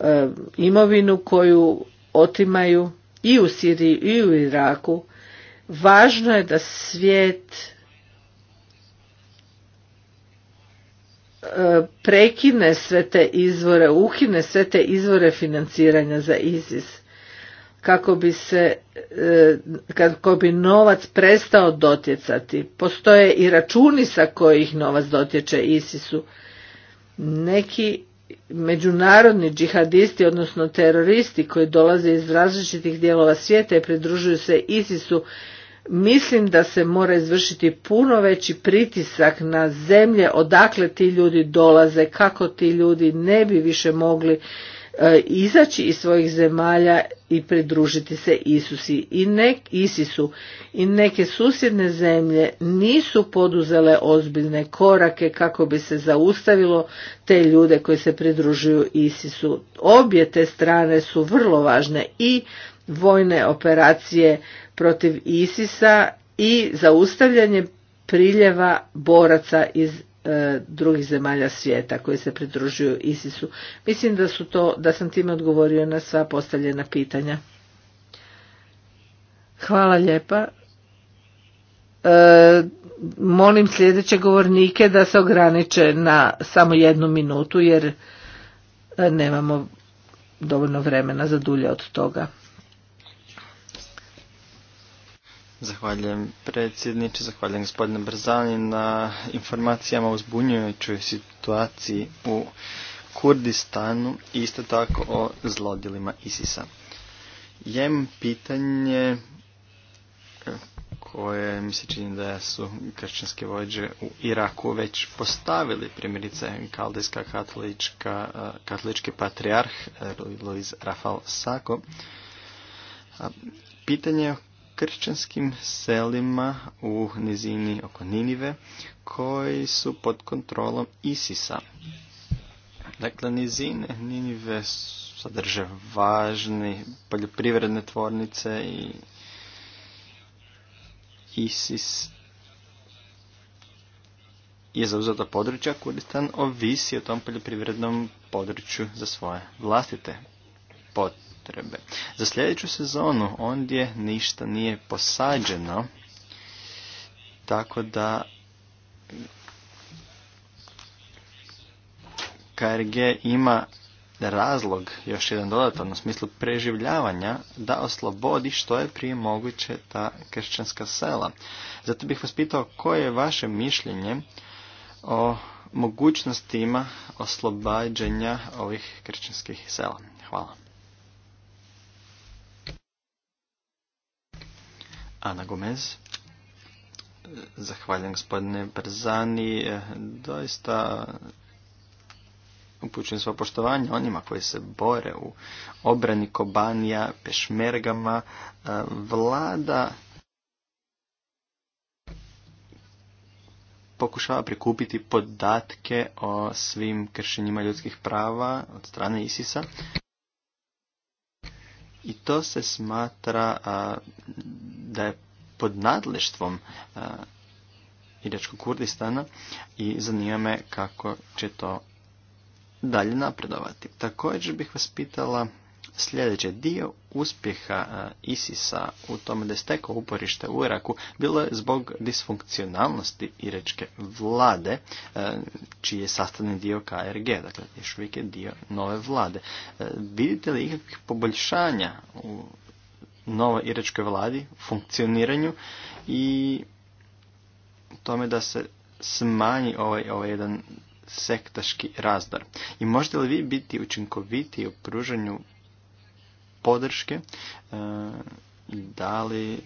C: e, imovinu koju otimaju i u Siriji i u Iraku. Važno je da svijet prekine sve te izvore, ukine sve te izvore financiranja za ISIS kako bi se e, kako bi novac prestao dotjecati. Postoje i računi sa kojih novac dotječe ISIS-u. Neki međunarodni džihadisti, odnosno teroristi koji dolaze iz različitih dijelova svijeta i pridružuju se ISIS-u Mislim da se mora izvršiti puno veći pritisak na zemlje odakle ti ljudi dolaze, kako ti ljudi ne bi više mogli e, izaći iz svojih zemalja i pridružiti se Isusi. I nek, Isisu i neke susjedne zemlje nisu poduzele ozbiljne korake kako bi se zaustavilo te ljude koji se pridružuju Isisu. Obje te strane su vrlo važne i vojne operacije protiv ISISA i zaustavljanje priljeva boraca iz e, drugih zemalja svijeta koji se pridružuju ISISu. Mislim da su to da sam time odgovorio na sva postavljena pitanja. Hvala lijepa. E, molim sljedeće govornike da se ograniče na samo jednu minutu jer e, nemamo dovoljno vremena za dulje od toga.
D: Zahvaljujem predsjedniče, zahvaljujem gospodine Brzani na informacijama o zbunjujućoj situaciji u Kurdistanu i isto tako o zlodjelima Isisa. Jem pitanje e, koje mi se čini da su kršćanske vođe u Iraku već postavili primjerice kaldejska katolička, e, katolički patrijarh Luis Rafal Sako. Pitanje kršćanskim selima u nizini oko Ninive koji su pod kontrolom Isisa. Dakle, nizine Ninive sadrže važne poljoprivredne tvornice i Isis je zauzeta područja, Kurdistan ovisi o tom poljoprivrednom području za svoje vlastite pod trebe. Za sljedeću sezonu ondje ništa nije posađeno, tako da KRG ima razlog, još jedan dodatan u smislu preživljavanja, da oslobodi što je prije moguće ta kršćanska sela. Zato bih vas pitao koje je vaše mišljenje o mogućnostima oslobađanja ovih kršćanskih sela. Hvala. Ana Gomez. Zahvaljujem gospodine Brzani. Doista upućujem svoje poštovanje onima koji se bore u obrani Kobanija, pešmergama, vlada pokušava prikupiti podatke o svim kršenjima ljudskih prava od strane ISIS-a i to se smatra da je pod nadleštvom Iračkog Kurdistana i zanima me kako će to dalje napredovati. Također bih vas pitala sljedeće dio uspjeha e, Isisa u tome da je stekao uporište u Iraku bilo je zbog disfunkcionalnosti iračke vlade, e, čiji je sastavni dio KRG, dakle još uvijek je dio nove vlade. E, vidite li ikakvih poboljšanja u novoj iračkoj vladi, funkcioniranju i tome da se smanji ovaj, ovaj jedan sektaški razdor. I možete li vi biti učinkoviti u pružanju podrške, e, da li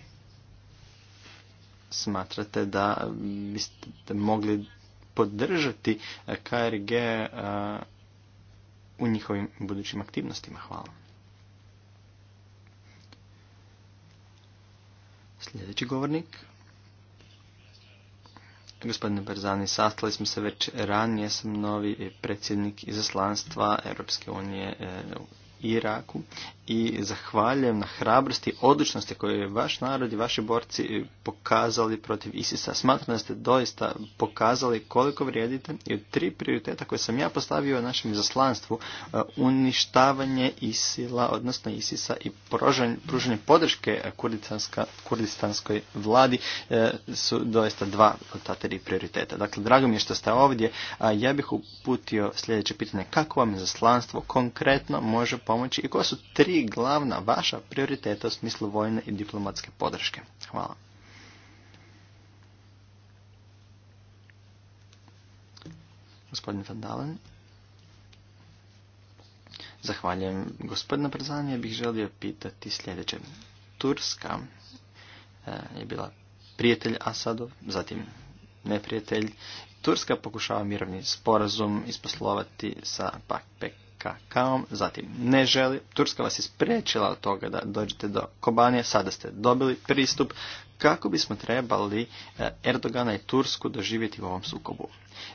D: smatrate da biste mogli podržati KRG e, u njihovim budućim aktivnostima? Hvala. Sljedeći govornik. Gospodine Barzani, sastali smo se već ranije, sam novi predsjednik izaslanstva Europske unije e, u Iraku i zahvaljujem na hrabrosti i odličnosti koje je vaš narod i vaši borci pokazali protiv Isisa. Smatram da ste doista pokazali koliko vrijedite i tri prioriteta koje sam ja postavio u našem izaslanstvu, e, uništavanje Isila, odnosno Isisa i pružanje podrške kurdistanskoj vladi e, su doista dva od ta tri prioriteta. Dakle, drago mi je što ste ovdje, a ja bih uputio sljedeće pitanje. Kako vam izaslanstvo konkretno može pomoći i koja su tri glavna vaša prioriteta u smislu vojne i diplomatske podrške? Hvala. Gospodin Dalen. Zahvaljujem. Gospodina Brzanija, bih želio pitati sljedeće. Turska e, je bila prijatelj Asadov, zatim neprijatelj. Turska pokušava mirovni sporazum isposlovati sa kakaom, zatim ne želi, Turska vas je spriječila od toga da dođete do Kobanije, sada ste dobili pristup, kako bismo trebali eh, Erdogana i Tursku doživjeti u ovom sukobu.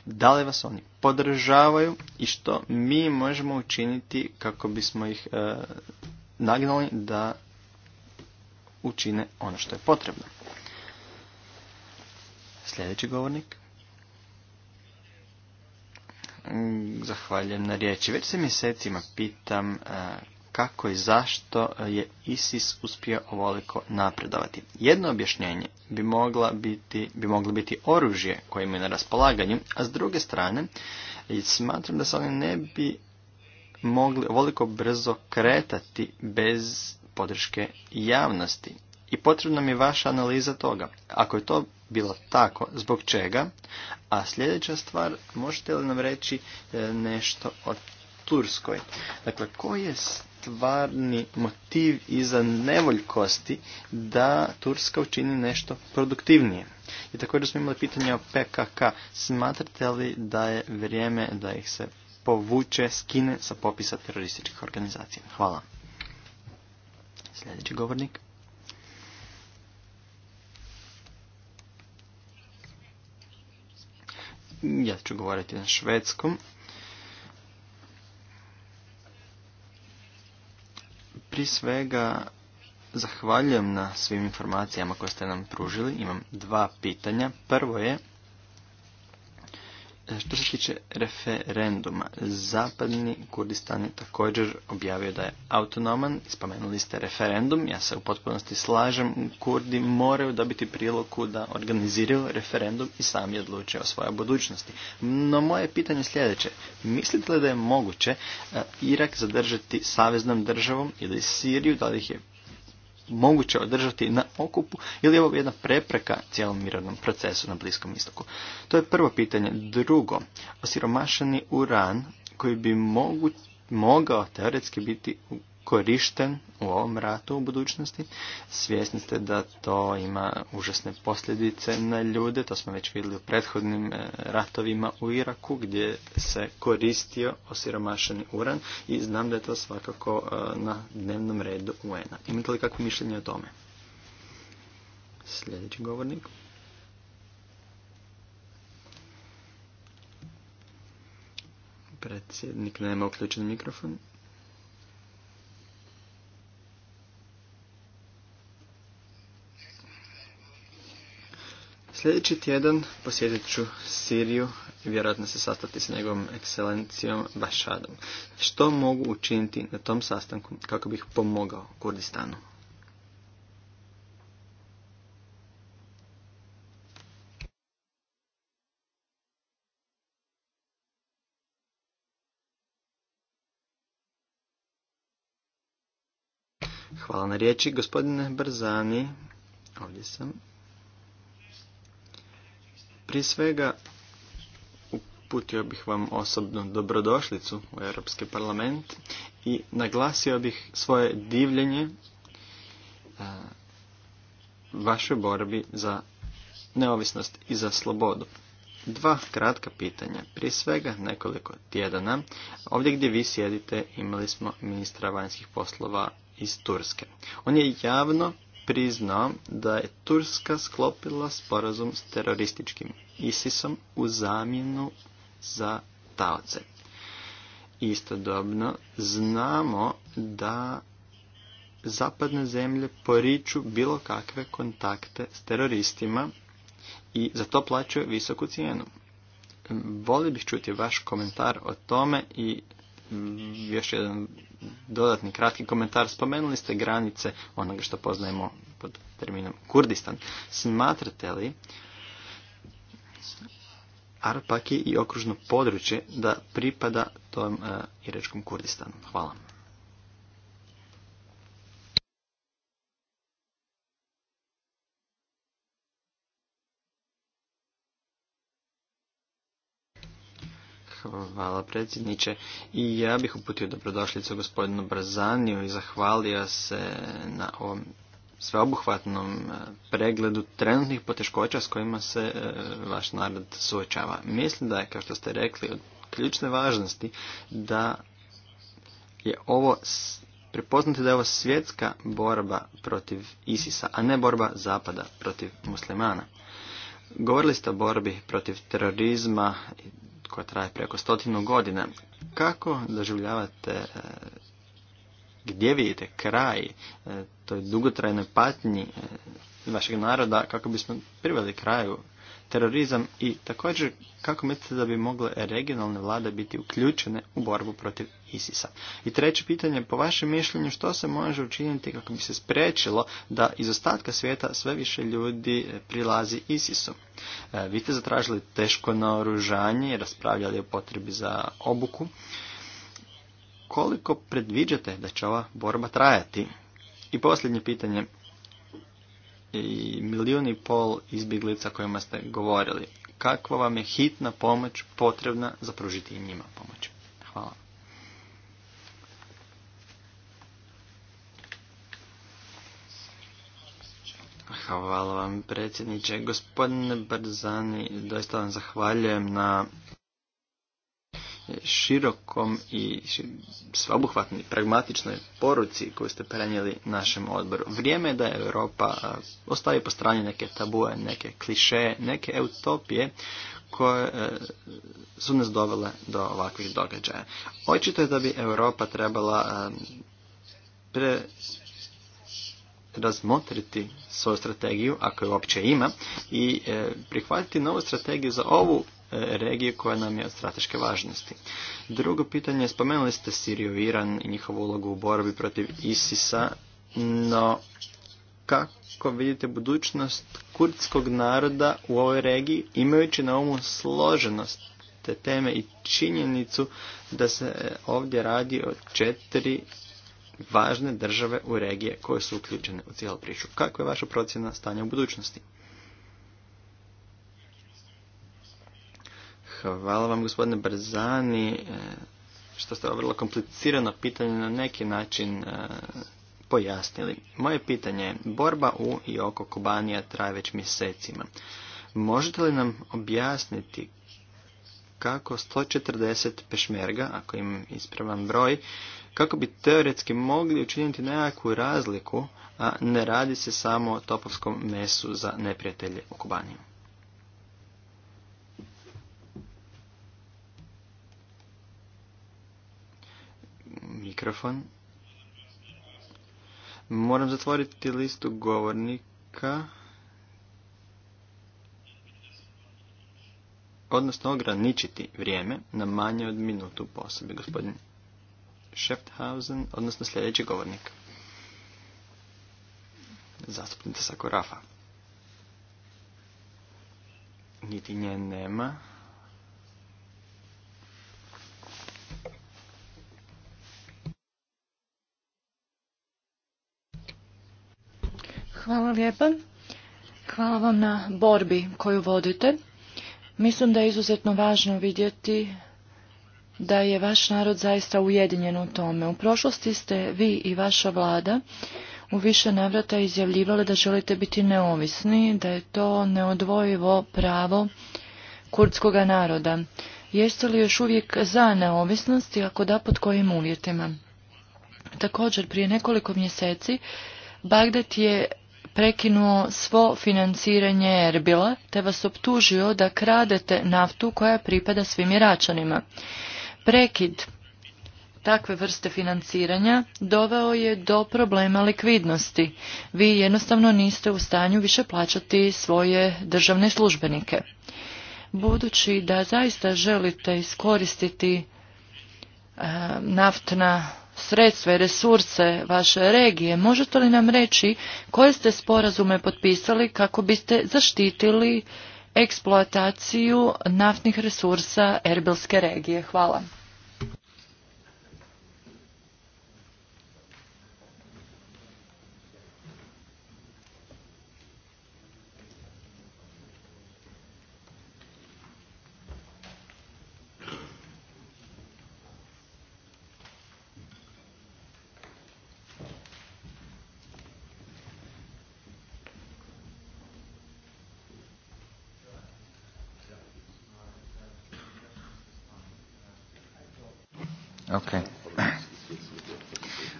D: Da li vas oni podržavaju i što mi možemo učiniti kako bismo ih e, eh, nagnali da učine ono što je potrebno. Sljedeći govornik. Mm, zahvaljujem na riječi. Već se mjesecima pitam e, kako i zašto je ISIS uspio ovoliko napredovati. Jedno objašnjenje bi, mogla biti, bi moglo biti oružje koje imaju na raspolaganju, a s druge strane smatram da se oni ne bi mogli ovoliko brzo kretati bez podrške javnosti. I potrebna mi je vaša analiza toga. Ako je to bilo tako, zbog čega? A sljedeća stvar, možete li nam reći e, nešto o Turskoj? Dakle, koji je stvarni motiv iza nevoljkosti da Turska učini nešto produktivnije? I također smo imali pitanje o PKK. Smatrate li da je vrijeme da ih se povuče, skine sa popisa terorističkih organizacija? Hvala. Sljedeći govornik. Ja ću govoriti na švedskom. Pri svega zahvaljujem na svim informacijama koje ste nam pružili. Imam dva pitanja. Prvo je E, što se tiče referenduma, Zapadni Kurdistan je također objavio da je autonoman, spomenuli ste referendum, ja se u potpunosti slažem, Kurdi moraju dobiti priliku da organiziraju referendum i sami odlučuju o svojoj budućnosti. No moje pitanje je sljedeće, mislite li da je moguće e, Irak zadržati saveznom državom ili Siriju, da li ih je moguće održati na okupu ili je ovo jedna prepreka cijelom mirovnom procesu na Bliskom istoku? To je prvo pitanje. Drugo, osiromašeni uran koji bi mogao teoretski biti korišten u ovom ratu u budućnosti. Svjesni ste da to ima užasne posljedice na ljude, to smo već vidjeli u prethodnim e, ratovima u Iraku gdje se koristio osiromašeni uran i znam da je to svakako e, na dnevnom redu UN-a. Imate li kakvo mišljenje o tome? Sljedeći govornik. Predsjednik nema uključen mikrofon. Sljedeći tjedan posjetit ću Siriju i vjerojatno se sastati s njegovom ekscelencijom Bašadom. Što mogu učiniti na tom sastanku kako bih pomogao Kurdistanu? Hvala na riječi, gospodine Brzani. Ovdje sam. Prije svega, uputio bih vam osobnu dobrodošlicu u Europski parlament i naglasio bih svoje divljenje e, vašoj borbi za neovisnost i za slobodu. Dva kratka pitanja. Prije svega nekoliko tjedana. Ovdje gdje vi sjedite imali smo ministra vanjskih poslova iz Turske. On je javno priznao da je Turska sklopila sporazum s terorističkim ISISom u zamjenu za taoce. Istodobno znamo da zapadne zemlje poriču bilo kakve kontakte s teroristima i za to plaćaju visoku cijenu. Volio bih čuti vaš komentar o tome i još jedan dodatni kratki komentar. Spomenuli ste granice onoga što poznajemo pod terminom Kurdistan. Smatrate li Arpaki i okružno područje da pripada tom uh, iračkom Kurdistanu? Hvala. Hvala predsjedniče. I ja bih uputio dobrodošlicu gospodinu Brzaniju i zahvalio se na ovom sveobuhvatnom e, pregledu trenutnih poteškoća s kojima se e, vaš narod suočava. Mislim da je, kao što ste rekli, od ključne važnosti da je ovo prepoznati da je ovo svjetska borba protiv Isisa, a ne borba zapada protiv muslimana. Govorili ste o borbi protiv terorizma, koja traje preko stotinu godina. Kako doživljavate, e, gdje vidite kraj e, toj dugotrajnoj patnji e, vašeg naroda kako bismo priveli kraju terorizam i također kako mislite da bi mogle regionalne vlade biti uključene u borbu protiv Isisa. I treće pitanje, po vašem mišljenju što se može učiniti kako bi se sprečilo da iz ostatka svijeta sve više ljudi e, prilazi Isisu? u e, vi ste zatražili teško naoružanje i raspravljali o potrebi za obuku. Koliko predviđate da će ova borba trajati? I posljednje pitanje, i milijun i pol izbjeglica kojima ste govorili. Kakva vam je hitna pomoć potrebna za pružiti i njima pomoć? Hvala. Hvala vam predsjedniče. Gospodine Brzani, doista vam zahvaljujem na širokom i sveobuhvatnoj pragmatičnoj poruci koju ste prenijeli našem odboru. Vrijeme je da Europa ostavi po strani neke tabue, neke kliše, neke utopije koje e, su nas dovele do ovakvih događaja. Očito je da bi Europa trebala pre razmotriti svoju strategiju, ako je uopće ima, i e, prihvatiti novu strategiju za ovu E, regije koja nam je od strateške važnosti. Drugo pitanje, spomenuli ste Siriju i Iran i njihovu ulogu u borbi protiv ISIS-a, no kako vidite budućnost kurdskog naroda u ovoj regiji, imajući na umu složenost te teme i činjenicu da se e, ovdje radi o četiri važne države u regije koje su uključene u cijelu priču. Kako je vaša procjena stanja u budućnosti? Hvala vam gospodine Brzani e, što ste ovo vrlo komplicirano pitanje na neki način e, pojasnili. Moje pitanje je, borba u i oko Kubanija traje već mjesecima. Možete li nam objasniti kako 140 pešmerga, ako im ispravan broj, kako bi teoretski mogli učiniti nekakvu razliku, a ne radi se samo o topovskom mesu za neprijatelje u Kubaniju? mikrofon. Moram zatvoriti listu govornika. Odnosno ograničiti vrijeme na manje od minutu po osobi, gospodin Šefthausen, odnosno sljedeći govornik. Zastupnica Sakorafa. Niti nje nema.
B: Hvala lijepa. Hvala vam na borbi koju vodite. Mislim da je izuzetno važno vidjeti da je vaš narod zaista ujedinjen u tome. U prošlosti ste vi i vaša vlada u više navrata izjavljivali da želite biti neovisni, da je to neodvojivo pravo kurdskog naroda. Jeste li još uvijek za neovisnost i ako da pod kojim uvjetima? Također prije nekoliko mjeseci Bagdad je prekinuo svo financiranje Erbila te vas optužio da kradete naftu koja pripada svim Iračanima. Prekid takve vrste financiranja doveo je do problema likvidnosti. Vi jednostavno niste u stanju više plaćati svoje državne službenike. Budući da zaista želite iskoristiti eh, naftna sredstva i resurse vaše regije. Možete li nam reći koje ste sporazume potpisali kako biste zaštitili eksploataciju naftnih resursa Erbilske regije? Hvala.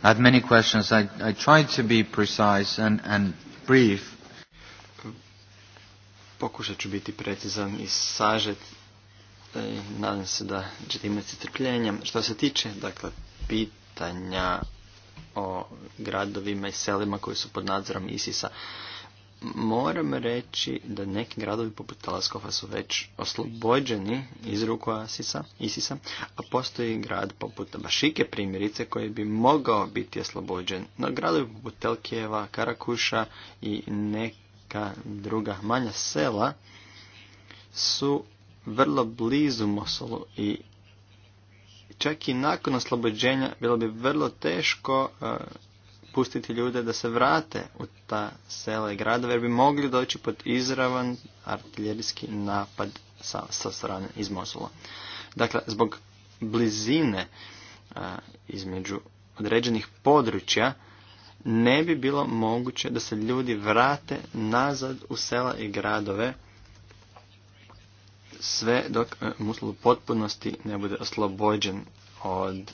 D: had many questions. I, I tried to be precise and, and brief. Pokušat ću biti precizan i sažet. i e, nadam se da ćete imati strpljenja. Što se tiče dakle, pitanja o gradovima i selima koji su pod nadzorom Isisa, moram reći da neki gradovi poput Talaskofa su već oslobođeni iz ruku Asisa, Isisa, a postoji grad poput Bašike primjerice koji bi mogao biti oslobođen. No gradovi poput Telkijeva, Karakuša i neka druga manja sela su vrlo blizu Mosolu i čak i nakon oslobođenja bilo bi vrlo teško e, pustiti ljude da se vrate u ta sela i gradove jer bi mogli doći pod izravan artiljerijski napad sa, strane iz Mosula. Dakle, zbog blizine između određenih područja ne bi bilo moguće da se ljudi vrate nazad u sela i gradove sve dok Musul u potpunosti ne bude oslobođen od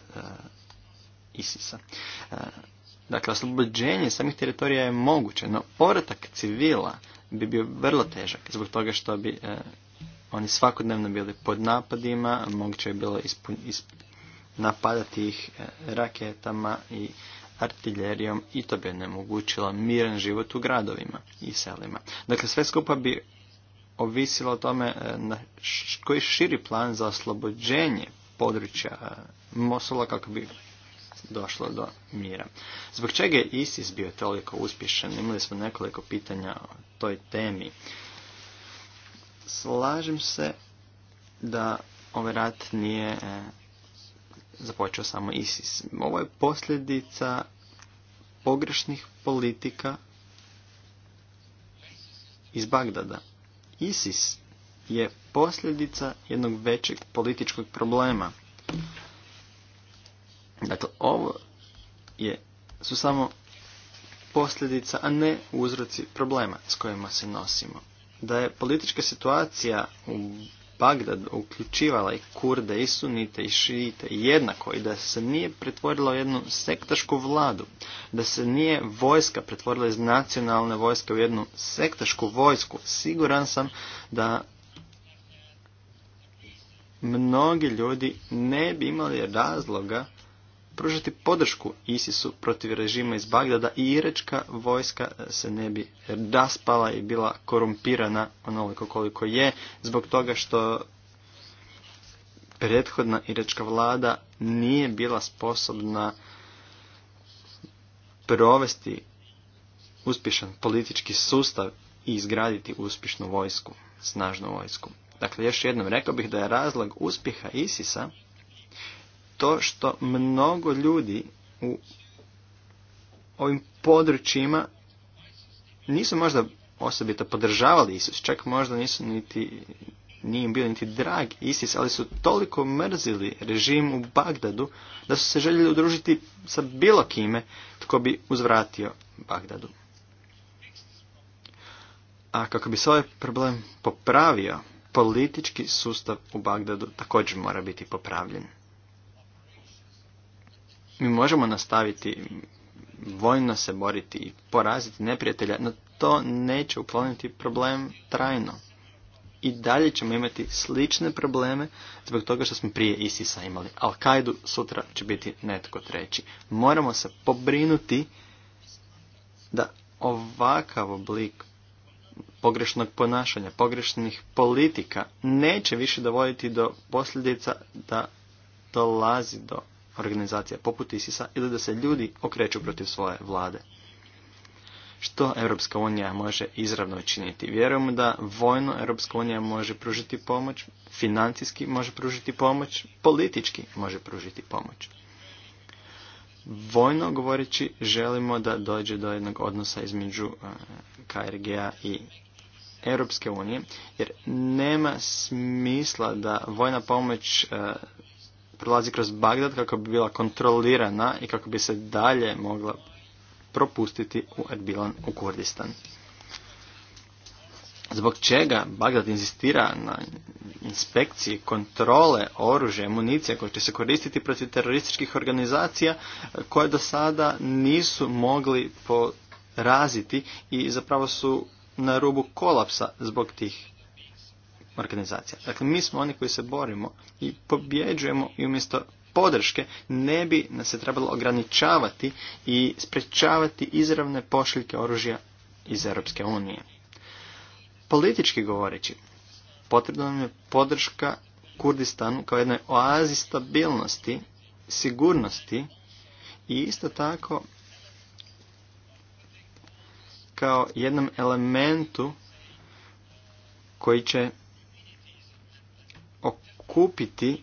D: Isisa. Dakle, oslobođenje samih teritorija je moguće, no povratak civila bi bio vrlo težak zbog toga što bi e, oni svakodnevno bili pod napadima, moguće je bilo ispun, napadati ih e, raketama i artiljerijom i to bi onemogućilo miran život u gradovima i selima. Dakle, sve skupa bi ovisilo o tome e, na koji širi plan za oslobođenje područja Mosula kako bi došlo do mira. Zbog čega je ISIS bio toliko uspješan? Imali smo nekoliko pitanja o toj temi. Slažem se da ovaj rat nije e, započeo samo ISIS. Ovo je posljedica pogrešnih politika iz Bagdada. ISIS je posljedica jednog većeg političkog problema Dakle, ovo je, su samo posljedica, a ne uzroci problema s kojima se nosimo. Da je politička situacija u Bagdad uključivala i kurde, i sunite, i šite jednako, i da se nije pretvorila u jednu sektašku vladu, da se nije vojska pretvorila iz nacionalne vojske u jednu sektašku vojsku, siguran sam da mnogi ljudi ne bi imali razloga pružati podršku ISIS-u protiv režima iz Bagdada i iračka vojska e, se ne bi raspala i bila korumpirana onoliko koliko je zbog toga što prethodna irečka vlada nije bila sposobna provesti uspješan politički sustav i izgraditi uspješnu vojsku, snažnu vojsku. Dakle, još jednom rekao bih da je razlog uspjeha ISIS-a to što mnogo ljudi u ovim područjima nisu možda osobito podržavali Isus, čak možda nisu niti, nije im bio niti drag Isis, ali su toliko mrzili režim u Bagdadu da su se željeli udružiti sa bilo kime tko bi uzvratio Bagdadu. A kako bi se ovaj problem popravio, politički sustav u Bagdadu također mora biti popravljen. Mi možemo nastaviti vojno se boriti i poraziti neprijatelja, no to neće ukloniti problem trajno. I dalje ćemo imati slične probleme zbog toga što smo prije Isisa imali. Al-Kaidu sutra će biti netko treći. Moramo se pobrinuti da ovakav oblik pogrešnog ponašanja, pogrešnih politika neće više dovoditi do posljedica da dolazi do organizacija poput ISIS-a ili da se ljudi okreću protiv svoje vlade. Što Europska unija može izravno učiniti? Vjerujemo da vojno Europska unija može pružiti pomoć, financijski može pružiti pomoć, politički može pružiti pomoć. Vojno govoreći želimo da dođe do jednog odnosa između eh, KRG-a i Europske unije, jer nema smisla da vojna pomoć eh, prolazi kroz Bagdad kako bi bila kontrolirana i kako bi se dalje mogla propustiti u Erbilan u Kurdistan. Zbog čega Bagdad inzistira na inspekciji kontrole oružja i municije koje će se koristiti protiv terorističkih organizacija koje do sada nisu mogli poraziti i zapravo su na rubu kolapsa zbog tih organizacija. Dakle, mi smo oni koji se borimo i pobjeđujemo i umjesto podrške ne bi nas se trebalo ograničavati i sprečavati izravne pošiljke oružja iz Europske unije. Politički govoreći, potrebna nam je podrška Kurdistanu kao jednoj oazi stabilnosti, sigurnosti i isto tako kao jednom elementu koji će kupiti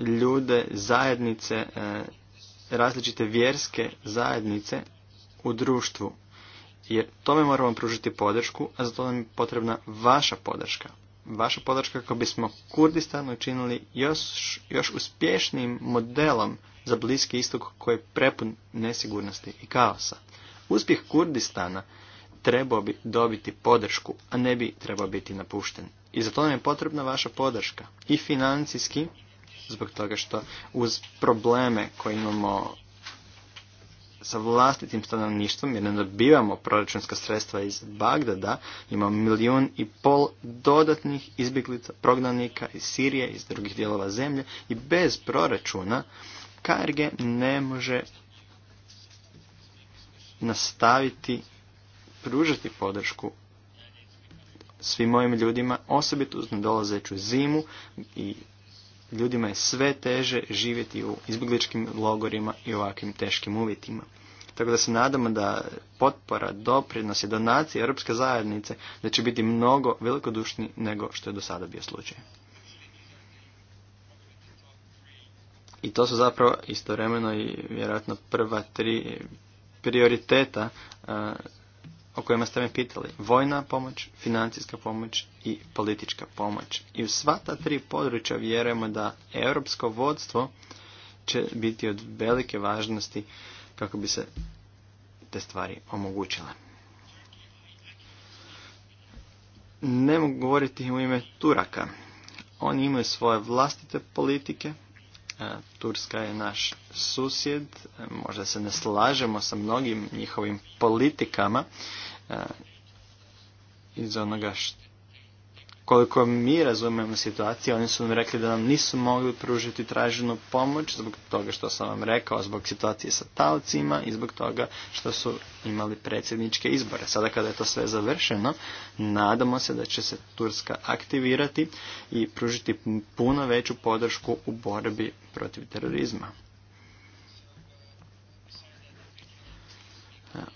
D: ljude, zajednice, e, različite vjerske zajednice u društvu. Jer tome moramo pružiti podršku, a za to nam je potrebna vaša podrška. Vaša podrška kako bismo Kurdistan učinili još, još uspješnim modelom za Bliski istok koji je prepun nesigurnosti i kaosa. Uspjeh Kurdistana trebao bi dobiti podršku, a ne bi trebao biti napušten. I za to nam je potrebna vaša podrška. I financijski, zbog toga što uz probleme koje imamo sa vlastitim stanovništvom, jer ne dobivamo proračunska sredstva iz Bagdada, imamo milijun i pol dodatnih izbjeglica, prognanika iz Sirije, iz drugih dijelova zemlje i bez proračuna KRG ne može nastaviti pružati podršku svim mojim ljudima, osobito uz dolazeću zimu i ljudima je sve teže živjeti u izbjegličkim logorima i ovakvim teškim uvjetima. Tako da se nadamo da potpora, doprinos i donacije Europske zajednice da će biti mnogo velikodušni nego što je do sada bio slučaj. I to su zapravo istovremeno i vjerojatno prva tri prioriteta o kojima ste me pitali. Vojna pomoć, financijska pomoć i politička pomoć. I u sva ta tri područja vjerujemo da europsko vodstvo će biti od velike važnosti kako bi se te stvari omogućile. Ne mogu govoriti u ime Turaka. Oni imaju svoje vlastite politike, Turska je naš susjed, e, možda se ne slažemo sa mnogim njihovim politikama e, iz onoga što koliko mi razumijemo situaciju, oni su nam rekli da nam nisu mogli pružiti traženu pomoć zbog toga što sam vam rekao, zbog situacije sa talcima i zbog toga što su imali predsjedničke izbore. Sada kada je to sve završeno, nadamo se da će se Turska aktivirati i pružiti puno veću podršku u borbi protiv terorizma.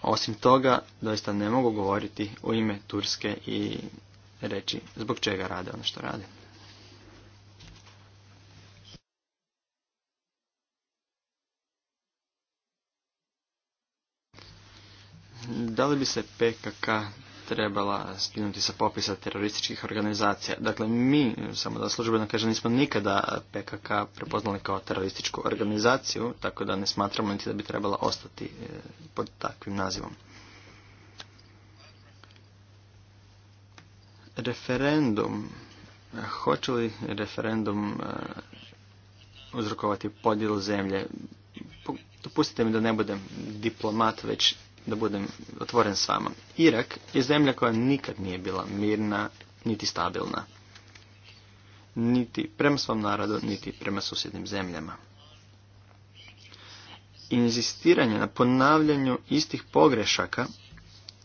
D: Osim toga, doista ne mogu govoriti u ime Turske i reći zbog čega rade ono što rade. Da li bi se PKK trebala skinuti sa popisa terorističkih organizacija? Dakle, mi, samo da službeno kažem, nismo nikada PKK prepoznali kao terorističku organizaciju, tako da ne smatramo niti da bi trebala ostati eh, pod takvim nazivom. Referendum. Hoće li referendum e, uzrokovati podjelu zemlje? Dopustite mi da ne budem diplomat, već da budem otvoren s vama. Irak je zemlja koja nikad nije bila mirna, niti stabilna. Niti prema svom narodu, niti prema susjednim zemljama. Inzistiranje na ponavljanju istih pogrešaka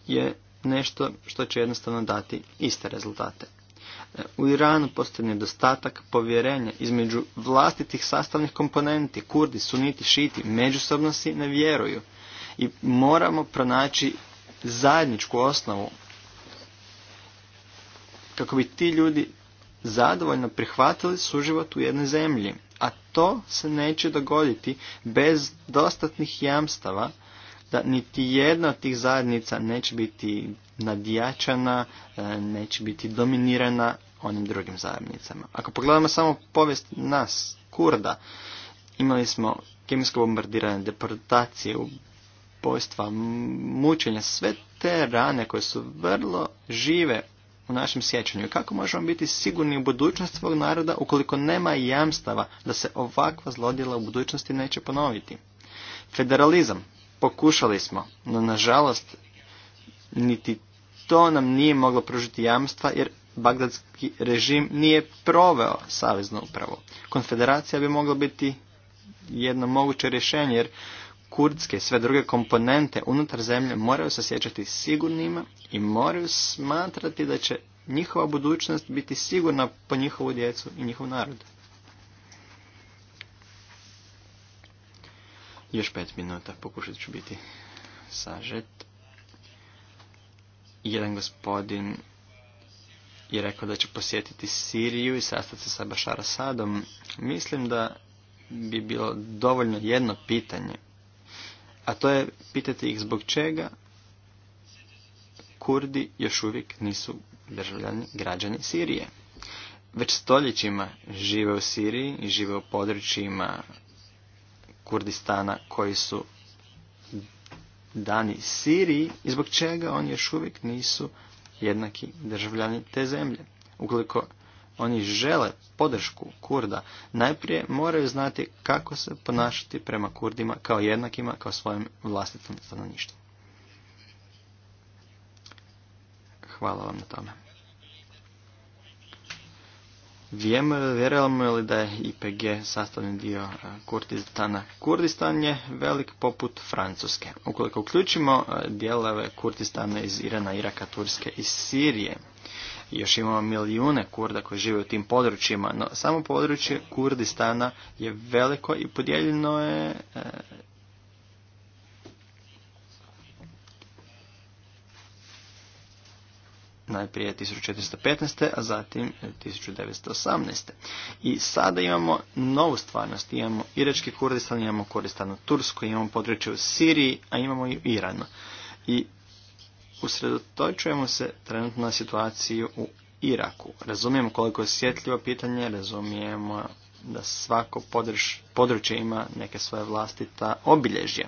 D: je nešto što će jednostavno dati iste rezultate. E, u Iranu postoji nedostatak povjerenja između vlastitih sastavnih komponenti. Kurdi, suniti, šiti međusobno si ne vjeruju. I moramo pronaći zajedničku osnovu kako bi ti ljudi zadovoljno prihvatili suživot u jednoj zemlji. A to se neće dogoditi bez dostatnih jamstava da niti jedna od tih zajednica neće biti nadjačana, e, neće biti dominirana onim drugim zajednicama. Ako pogledamo samo povijest nas, Kurda, imali smo kemijsko bombardiranje, deportacije, ubojstva, mučenja, sve te rane koje su vrlo žive u našem sjećanju. Kako možemo biti sigurni u budućnosti svog naroda ukoliko nema jamstava da se ovakva zlodjela u budućnosti neće ponoviti? Federalizam, Pokušali smo, no nažalost niti to nam nije moglo pružiti jamstva jer bagdadski režim nije proveo saveznu upravu. Konfederacija bi mogla biti jedno moguće rješenje jer kurdske sve druge komponente unutar zemlje moraju se sjećati sigurnima i moraju smatrati da će njihova budućnost biti sigurna po njihovu djecu i njihov narod. Još pet minuta, pokušat ću biti sažet. Jedan gospodin je rekao da će posjetiti Siriju i sastati se sa Bašara Sadom. Mislim da bi bilo dovoljno jedno pitanje, a to je pitati ih zbog čega Kurdi još uvijek nisu državljani građani Sirije. Već stoljećima žive u Siriji i žive u područjima Kurdistana koji su dani Siriji i zbog čega oni još uvijek nisu jednaki državljani te zemlje. Ukoliko oni žele podršku Kurda, najprije moraju znati kako se ponašati prema Kurdima kao jednakima, kao svojim vlastitom stanovništvu. Hvala vam na tome. Vjerujemo li da je IPG sastavni dio e, Kurdistana? Kurdistan je velik poput Francuske. Ukoliko uključimo e, dijelove Kurdistana iz Irana, Iraka, Turske i Sirije, još imamo milijune Kurda koji žive u tim područjima, no samo područje Kurdistana je veliko i podijeljeno je e, najprije 1415. a zatim 1918. I sada imamo novu stvarnost, imamo irački Kurdistan, imamo Kurdistan u Turskoj, imamo područje u Siriji, a imamo i u Iranu. I usredotočujemo se trenutno na situaciju u Iraku. Razumijemo koliko je osjetljivo pitanje, razumijemo da svako područje ima neke svoje vlastita obilježje.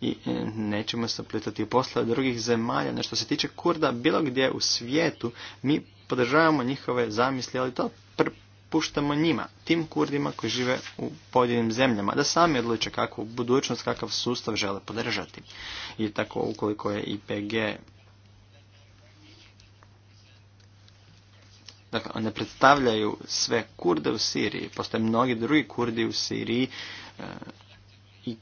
D: I e, nećemo se pletati u posle drugih zemalja. Na što se tiče Kurda, bilo gdje u svijetu, mi podržavamo njihove zamisli, ali to puštamo njima, tim Kurdima koji žive u pojedinim zemljama, da sami odluče kakvu budućnost, kakav sustav žele podržati. I tako ukoliko je IPG Dakle, one predstavljaju sve kurde u Siriji. Postoje mnogi drugi kurdi u Siriji e, i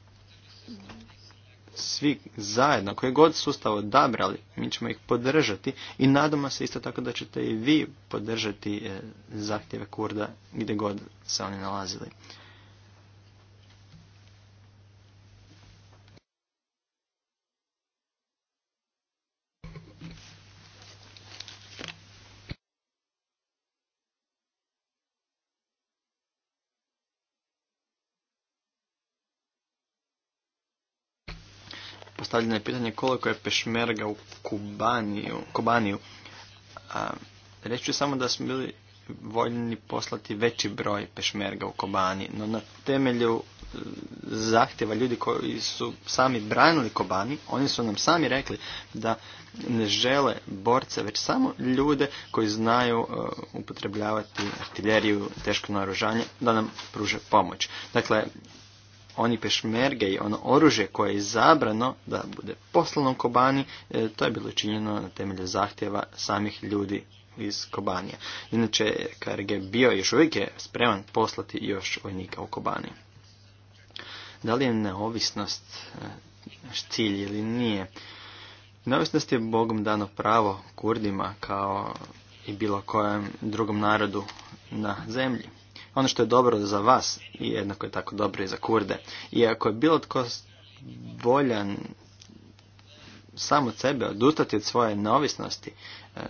D: svi zajedno, koji god sustav odabrali, mi ćemo ih podržati i nadamo se isto tako da ćete i vi podržati e, zahtjeve kurda gdje god se oni nalazili. postavljeno je pitanje koliko je pešmerga u Kubaniju. reći ću samo da smo bili voljni poslati veći broj pešmerga u Kobani, no na temelju e, zahtjeva ljudi koji su sami branili Kobani, oni su nam sami rekli da ne žele borce, već samo ljude koji znaju e, upotrebljavati artileriju, teško naoružanje, da nam pruže pomoć. Dakle, oni pešmerge i ono oružje koje je zabrano da bude poslano u Kobani, e, to je bilo činjeno na temelju zahtjeva samih ljudi iz Kobanije. Inače, KRG bio još uvijek je spreman poslati još vojnika u Kobani. Da li je neovisnost e, naš cilj ili nije? Neovisnost je Bogom dano pravo Kurdima kao i bilo kojem drugom narodu na zemlji. Ono što je dobro za vas i jednako je tako dobro i za kurde. I ako je bilo tko voljan sam od sebe odustati od svoje neovisnosti, e,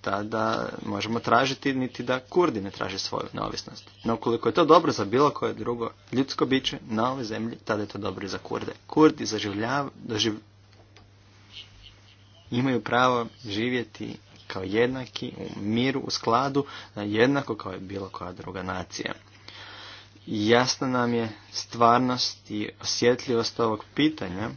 D: tada možemo tražiti niti da kurdi ne traže svoju neovisnost. No ukoliko je to dobro za bilo koje drugo ljudsko biće na ovoj zemlji, tada je to dobro i za kurde. Kurdi zaživljava, doživ... imaju pravo živjeti kao jednaki u miru, u skladu, jednako kao je bilo koja druga nacija. Jasna nam je stvarnost i osjetljivost ovog pitanja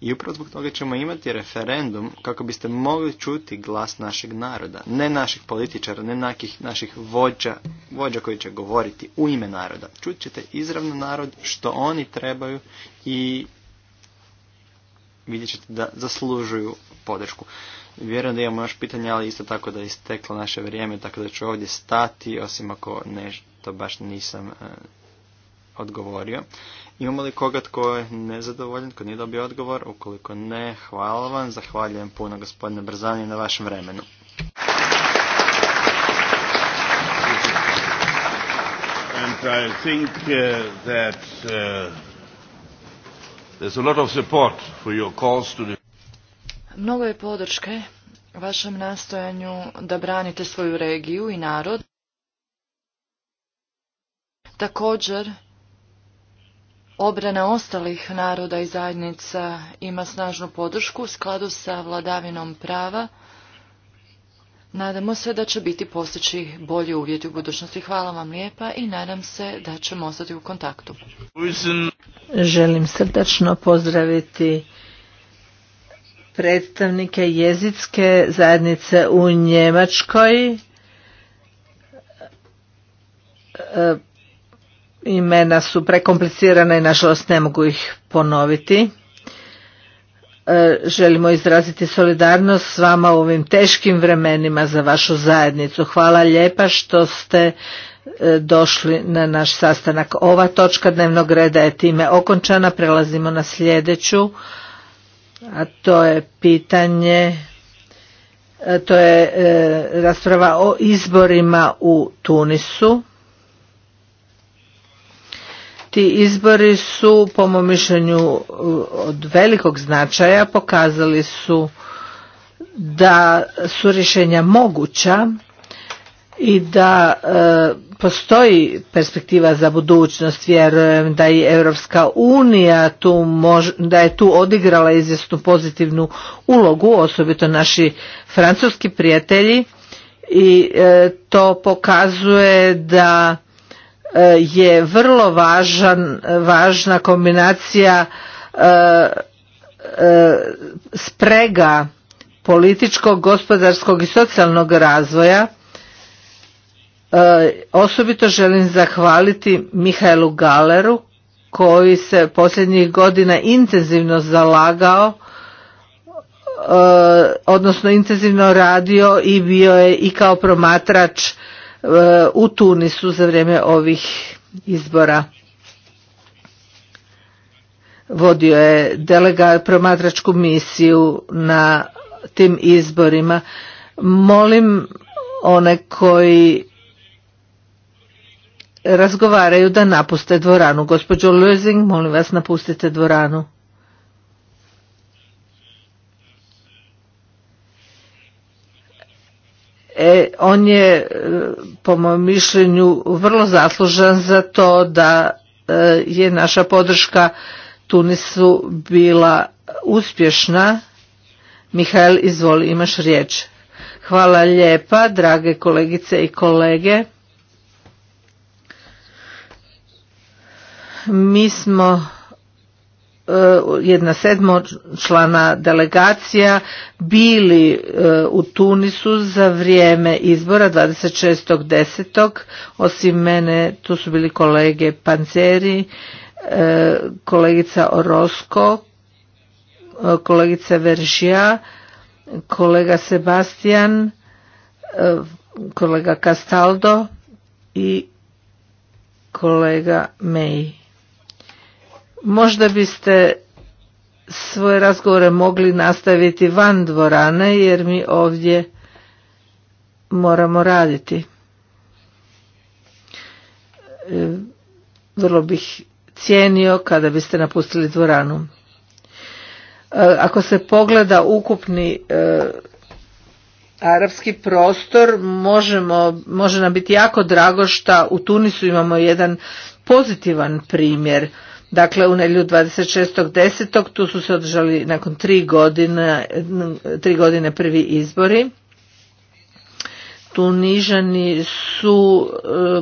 D: i upravo zbog toga ćemo imati referendum kako biste mogli čuti glas našeg naroda, ne naših političara, ne nakih, naših vođa, vođa koji će govoriti u ime naroda. Čut ćete izravno narod što oni trebaju i vidjet ćete da zaslužuju podršku. Vjerujem da imamo još pitanja, ali isto tako da je isteklo naše vrijeme, tako da ću ovdje stati, osim ako nešto baš nisam e, odgovorio. Imamo li koga tko je nezadovoljan, tko nije dobio odgovor? Ukoliko ne, hvala vam. Zahvaljujem puno gospodine Brzani na vašem vremenu. And I think,
C: uh, that, uh,
B: Mnogo je podrške vašem nastojanju da branite svoju regiju i narod. Također, obrana ostalih naroda i zajednica ima snažnu podršku u skladu sa vladavinom prava Nadamo se da će biti postići bolji uvjeti u budućnosti. Hvala vam lijepa i nadam se da ćemo ostati u kontaktu.
C: Želim srdačno pozdraviti predstavnike jezitske zajednice u Njemačkoj. E, imena su prekomplicirane i nažalost ne mogu ih ponoviti. E, želimo izraziti solidarnost s vama u ovim teškim vremenima za vašu zajednicu. Hvala lijepa što ste e, došli na naš sastanak. Ova točka dnevnog reda je time okončana. Prelazimo na sljedeću, a to je pitanje, e, to je rasprava o izborima u Tunisu ti izbori su po mom mišljenju od velikog značaja pokazali su da su rješenja moguća i da e, postoji perspektiva za budućnost jer da i Europska unija tu da je tu odigrala izvjesnu pozitivnu ulogu osobito naši francuski prijatelji i e, to pokazuje da E, je vrlo važan, važna kombinacija e, e, sprega političkog, gospodarskog i socijalnog razvoja. Osobito želim zahvaliti Mihajlu Galeru koji se posljednjih godina intenzivno zalagao odnosno intenzivno radio i bio je i kao promatrač u Tunisu za vrijeme ovih izbora. Vodio je delegat promatračku misiju na tim izborima. Molim one koji razgovaraju da napuste dvoranu. Gospođo Lözing, molim vas napustite dvoranu. E, on je e, po mom mišljenju vrlo zaslužan za to da e, je naša podrška Tunisu bila uspješna. Mihael, izvoli, imaš riječ. Hvala lijepa, drage kolegice i kolege. Mi smo E, jedna sedmo člana delegacija bili e, u Tunisu za vrijeme izbora 26.10. Osim mene tu su bili kolege Panzeri, e, kolegica Orosko, kolegica Veržija, kolega Sebastian, kolega Castaldo i kolega Meji. Možda biste svoje razgovore mogli nastaviti van dvorane jer mi ovdje moramo raditi. E, vrlo bih cijenio kada biste napustili dvoranu. E, ako se pogleda ukupni e, arapski prostor, možemo, može nam biti jako drago što u Tunisu imamo jedan pozitivan primjer. Dakle, u nedjelju 26.10. tu su se održali nakon tri godine, tri godine prvi izbori. Tunižani su e,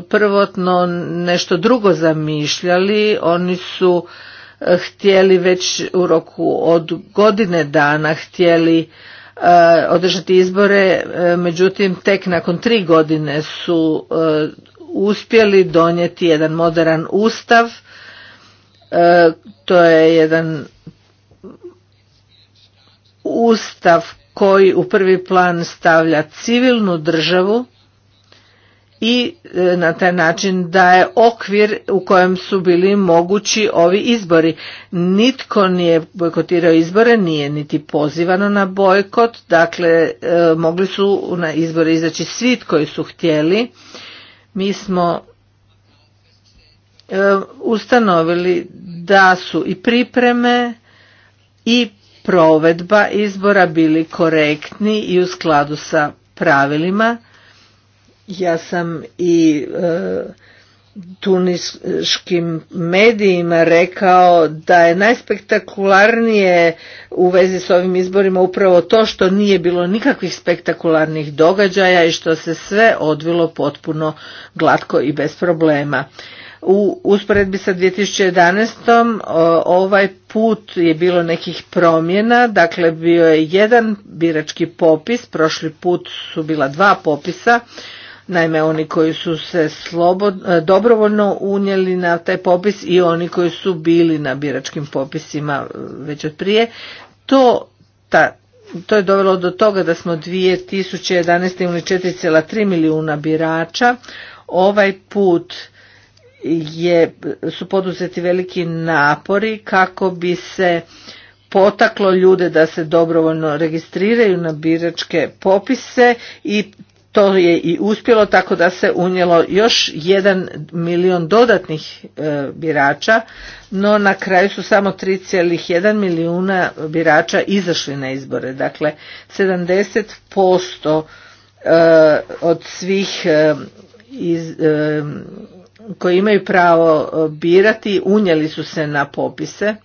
C: prvotno nešto drugo zamišljali, oni su e, htjeli već u roku od godine dana htjeli e, održati izbore, međutim tek nakon tri godine su uspjeli donijeti jedan modern ustav E, to je jedan ustav koji u prvi plan stavlja civilnu državu i e, na taj način daje okvir u kojem su bili mogući ovi izbori. Nitko nije bojkotirao izbore, nije niti pozivano na bojkot, dakle e, mogli su na izbore izaći svi koji su htjeli. Mi smo E, ustanovili da su i pripreme i provedba izbora bili korektni i u skladu sa pravilima. Ja sam i e, tuniškim medijima rekao da je najspektakularnije u vezi s ovim izborima upravo to što nije bilo nikakvih spektakularnih događaja i što se sve odvilo potpuno glatko i bez problema u usporedbi sa 2011. ovaj put je bilo nekih promjena, dakle bio je jedan birački popis, prošli put su bila dva popisa, naime oni koji su se e, dobrovoljno unijeli na taj popis i oni koji su bili na biračkim popisima e, već od prije. To, ta, to je dovelo do toga da smo 2011. imali 4,3 milijuna birača, ovaj put je, su poduzeti veliki napori kako bi se potaklo ljude da se dobrovoljno registriraju na biračke popise i to je i uspjelo tako da se unijelo još jedan milion dodatnih e, birača, no na kraju su samo 3,1 milijuna birača izašli na izbore. Dakle, 70% e, od svih e, iz, koji imaju pravo e, birati unijeli su se na popise.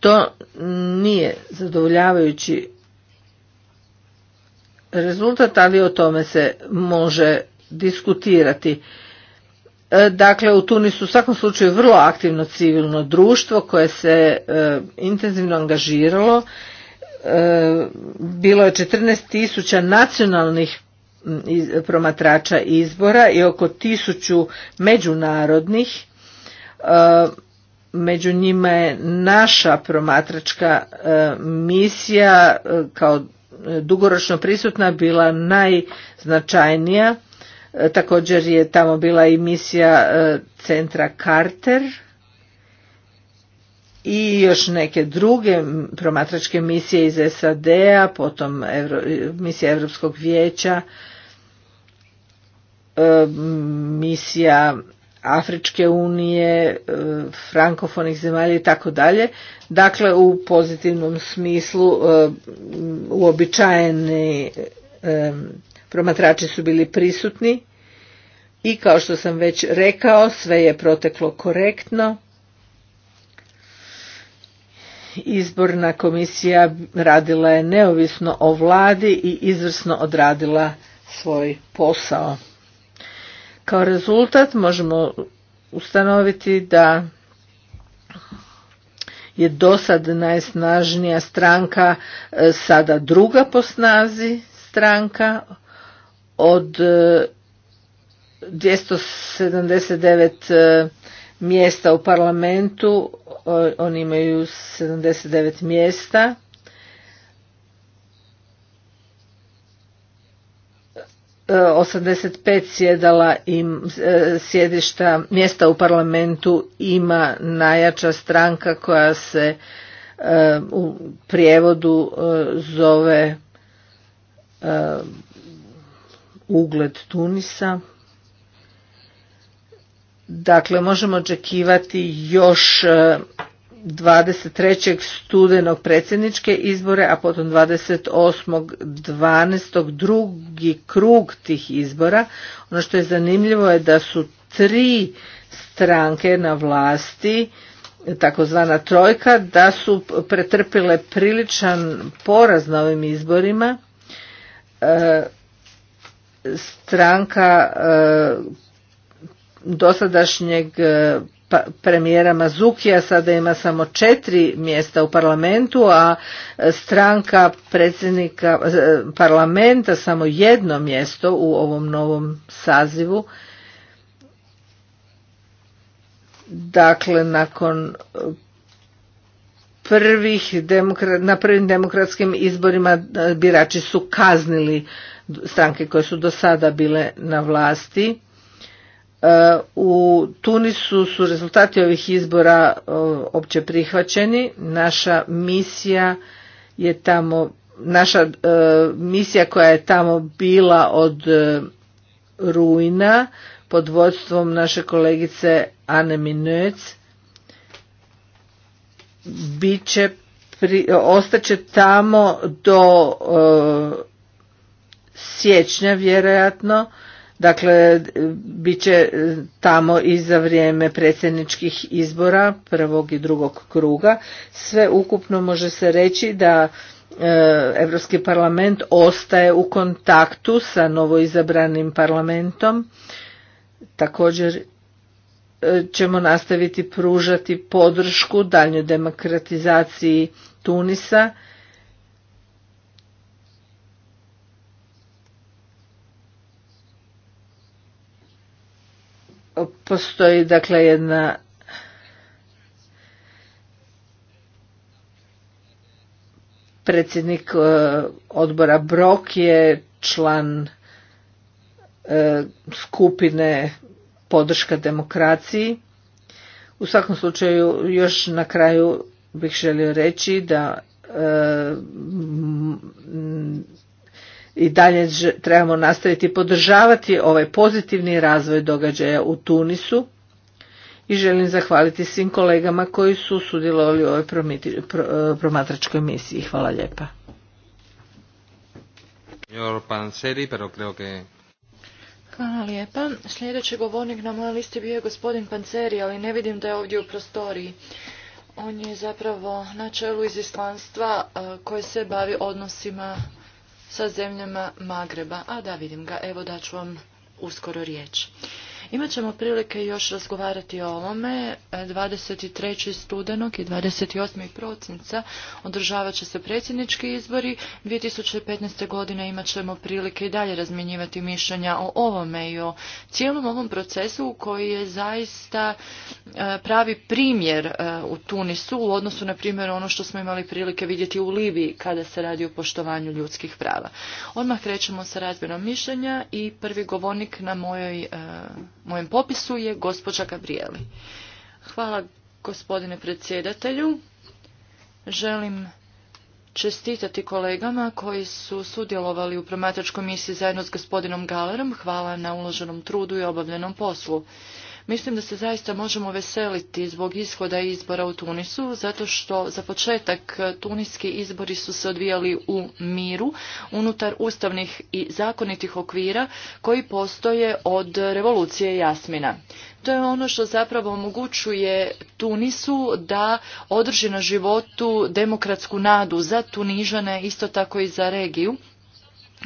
C: To nije zadovoljavajući rezultat, ali o tome se može diskutirati. E, dakle, u Tunisu u svakom slučaju vrlo aktivno civilno društvo koje se e, intenzivno angažiralo. bilo je 14.000 nacionalnih Mm, promatrača izbora i oko tisuću međunarodnih. E, među njima je naša promatračka e, misija e, kao dugoročno prisutna bila najznačajnija. Također je tamo bila i misija centra Carter i još neke druge promatračke misije iz SAD-a, potom misija Europskog vijeća E, misija Afričke unije, e, frankofonih zemalja i tako dalje. Dakle, u pozitivnom smislu e, uobičajeni promatrači su bili prisutni i kao što sam već rekao, sve je proteklo korektno. Izborna komisija radila je neovisno o vladi i izvrsno odradila svoj posao. Kao rezultat možemo ustanoviti da je dosad najsnažnija stranka e, sada druga po snazi stranka od 279 e, e, mjesta u parlamentu, oni imaju 79 mjesta 85 e, sjedala i e, sjedišta mjesta u parlamentu ima najjača stranka koja se e, u prijevodu zove ugled Tunisa. Dakle, možemo očekivati još 23. studenog predsjedničke izbore, a potom 12. drugi krug tih izbora. Ono što je zanimljivo je da su tri stranke na vlasti, takozvana trojka, da su pretrpile priličan poraz na ovim izborima. E, stranka e, dosadašnjeg dosadašnjeg pa premijera Mazukija sada ima samo četiri mjesta u parlamentu, a e, stranka predsjednika e, parlamenta samo jedno mjesto u ovom novom sazivu. Dakle, nakon e, prvih na prvim demokratskim izborima birači su kaznili stranke koje su do sada bile na vlasti E, u Tunisu su rezultati ovih izbora e, opće prihvaćeni. Naša misija je tamo, naša e, misija koja je tamo bila od rujna pod vodstvom naše kolegice Ane Minuec bit će pri, ostaće tamo do e, siječnja vjerojatno Dakle, bit će e, tamo i za vrijeme predsjedničkih izbora prvog i drugog kruga. Sve ukupno može se reći da Europski parlament ostaje u kontaktu sa novoizabranim parlamentom. Također e, ćemo nastaviti pružati podršku daljnjoj demokratizaciji Tunisa postoji dakle jedna predsjednik e, odbora Brok je član e, skupine podrška demokraciji. U svakom slučaju još na kraju bih želio reći da e, i dalje trebamo nastaviti podržavati ovaj pozitivni razvoj događaja u Tunisu i želim zahvaliti svim kolegama koji su sudjelovali u ovoj e, promatračkoj misiji. Hvala lijepa.
B: Hvala lijepa. Sljedeći govornik na mojoj listi bio je gospodin Panceri, ali ne vidim da je ovdje u prostoriji. On je zapravo na čelu Islanstva e, koje se bavi odnosima sa zemljama Magreba, a da vidim ga, evo ću vam uskoro riječ ćemo prilike još razgovarati o ovome. 23. E, studenog i 28. prosinca održavat će se predsjednički izbori. 2015. godine imat ćemo prilike i dalje razmjenjivati mišljenja o ovome i o cijelom ovom procesu koji je zaista e, pravi primjer e, u Tunisu u odnosu na primjer ono što smo imali prilike vidjeti u Libiji kada se radi o poštovanju ljudskih prava. Odmah krećemo sa razmjenom mišljenja i prvi govornik na mojoj mojem popisu je gospođa Gabrieli. Hvala gospodine predsjedatelju. Želim čestitati kolegama koji su sudjelovali u promatračkoj misiji zajedno s gospodinom Galerom. Hvala na uloženom trudu i obavljenom poslu. Mislim da se zaista možemo veseliti zbog ishoda izbora u Tunisu, zato što za početak e, tuniski izbori su se odvijali u miru, unutar ustavnih i zakonitih okvira koji postoje od revolucije Jasmina. To je ono što zapravo omogućuje Tunisu da održi na životu demokratsku nadu za Tunižane, isto tako i za regiju.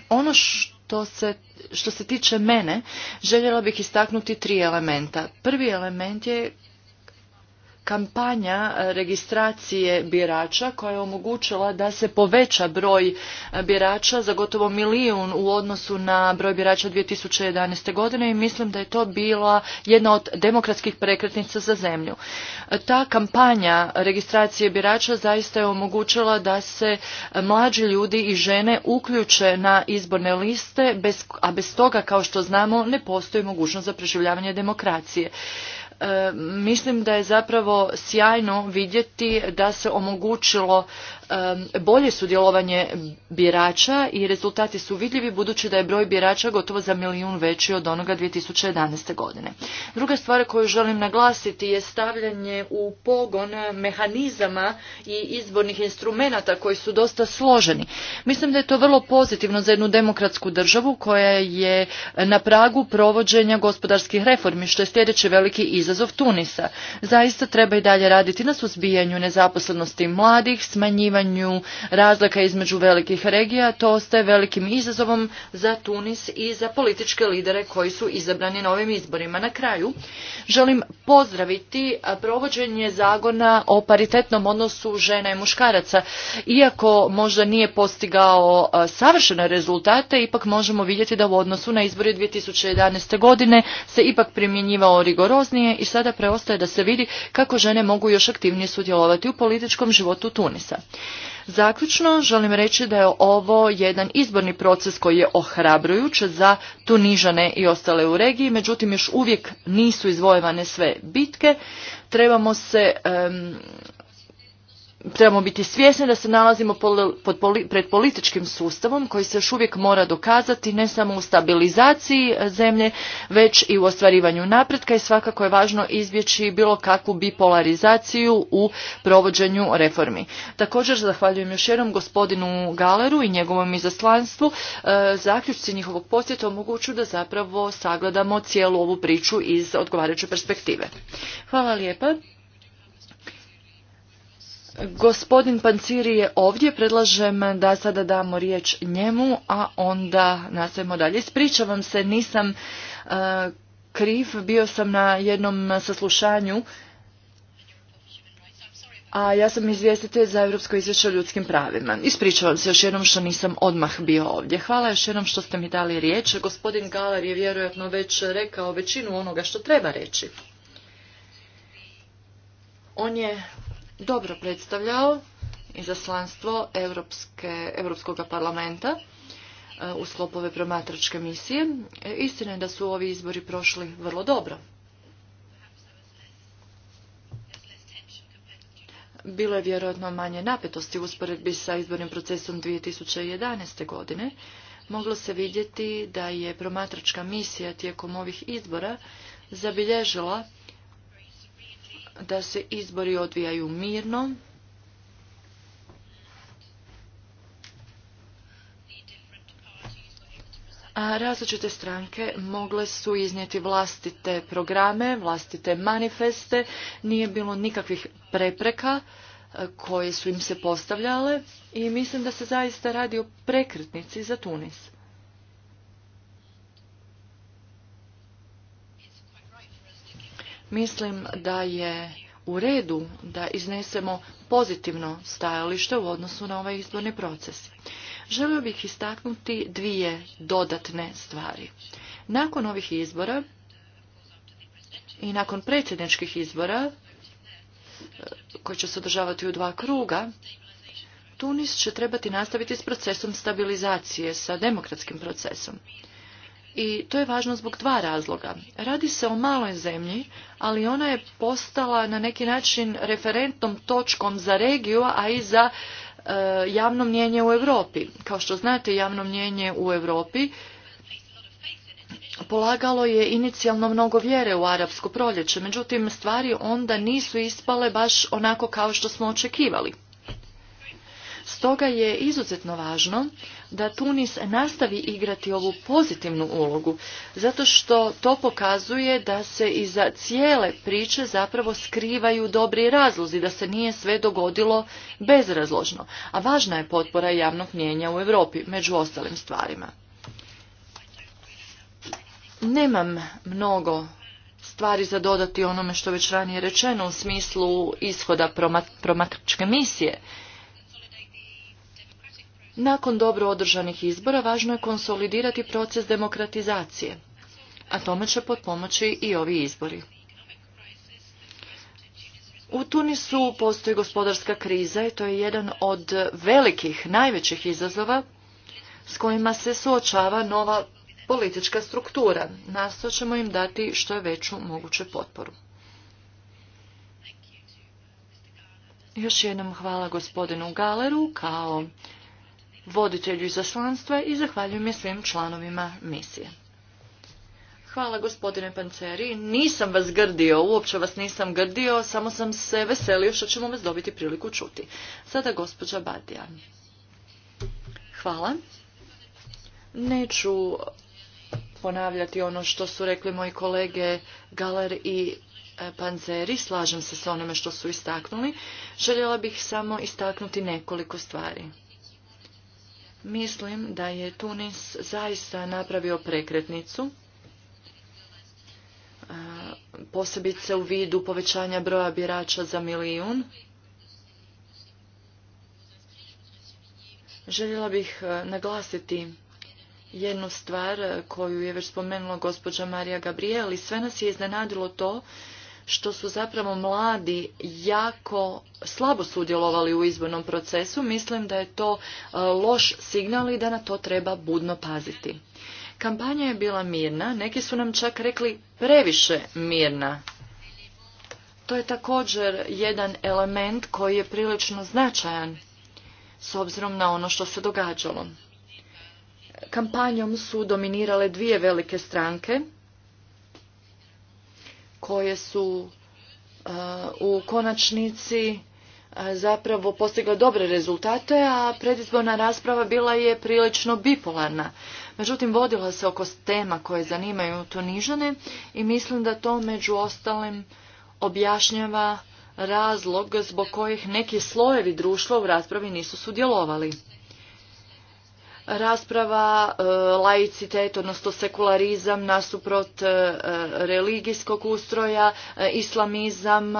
B: Ono što to se, što se tiče mene, željela bih istaknuti tri elementa. Prvi element je kampanja e, registracije birača koja je omogućila da se poveća broj e, birača za gotovo milijun u odnosu na broj birača 2011. godine i mislim da je to bila jedna od demokratskih prekretnica za zemlju. E, ta kampanja registracije birača zaista je omogućila da se mlađi ljudi i žene uključe na izborne liste, a bez toga, kao što znamo, ne postoji mogućnost za preživljavanje demokracije. E, mislim da je zapravo sjajno vidjeti da se omogućilo bolje sudjelovanje birača i rezultati su vidljivi budući da je broj birača gotovo za milijun veći od onoga 2011. godine. Druga stvar koju želim naglasiti je stavljanje u pogon mehanizama i izbornih instrumenata koji su dosta složeni. Mislim da je to vrlo pozitivno za jednu demokratsku državu koja je na pragu provođenja gospodarskih reformi što je sljedeći veliki izazov Tunisa. Zaista treba i dalje raditi na suzbijanju nezaposlenosti mladih, smanjivanju smanjivanju razlika između velikih regija, to ostaje velikim izazovom za Tunis i za političke lidere koji su izabrani na ovim izborima. Na kraju želim pozdraviti provođenje zagona o paritetnom odnosu žena i muškaraca. Iako možda nije postigao savršene rezultate, ipak možemo vidjeti da u odnosu na izbori 2011. godine se ipak primjenjivao rigoroznije i sada preostaje da se vidi kako žene mogu još aktivnije sudjelovati u političkom životu Tunisa. Zaključno želim reći da je ovo jedan izborni proces koji je ohrabrujuć za Tunižane i ostale u regiji, međutim još uvijek nisu izvojevane sve bitke. Trebamo se trebamo biti svjesni da se nalazimo pred političkim sustavom koji se još uvijek mora dokazati ne samo u stabilizaciji e, zemlje već i u ostvarivanju napretka i svakako je važno izbjeći bilo kakvu bipolarizaciju u provođenju reformi. Također zahvaljujem još jednom gospodinu Galeru i njegovom izaslanstvu. E, zaključci njihovog posjeta omogućuju da zapravo sagledamo cijelu ovu priču iz odgovarajuće perspektive. Hvala lijepa. Gospodin Panciri je ovdje, predlažem da sada damo riječ njemu, a onda nastavimo dalje. Ispričavam se, nisam e, kriv, bio sam na jednom saslušanju, a ja sam izvjestitelj za Europsko izvješće o ljudskim pravima. Ispričavam se još jednom što nisam odmah bio ovdje. Hvala još jednom što ste mi dali riječ. Gospodin Galar je vjerojatno već rekao većinu onoga što treba reći. On je dobro predstavljao izaslanstvo Europske, Europskog parlamenta e, u slopove promatračke misije. E, istina je da su ovi izbori prošli vrlo dobro. Bilo je vjerojatno manje napetosti u usporedbi sa izbornim procesom 2011. godine. Moglo se vidjeti da je promatračka misija tijekom ovih izbora zabilježila da se izbori odvijaju mirno, A različite stranke mogle su iznijeti vlastite programe, vlastite manifeste, nije bilo nikakvih prepreka e, koje su im se postavljale i mislim da se zaista radi o prekretnici za Tunis. Mislim da je u redu da iznesemo pozitivno stajalište u odnosu na ovaj izborni proces. Želio bih istaknuti dvije dodatne stvari. Nakon ovih izbora i nakon predsjedničkih izbora, e, koji će se održavati u dva kruga, Tunis će trebati nastaviti s procesom stabilizacije, sa demokratskim procesom. I to je važno zbog dva razloga. Radi se o maloj zemlji, ali ona je postala na neki način referentnom točkom za regiju, a i za e, javno mnjenje u Europi. Kao što znate, javno mnjenje u Europi polagalo je inicijalno mnogo vjere u arapsko proljeće, međutim stvari onda nisu ispale baš onako kao što smo očekivali. Stoga je izuzetno važno da Tunis nastavi igrati ovu pozitivnu ulogu, zato što to pokazuje da se iza cijele priče zapravo skrivaju dobri razlozi, da se nije sve dogodilo bezrazložno, a važna je potpora javnog mjenja u Europi, među ostalim stvarima. Nemam mnogo stvari za dodati onome što već ranije rečeno u smislu ishoda promatračke misije. Nakon dobro održanih izbora važno je konsolidirati proces demokratizacije, a tome će potpomoći i ovi izbori. U Tunisu postoji gospodarska kriza i to je jedan od velikih, najvećih izazova s kojima se suočava nova politička struktura. Nastojat ćemo im dati što je veću moguću potporu. Još jednom hvala gospodinu Galeru kao voditelju izaslanstva i zahvaljujem je svim članovima misije. Hvala gospodine Panceri, nisam vas grdio, uopće vas nisam grdio, samo sam se veselio što ćemo vas dobiti priliku čuti. Sada gospođa Badija. Hvala. Neću ponavljati ono što su rekli moji kolege Galer i e, Panzeri, slažem se s onome što su istaknuli. Željela bih samo istaknuti nekoliko stvari. Mislim da je Tunis zaista napravio prekretnicu, posebice u vidu povećanja broja birača za milijun. Željela bih naglasiti jednu stvar koju je već spomenula gospođa Marija Gabriel i sve nas je iznenadilo to što su zapravo mladi jako slabo sudjelovali u izbornom procesu, mislim da je to e, loš signal i da na to treba budno paziti. Kampanja je bila mirna, neki su nam čak rekli previše mirna. To je također jedan element koji je prilično značajan s obzirom na ono što se događalo. Kampanjom su dominirale dvije velike stranke, koje su e, u konačnici e, zapravo postigle dobre rezultate, a predizborna rasprava bila je prilično bipolarna. Međutim, vodila se oko tema koje zanimaju nižane i mislim da to među ostalim objašnjava razlog zbog kojih neki slojevi društva u raspravi nisu sudjelovali rasprava, e, laicitet, odnosno sekularizam nasuprot e, religijskog ustroja, e, islamizam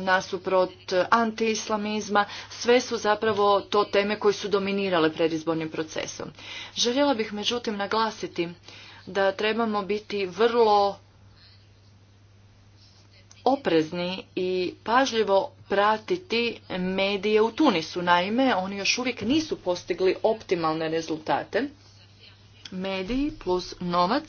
B: nasuprot antiislamizma, sve su zapravo to teme koje su dominirale predizbornim procesom. Željela bih međutim naglasiti da trebamo biti vrlo oprezni i pažljivo pratiti medije u Tunisu. Naime, oni još uvijek nisu postigli optimalne rezultate. Mediji plus novac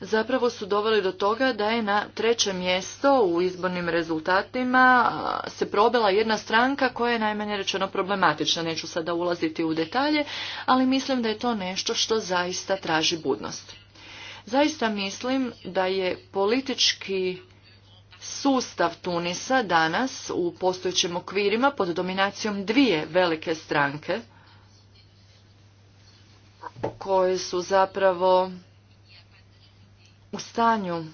B: zapravo su doveli do toga da je na treće mjesto u izbornim rezultatima se probila jedna stranka koja je najmanje rečeno problematična. Neću sada ulaziti u detalje, ali mislim da je to nešto što zaista traži budnost. Zaista mislim da je politički sustav Tunisa danas u postojećim okvirima pod dominacijom dvije velike stranke koje su zapravo u stanju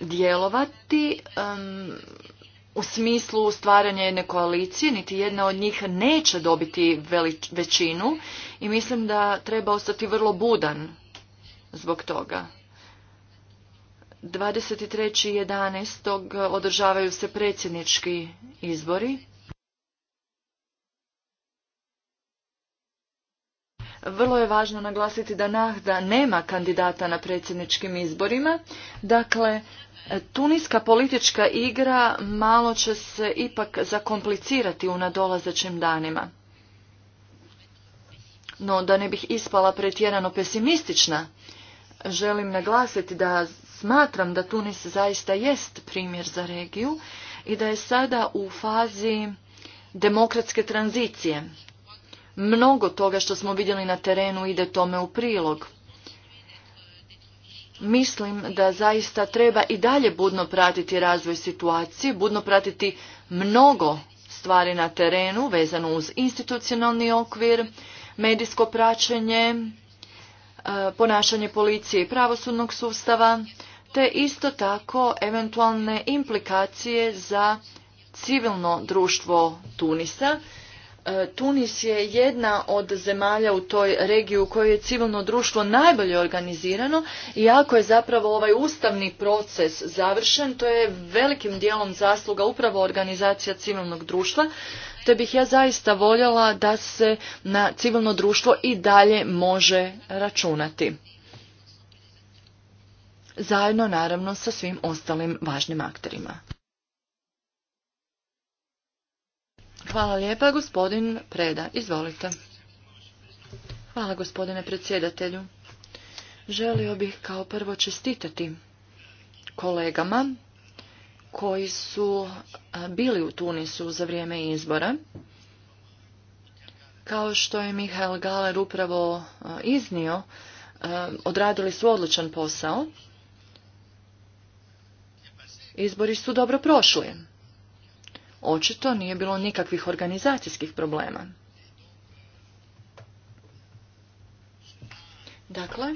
B: djelovati u smislu stvaranja jedne koalicije, niti jedna od njih neće dobiti većinu i mislim da treba ostati vrlo budan zbog toga. 23.11. održavaju se predsjednički izbori. Vrlo je važno naglasiti da Nahda nema kandidata na predsjedničkim izborima. Dakle, tuniska politička igra malo će se ipak zakomplicirati u nadolazećim danima. No, da ne bih ispala pretjerano pesimistična, želim naglasiti da Smatram da Tunis zaista jest primjer za regiju i da je sada u fazi demokratske tranzicije. Mnogo toga što smo vidjeli na terenu ide tome u prilog. Mislim da zaista treba i dalje budno pratiti razvoj situacije, budno pratiti mnogo stvari na terenu vezano uz institucionalni okvir, medijsko praćenje, e, ponašanje policije i pravosudnog sustava, te isto tako eventualne implikacije za civilno društvo Tunisa. E, Tunis je jedna od zemalja u toj regiji u kojoj je civilno društvo najbolje organizirano i ako je zapravo ovaj ustavni proces završen, to je velikim dijelom zasluga upravo organizacija civilnog društva, te bih ja zaista voljela da se na civilno društvo i dalje može računati zajedno naravno sa svim ostalim važnim akterima. Hvala lijepa, gospodin Preda. Izvolite. Hvala, gospodine predsjedatelju. Želio bih kao prvo čestitati kolegama koji su bili u Tunisu za vrijeme izbora. Kao što je Mihael Galer upravo iznio, odradili su odličan posao izbori su dobro prošli. Očito nije bilo nikakvih organizacijskih problema. Dakle,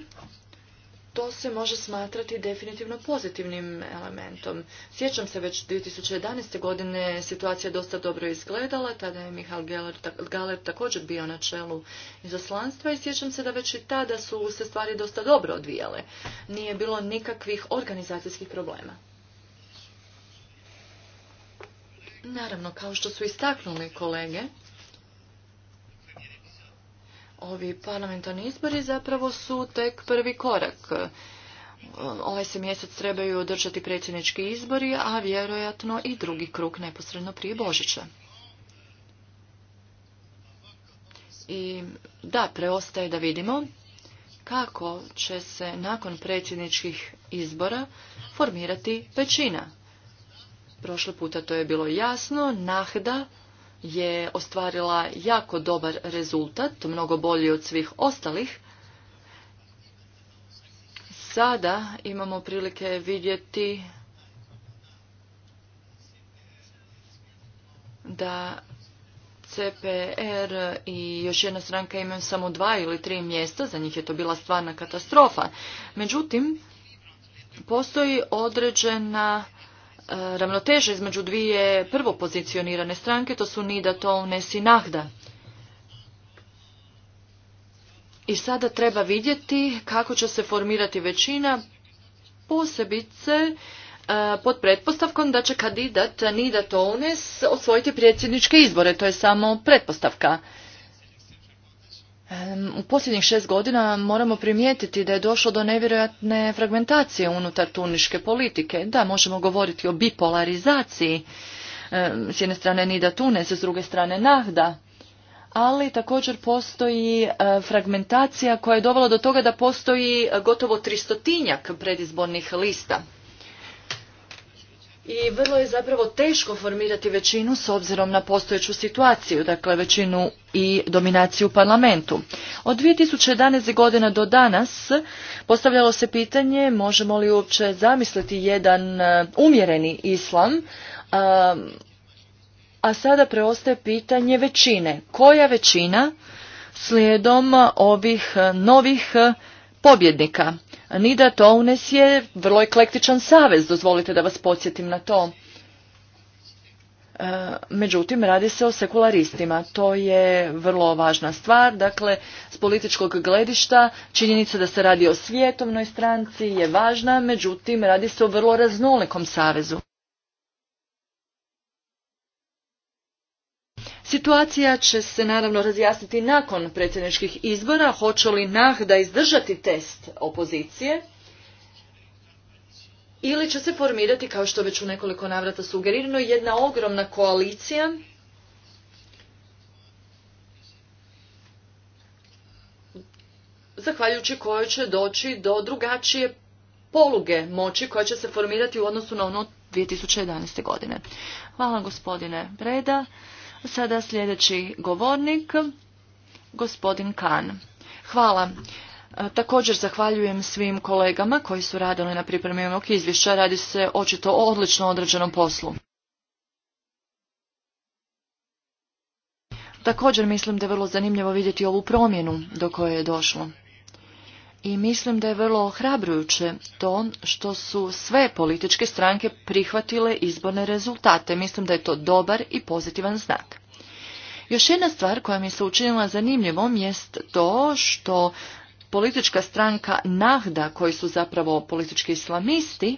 B: to se može smatrati definitivno pozitivnim elementom. Sjećam se već 2011. godine situacija je dosta dobro izgledala, tada je Mihal Galer također bio na čelu izaslanstva i sjećam se da već i tada su se stvari dosta dobro odvijale. Nije bilo nikakvih organizacijskih problema. Naravno, kao što su istaknuli kolege, ovi parlamentarni izbori zapravo su tek prvi korak. Ovaj se mjesec trebaju održati predsjednički izbori, a vjerojatno i drugi krug neposredno prije Božića. I da, preostaje da vidimo kako će se nakon predsjedničkih izbora formirati većina Prošle puta to je bilo jasno. Nahda je ostvarila jako dobar rezultat, mnogo bolji od svih ostalih. Sada imamo prilike vidjeti da CPR i još jedna stranka imaju samo dva ili tri mjesta, za njih je to bila stvarna katastrofa. Međutim, postoji određena E, ravnoteže između dvije prvo pozicionirane stranke, to su Nida Tounes i Nahda. I sada treba vidjeti kako će se formirati većina, posebice e, pod pretpostavkom da će kandidat Nida Tounes osvojiti predsjedničke izbore. To je samo pretpostavka. U posljednjih šest godina moramo primijetiti da je došlo do nevjerojatne fragmentacije unutar tuniške politike. Da, možemo govoriti o bipolarizaciji, s jedne strane Nida Tunes, s druge strane Nahda, ali također postoji e, fragmentacija koja je dovela do toga da postoji gotovo tristotinjak predizbornih lista i vrlo je zapravo teško formirati većinu s obzirom na postojeću situaciju, dakle većinu i dominaciju u parlamentu. Od 2011. godina do danas postavljalo se pitanje možemo li uopće zamisliti jedan e, umjereni islam, e, a sada preostaje pitanje većine. Koja većina slijedom ovih novih pobjednika? Nida Tounes je vrlo eklektičan savez, dozvolite da vas podsjetim na to. E, međutim, radi se o sekularistima. To je vrlo važna stvar. Dakle, s političkog gledišta činjenica da se radi o svjetovnoj stranci je važna, međutim, radi se o vrlo raznolikom savezu. Situacija će se naravno razjasniti nakon predsjedničkih izbora, hoće li Nahda izdržati test opozicije ili će se formirati, kao što već u nekoliko navrata sugerirano, jedna ogromna koalicija zahvaljujući kojoj će doći do drugačije poluge moći koja će se formirati u odnosu na ono 2011. godine. Hvala gospodine Breda. Sada sljedeći govornik, gospodin Kan. Hvala. E, također zahvaljujem svim kolegama koji su radili na pripremi ovog izvješća. Radi se očito o odlično odrađenom poslu. Također mislim da je vrlo zanimljivo vidjeti ovu promjenu do koje je došlo i mislim da je vrlo ohrabrujuće to što su sve političke stranke prihvatile izborne rezultate. Mislim da je to dobar i pozitivan znak. Još jedna stvar koja mi se učinila zanimljivom jest to što politička stranka Nahda, koji su zapravo politički islamisti,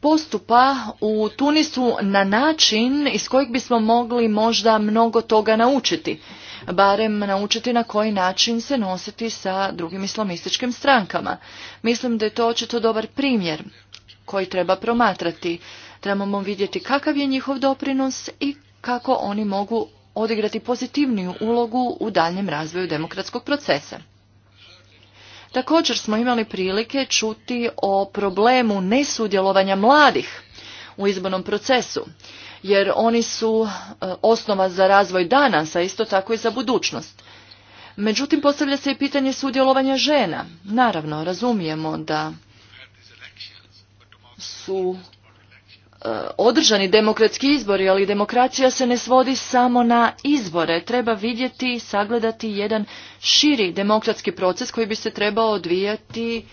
B: postupa u Tunisu na način iz kojeg bismo mogli možda mnogo toga naučiti barem naučiti na koji način se nositi sa drugim islamističkim strankama. Mislim da je to očito dobar primjer koji treba promatrati. Trebamo vidjeti kakav je njihov doprinos i kako oni mogu odigrati pozitivniju ulogu u daljem razvoju demokratskog procesa. Također smo imali prilike čuti o problemu nesudjelovanja mladih u izbornom procesu jer oni su e, osnova za razvoj danas, a isto tako i za budućnost. Međutim, postavlja se i pitanje sudjelovanja žena. Naravno, razumijemo da su e, održani demokratski izbori, ali demokracija se ne svodi samo na izbore. Treba vidjeti i sagledati jedan širi demokratski proces koji bi se trebao odvijati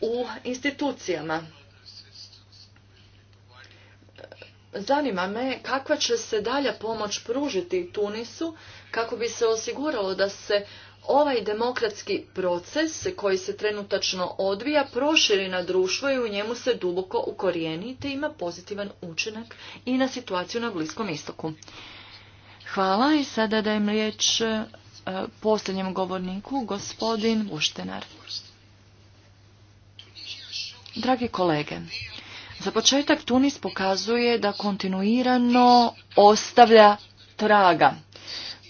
B: u institucijama. Zanima me kakva će se dalja pomoć pružiti Tunisu kako bi se osiguralo da se ovaj demokratski proces koji se trenutačno odvija proširi na društvo i u njemu se duboko ukorijeni te ima pozitivan učinak i na situaciju na Bliskom istoku. Hvala i sada dajem riječ e, posljednjem govorniku, gospodin Uštenar. Dragi kolege, za početak Tunis pokazuje da kontinuirano ostavlja traga.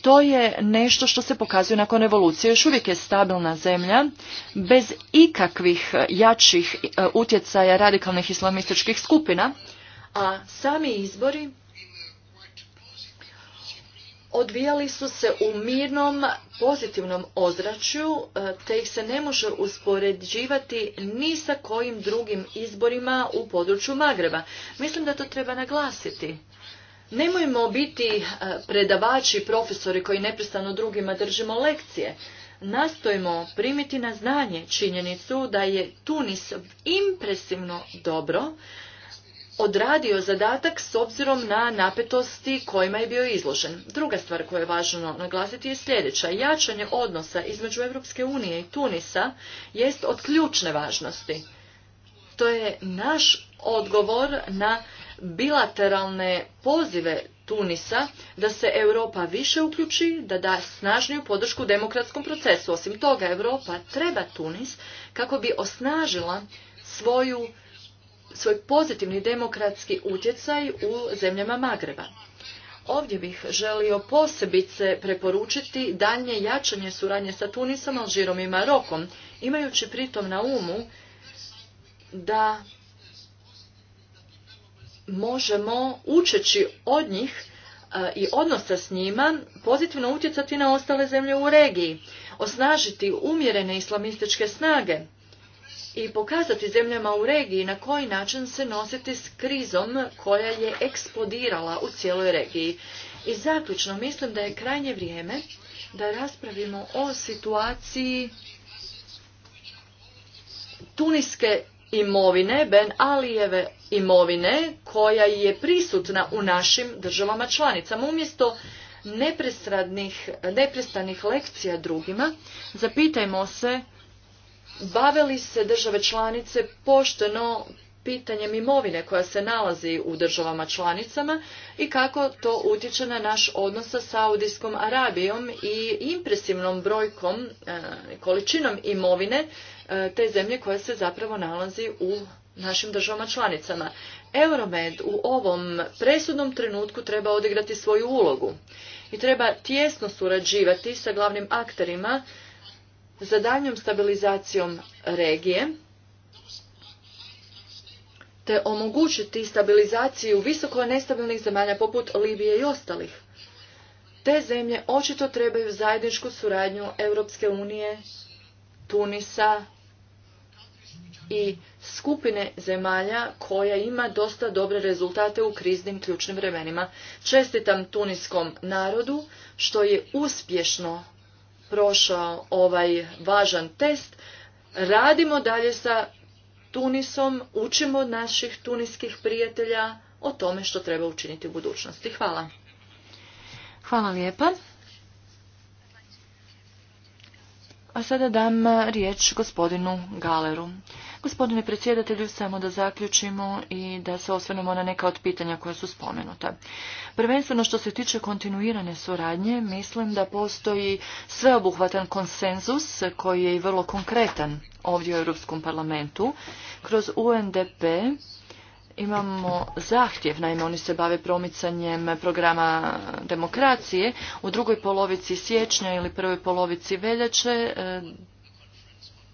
B: To je nešto što se pokazuje nakon evolucije. Još uvijek je stabilna zemlja, bez ikakvih jačih e, utjecaja radikalnih islamističkih skupina, a sami izbori odvijali su se u mirnom, pozitivnom ozračju, e, te ih se ne može uspoređivati ni sa kojim drugim izborima u području Magreba. Mislim da to treba naglasiti. Nemojmo biti e, predavači, profesori koji neprestano drugima držimo lekcije. Nastojimo primiti na znanje činjenicu da je Tunis impresivno dobro odradio zadatak s obzirom na napetosti kojima je bio izložen. Druga stvar koju je važno naglasiti je sljedeća. Jačanje odnosa između Europske unije i Tunisa jest od ključne važnosti. To je naš odgovor na bilateralne pozive Tunisa da se Europa više uključi, da da snažniju podršku demokratskom procesu. Osim toga, Europa treba Tunis kako bi osnažila svoju svoj pozitivni demokratski utjecaj u zemljama Magreba. Ovdje bih želio posebice preporučiti daljnje jačanje suradnje sa Tunisom, Alžirom i Marokom, imajući pritom na umu da možemo učeći od njih e, i odnosa s njima pozitivno utjecati na ostale zemlje u regiji, osnažiti umjerene islamističke snage, i pokazati zemljama u regiji na koji način se nositi s krizom koja je eksplodirala u cijeloj regiji. I zaključno mislim da je krajnje vrijeme da raspravimo o situaciji tuniske imovine, Ben Alijeve imovine koja je prisutna u našim državama članicama. Umjesto neprestanih lekcija drugima, zapitajmo se bavili se države članice pošteno pitanjem imovine koja se nalazi u državama članicama i kako to utječe na naš odnos sa Saudijskom Arabijom i impresivnom brojkom, e, količinom imovine e, te zemlje koja se zapravo nalazi u našim državama članicama. Euromed u ovom presudnom trenutku treba odigrati svoju ulogu i treba tjesno surađivati sa glavnim akterima za daljnjom stabilizacijom regije te omogućiti stabilizaciju visoko nestabilnih zemalja poput Libije i ostalih. Te zemlje očito trebaju zajedničku suradnju Europske unije, Tunisa i skupine zemalja koja ima dosta dobre rezultate u kriznim ključnim vremenima. Čestitam tuniskom narodu što je uspješno prošao ovaj važan test. Radimo dalje sa Tunisom, učimo od naših tuniskih prijatelja o tome što treba učiniti u budućnosti. Hvala. Hvala lijepa. A sada dam eh, riječ gospodinu Galeru. Gospodine predsjedatelju, samo da zaključimo i da se osvrnemo na neka od pitanja koja su spomenuta. Prvenstveno što se tiče kontinuirane suradnje, mislim da postoji sveobuhvatan konsenzus koji je i vrlo konkretan ovdje u Europskom parlamentu. Kroz UNDP imamo zahtjev, naime oni se bave promicanjem programa demokracije. U drugoj polovici siječnja ili prvoj polovici veljače e,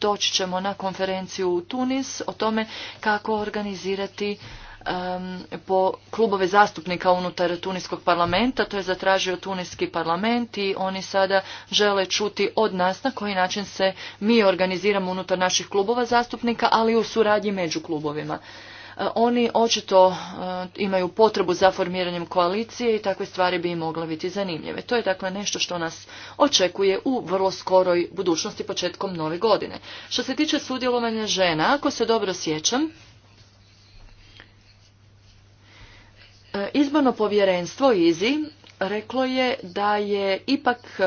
B: doći ćemo na konferenciju u Tunis o tome kako organizirati po klubove zastupnika unutar Tuniskog parlamenta. To je zatražio Tuniski parlament i oni sada žele čuti od nas na koji način se mi organiziramo unutar naših klubova zastupnika, ali u suradnji među klubovima. Oni očito e, imaju potrebu za formiranjem koalicije i takve stvari bi im mogle biti zanimljive. To je dakle nešto što nas očekuje u vrlo skoroj budućnosti početkom nove godine. Što se tiče sudjelovanja žena, ako se dobro sjećam, e, Izborno povjerenstvo IZI reklo je da je ipak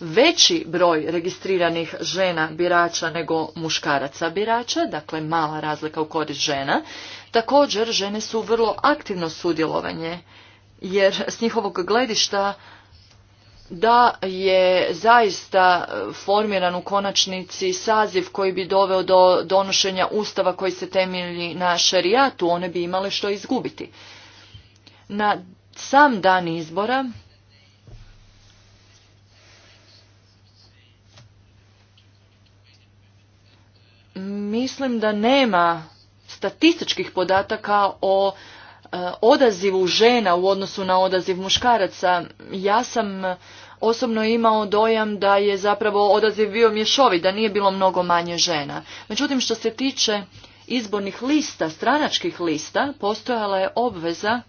B: veći broj registriranih žena birača nego muškaraca birača, dakle mala razlika u korist žena. Također žene su vrlo aktivno sudjelovanje jer s njihovog gledišta da je zaista formiran u konačnici saziv koji bi doveo do donošenja ustava koji se temelji na šerijatu, one bi imale što izgubiti. Na sam dan izbora mislim da nema statističkih podataka o e, odazivu žena u odnosu na odaziv muškaraca. Ja sam osobno imao dojam da je zapravo odaziv bio mješovi, da nije bilo mnogo manje žena. Međutim, što se tiče izbornih lista, stranačkih lista, postojala je obveza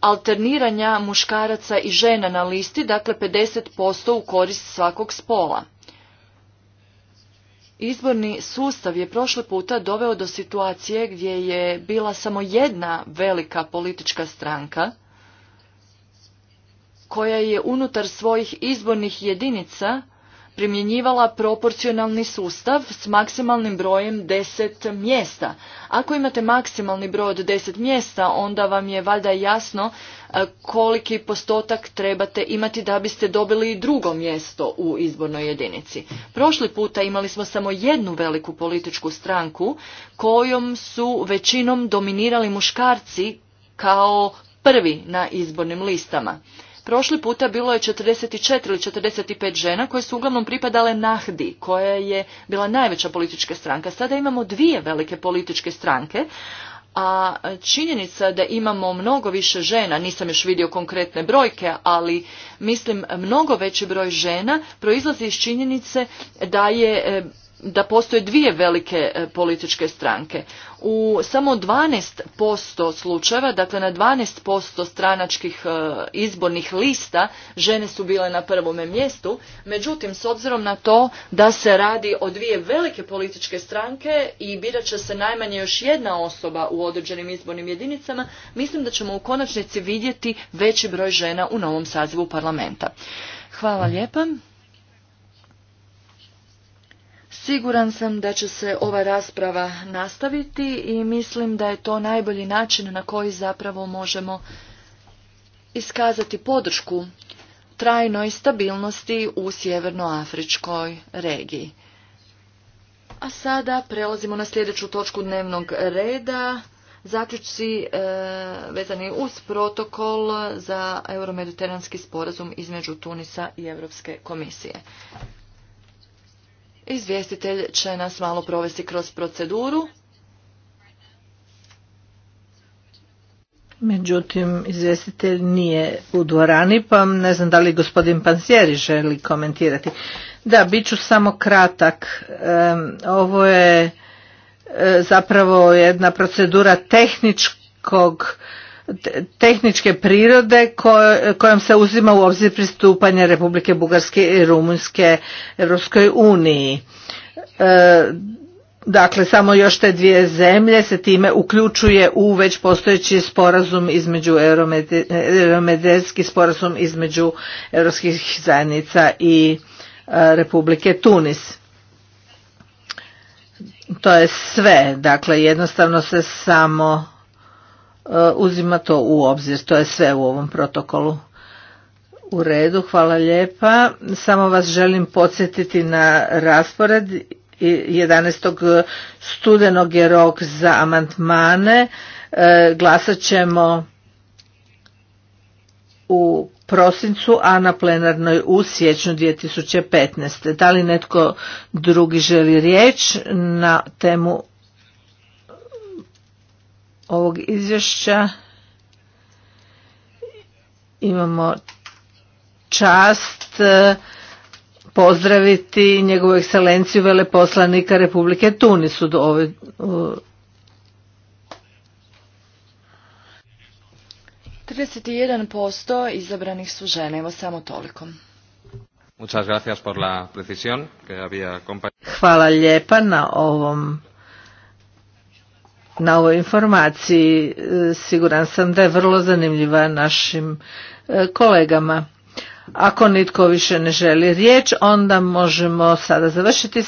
B: alterniranja muškaraca i žena na listi, dakle 50% u korist svakog spola. Izborni sustav je prošle puta doveo do situacije gdje je bila samo jedna velika politička stranka koja je unutar svojih izbornih jedinica primjenjivala proporcionalni sustav s maksimalnim brojem 10 mjesta. Ako imate maksimalni broj od 10 mjesta, onda vam je valjda jasno e, koliki postotak trebate imati da biste dobili drugo mjesto u izbornoj jedinici. Prošli puta imali smo samo jednu veliku političku stranku kojom su većinom dominirali muškarci kao prvi na izbornim listama. Prošli puta bilo je 44 ili 45 žena koje su uglavnom pripadale Nahdi, koja je bila najveća politička stranka. Sada imamo dvije velike političke stranke, a činjenica da imamo mnogo više žena, nisam još vidio konkretne brojke, ali mislim mnogo veći broj žena proizlazi iz činjenice da je e, da postoje dvije velike e, političke stranke. U samo 12% slučajeva, dakle na 12% stranačkih e, izbornih lista, žene su bile na prvome mjestu. Međutim, s obzirom na to da se radi o dvije velike političke stranke i birat će se najmanje još jedna osoba u određenim izbornim jedinicama, mislim da ćemo u konačnici vidjeti veći broj žena u novom sazivu parlamenta. Hvala lijepa. Siguran sam da će se ova rasprava nastaviti i mislim da je to najbolji način na koji zapravo možemo iskazati podršku trajnoj stabilnosti u sjevernoafričkoj regiji. A sada prelazimo na sljedeću točku dnevnog reda. Zaključci e, vezani uz protokol za euromediteranski sporazum između Tunisa i Europske komisije. Izvjestitelj će nas malo provesti kroz proceduru.
C: Međutim, izvjestitelj nije u dvorani, pa ne znam da li gospodin Pansjeri želi komentirati. Da, bit ću samo kratak. Ovo je e, zapravo jedna procedura tehničkog tehničke prirode kojom se uzima u obzir pristupanje Republike Bugarske i Rumunjske Europskoj uniji. E, dakle, samo još te dvije zemlje se time uključuje u već postojeći sporazum između euromedelski sporazum između europskih zajednica i e, Republike Tunis. To je sve, dakle jednostavno se samo E, uzima to u obzir. To je sve u ovom protokolu. U redu, hvala lijepa. Samo vas želim podsjetiti na raspored. 11. studenog je rok za amantmane. E, glasat ćemo u prosincu, a na plenarnoj u siječnju 2015. Da li netko drugi želi riječ na temu ovog izvješća imamo čast eh, pozdraviti njegovu ekscelenciju veleposlanika Republike Tunisu do ove eh,
B: trideset izabranih su žene evo samo toliko
C: Hvala lijepa na ovom na ovoj informaciji. E, siguran sam da je vrlo zanimljiva našim e, kolegama. Ako nitko više ne želi riječ, onda možemo sada završiti.